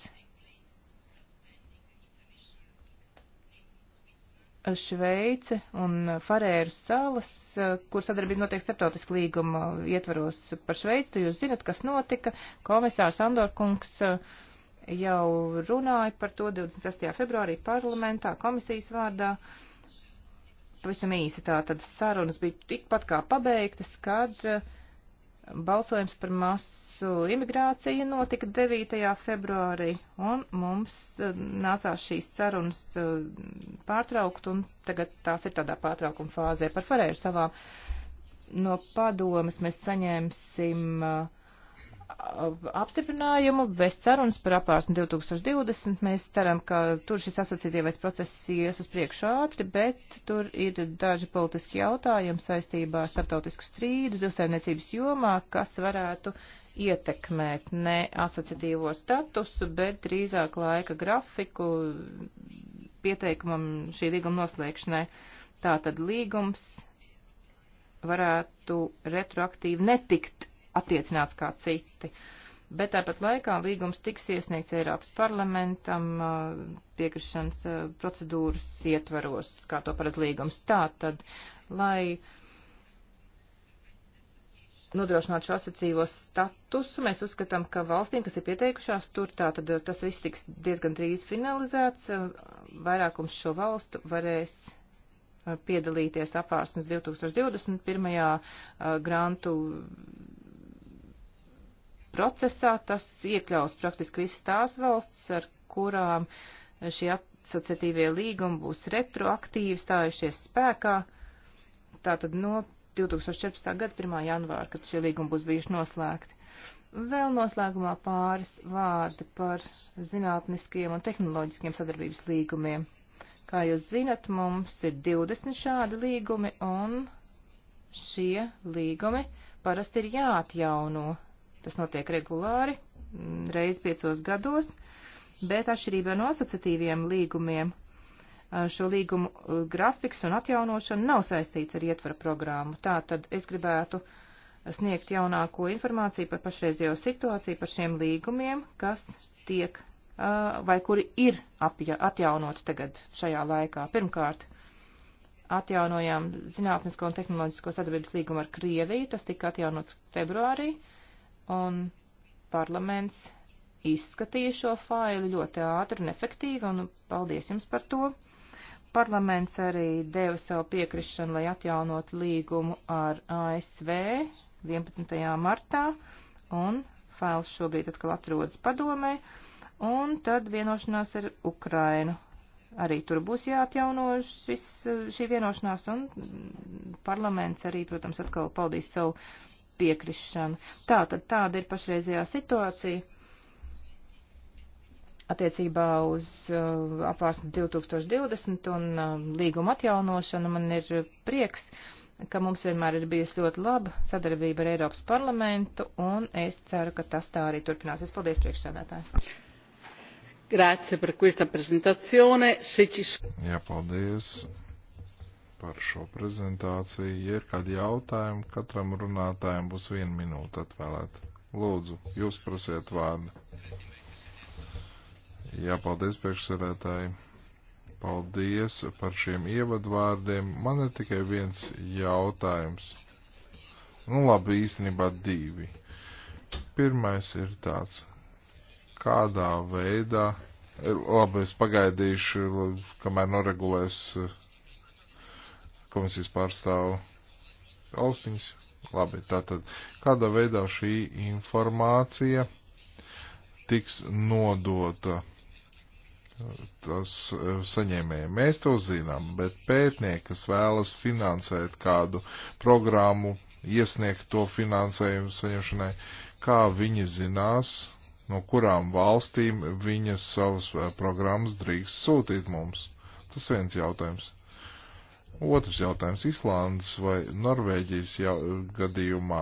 Šveice un Farēru salas, kur sadarbība notiek starptautiska līguma ietvaros par Šveici. Jūs zinat, kas notika. Komisārs Andorkungs uh, jau runāja par to 26. februārī parlamentā komisijas vārdā. Pavisam īsi tā tad sarunas bija tikpat kā pabeigtas, kad uh, Balsojums par masu imigrāciju notika 9. februārī, un mums eh, nācās šīs sarunas eh, pārtraukt, un tagad tās ir tādā pārtraukuma fāzē par Farēru savām. No padomas mēs saņēmsim uh, apstiprinājumu, bez sarunas par apārsni 2020. Mēs ceram, ka tur šis asociatīvais process ies uz priekšu ātri, bet tur ir daži politiski jautājumi saistībā ar starptautisku strīdu zivsaimniecības jomā, kas varētu ietekmēt ne asociatīvo statusu, bet drīzāk laika grafiku pieteikumam šī līguma noslēgšanai. Tātad līgums varētu retroaktīvi netikt attiecināts kā citi. Bet tāpat laikā līgums tiks iesniegts Eiropas parlamentam piekrišanas procedūras ietvaros, kā to paredz līgums. Tā tad, lai nodrošināt šo asociīvo statusu. Mēs uzskatām, ka valstīm, kas ir pieteikušās tur, tā tad tas viss tiks diezgan drīz finalizēts. Vairākums šo valstu varēs piedalīties apārsnes 2021. grantu procesā. Tas iekļaus praktiski visas tās valsts, ar kurām šie asociatīvie līgumi būs retroaktīvi stājušies spēkā. Tātad no 2014. gada 1. janvāra, kad šie līgumi būs bijuši noslēgti. Vēl noslēgumā pāris vārdi par zinātniskiem un tehnoloģiskiem sadarbības līgumiem. Kā jūs zinat, mums ir 20 šādi līgumi, un šie līgumi parasti ir jāatjauno Tas notiek regulāri, mm, reiz piecos gados, bet atšķirībā no asociatīviem līgumiem šo līgumu grafiks un atjaunošana nav saistīts ar ietvara programmu. Tā tad es gribētu sniegt jaunāko informāciju par pašreizējo situāciju, par šiem līgumiem, kas tiek vai kuri ir apja, atjaunoti tagad šajā laikā. Pirmkārt, atjaunojām zinātnisko un tehnoloģisko sadarbības līgumu ar Krieviju, tas tika atjaunots februārī. Uh, un parlaments izskatīja šo failu ļoti ātri un efektīvi, un paldies jums par to. Parlaments arī deva savu piekrišanu, lai atjaunotu līgumu ar ASV 11. martā, un fails šobrīd atkal atrodas padomē, un tad vienošanās ar Ukrainu. Arī tur būs jāatjauno šis, šī vienošanās, un parlaments arī, protams, atkal paldīs savu piekrišanu. Tā tad tāda ir pašreizējā situācija attiecībā uz uh, apvārsni 2020 un uh, līguma atjaunošanu. Man ir prieks, ka mums vienmēr ir bijusi ļoti laba sadarbība ar Eiropas parlamentu, un es ceru, ka tas tā arī turpināsies. Paldies, priekšsēdētāji! Grazie par questa presentazione. Se ci... Jā, paldies par šo prezentāciju. Ja ir kādi jautājumi, katram runātājam būs viena minūte atvēlēta. Lūdzu, jūs prasiet vārdu. Jā, paldies priekšsarētāji. Paldies par šiem ievadvārdiem. Man ir tikai viens jautājums. Nu labi, īstenībā divi. Pirmais ir tāds, kādā veidā, labi, es pagaidīšu, kamēr noregulēs uh, komisijas pārstāvu austiņas. Labi, tātad kādā veidā šī informācija tiks nodota tas eh, saņēmējiem. Mēs to zinām, bet pētnieki, kas vēlas finansēt kādu programmu, iesniegt to finansējumu saņemšanai, kā viņi zinās, no kurām valstīm viņas savas eh, programmas drīkst sūtīt mums. Tas viens jautājums. Otrs jautājums. Islandes vai Norvēģijas jau, gadījumā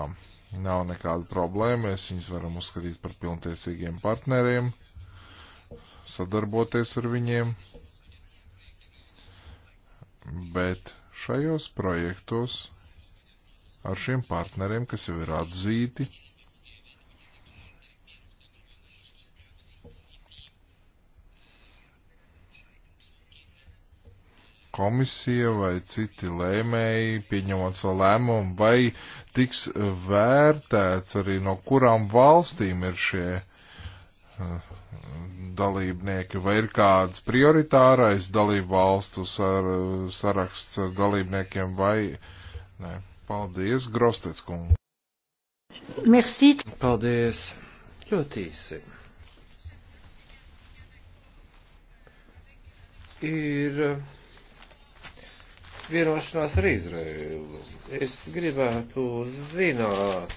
nav nekāda problēma. Mēs viņus varam uzskatīt par pilntiesīgiem partneriem, sadarboties ar viņiem. Bet šajos projektos ar šiem partneriem, kas jau ir atzīti, komisija vai citi lēmēji, pieņemot savu lēmumu, vai tiks vērtēts arī no kurām valstīm ir šie eh, dalībnieki, vai ir kāds prioritārais dalību valstu sar, saraksts ar dalībniekiem, vai ne. Paldies, Grostec kungu. Merci. Paldies. Ļoti īsi. Ir vienošanās ar Izraēlu. Es gribētu zināt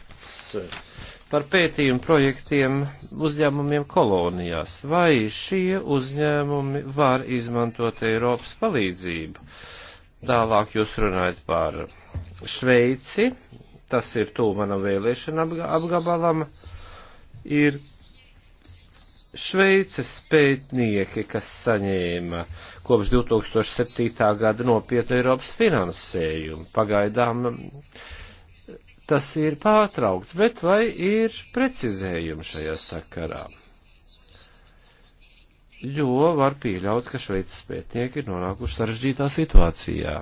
par pētījumu projektiem uzņēmumiem kolonijās. Vai šie uzņēmumi var izmantot Eiropas palīdzību? Tālāk jūs runājat par Šveici, tas ir tūl manam vēlēšana apgabalam, ir Šveices pētnieki, kas saņēma kopš 2007. gada nopietnu Eiropas finansējumu, pagaidām tas ir pārtraukts, bet vai ir precizējumi šajā sakarā? Jo var pieļaut, ka Šveices pētnieki ir nonākuši sarežģītā situācijā.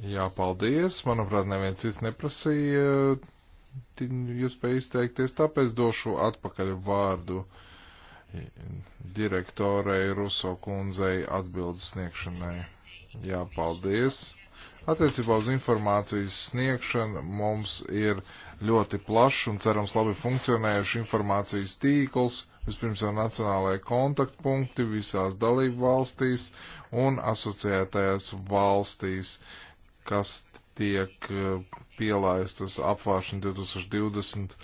Jā, paldies. Manuprāt, neviens cits neprasīja iespēja izteikties, tāpēc došu atpakaļ vārdu direktorei Ruso kundzei atbildes sniegšanai. Jā, paldies. Attiecībā uz informācijas sniegšanu mums ir ļoti plašs un cerams labi funkcionējuši informācijas tīkls, vispirms jau nacionālajie kontaktpunkti visās dalību valstīs un asociētajās valstīs, kas tiek eh, pielaistas apvāršana 2020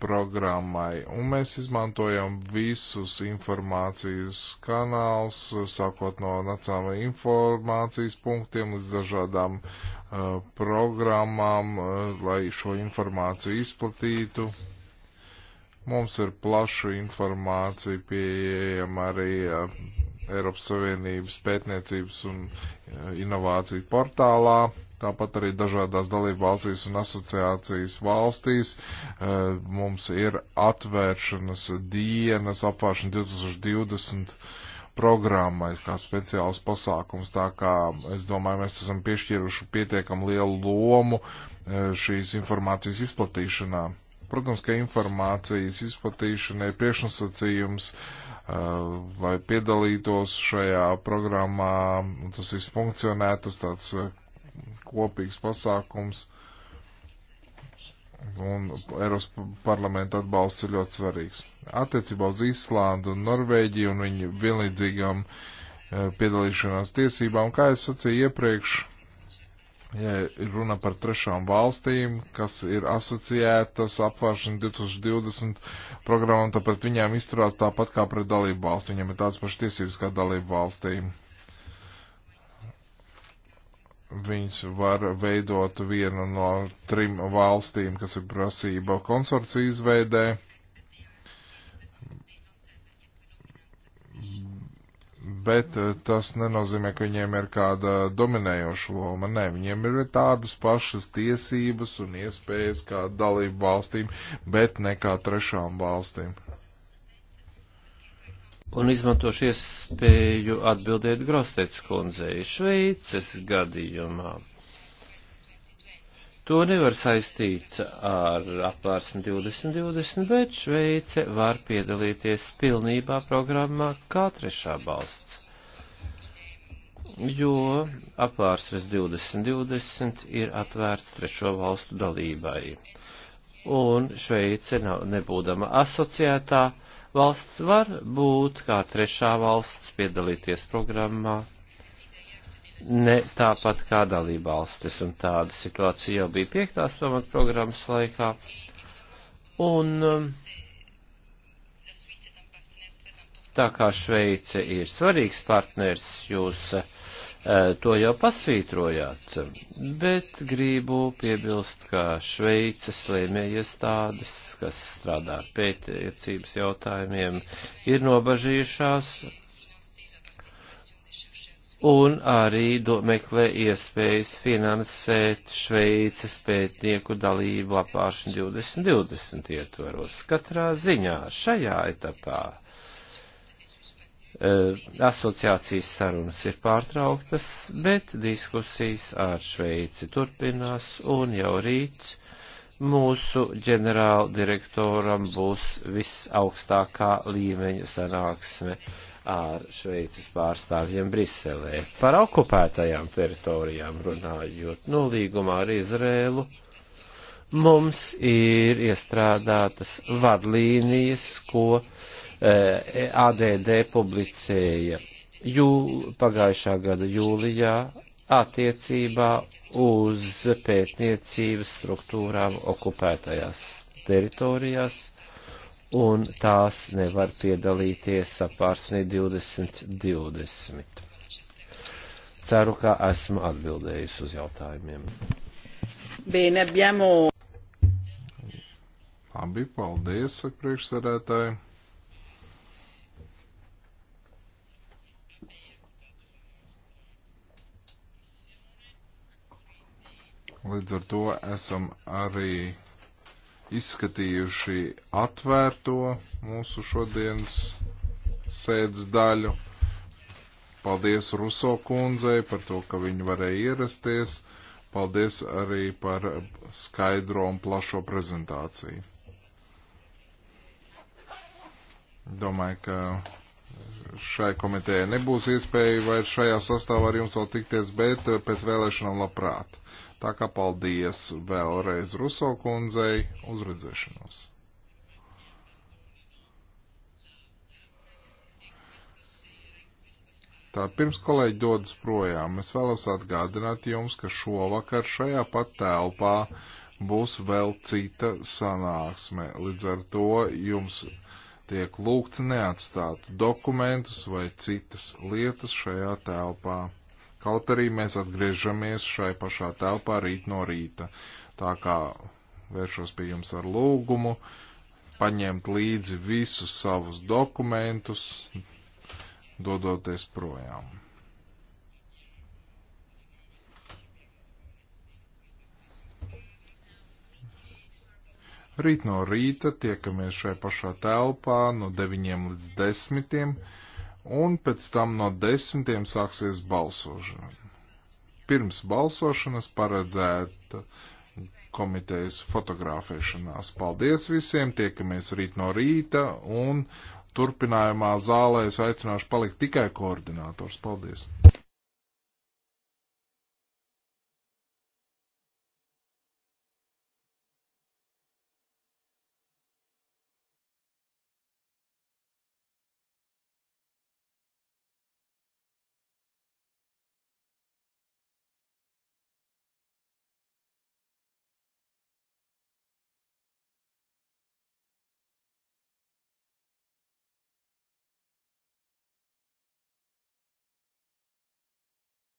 programmai. Un mēs izmantojam visus informācijas kanāls, sākot no nacionālajiem informācijas punktiem līdz dažādām uh, programmām, uh, lai šo informāciju izplatītu. Mums ir plaša informācija pieejama arī uh, Eiropas Savienības pētniecības un inovāciju portālā Tāpat arī dažādās dalību valstīs un asociācijas valstīs eh, mums ir atvēršanas dienas apvāršana 2020 programmai kā speciāls pasākums. Tā kā es domāju, mēs esam piešķīruši pietiekam lielu lomu eh, šīs informācijas izplatīšanā. Protams, ka informācijas izplatīšana ir priekšnosacījums, uh, lai piedalītos šajā programmā, tas viss funkcionē, tas tāds kopīgs pasākums. Un Eiropas parlamenta atbalsts ir ļoti svarīgs. Attiecībā uz Īslandu un Norvēģiju un viņu vienlīdzīgām e, piedalīšanās tiesībām, kā es sacīju iepriekš, ja runa par trešām valstīm, kas ir asociētas apvāršana 2020 programmam, tāpēc viņām izturās tāpat kā pret dalību valstīm, viņiem ir tāds pašs tiesības kā dalību valstīm viņas var veidot vienu no trim valstīm, kas ir prasība konsorcija izveidē. Bet eh, tas nenozīmē, ka viņiem ir kāda dominējoša loma. Nē, viņiem ir tādas pašas tiesības un iespējas kā dalību valstīm, bet ne kā trešām valstīm. Un izmantošu iespēju atbildēt Grostets kundzei Šveices gadījumā. To nevar saistīt ar apvārsni 2020, bet Šveice var piedalīties pilnībā programmā kā trešā balsts. Jo apvārsnes 2020 ir atvērts trešo valstu dalībai. Un Šveice nav, nebūdama asociētā Valsts var būt kā trešā valsts piedalīties programmā, ne tāpat kā dalība valstis, un tāda situācija jau bija piektās pamatprogrammas laikā. Un um, tā kā Šveice ir svarīgs partners, jūs uh, to jau pasvītrojāt, bet gribu piebilst, ka Šveices lēmējiestādes, kas strādā ar pētniecības jautājumiem, ir nobažījušās un arī do, meklē iespējas finansēt Šveices pētnieku dalību apāršņu 2020 ietvaros. Katrā ziņā šajā etapā Eh, asociācijas sarunas ir pārtrauktas, bet diskusijas ar Šveici turpinās un jau rīt mūsu ģenerāla direktoram būs visaugstākā līmeņa sanāksme ar Šveices pārstāvjiem Briselē. Par okupētajām teritorijām runājot, no līgumā ar Izrēlu mums ir iestrādātas vadlīnijas, ko uh, Eh, ADD publicēja jū, pagājušā gada jūlijā attiecībā uz pētniecības struktūrām okupētajās teritorijās, un tās nevar piedalīties apārsnī 2020. Ceru, ka esmu atbildējusi uz jautājumiem. Bene, abbiamo... Labi, paldies, priekšsēdētāji. Līdz ar to esam arī izskatījuši atvērto mūsu šodienas sēdes daļu. Paldies Ruso kundzei par to, ka viņi varēja ierasties. Paldies arī par skaidro un plašo prezentāciju. Domāju, ka šai komitejai nebūs iespēja vairs šajā sastāvā ar jums vēl tikties, bet pēc vēlēšanām labprāt. Tā kā paldies vēlreiz Ruso kundzei uzredzēšanos. Tā pirms kolēģi dodas projām, es vēlos atgādināt jums, ka šovakar šajā pat telpā būs vēl cita sanāksme. Līdz ar to jums tiek lūgts neatstāt dokumentus vai citas lietas šajā telpā. Kaut arī mēs atgriežamies šai pašā telpā rīt no rīta. Tā kā vēršos pie jums ar lūgumu paņemt līdzi visus savus dokumentus, dodoties projām. Rīt no rīta tiekamies šai pašā telpā no 9 līdz 10 un pēc tam no desmitiem sāksies balsošana. Pirms balsošanas paredzēta komitejas fotografēšanās. Paldies visiem, tiekamies rīt no rīta un turpinājumā zālē es aicināšu palikt tikai koordinators. Paldies!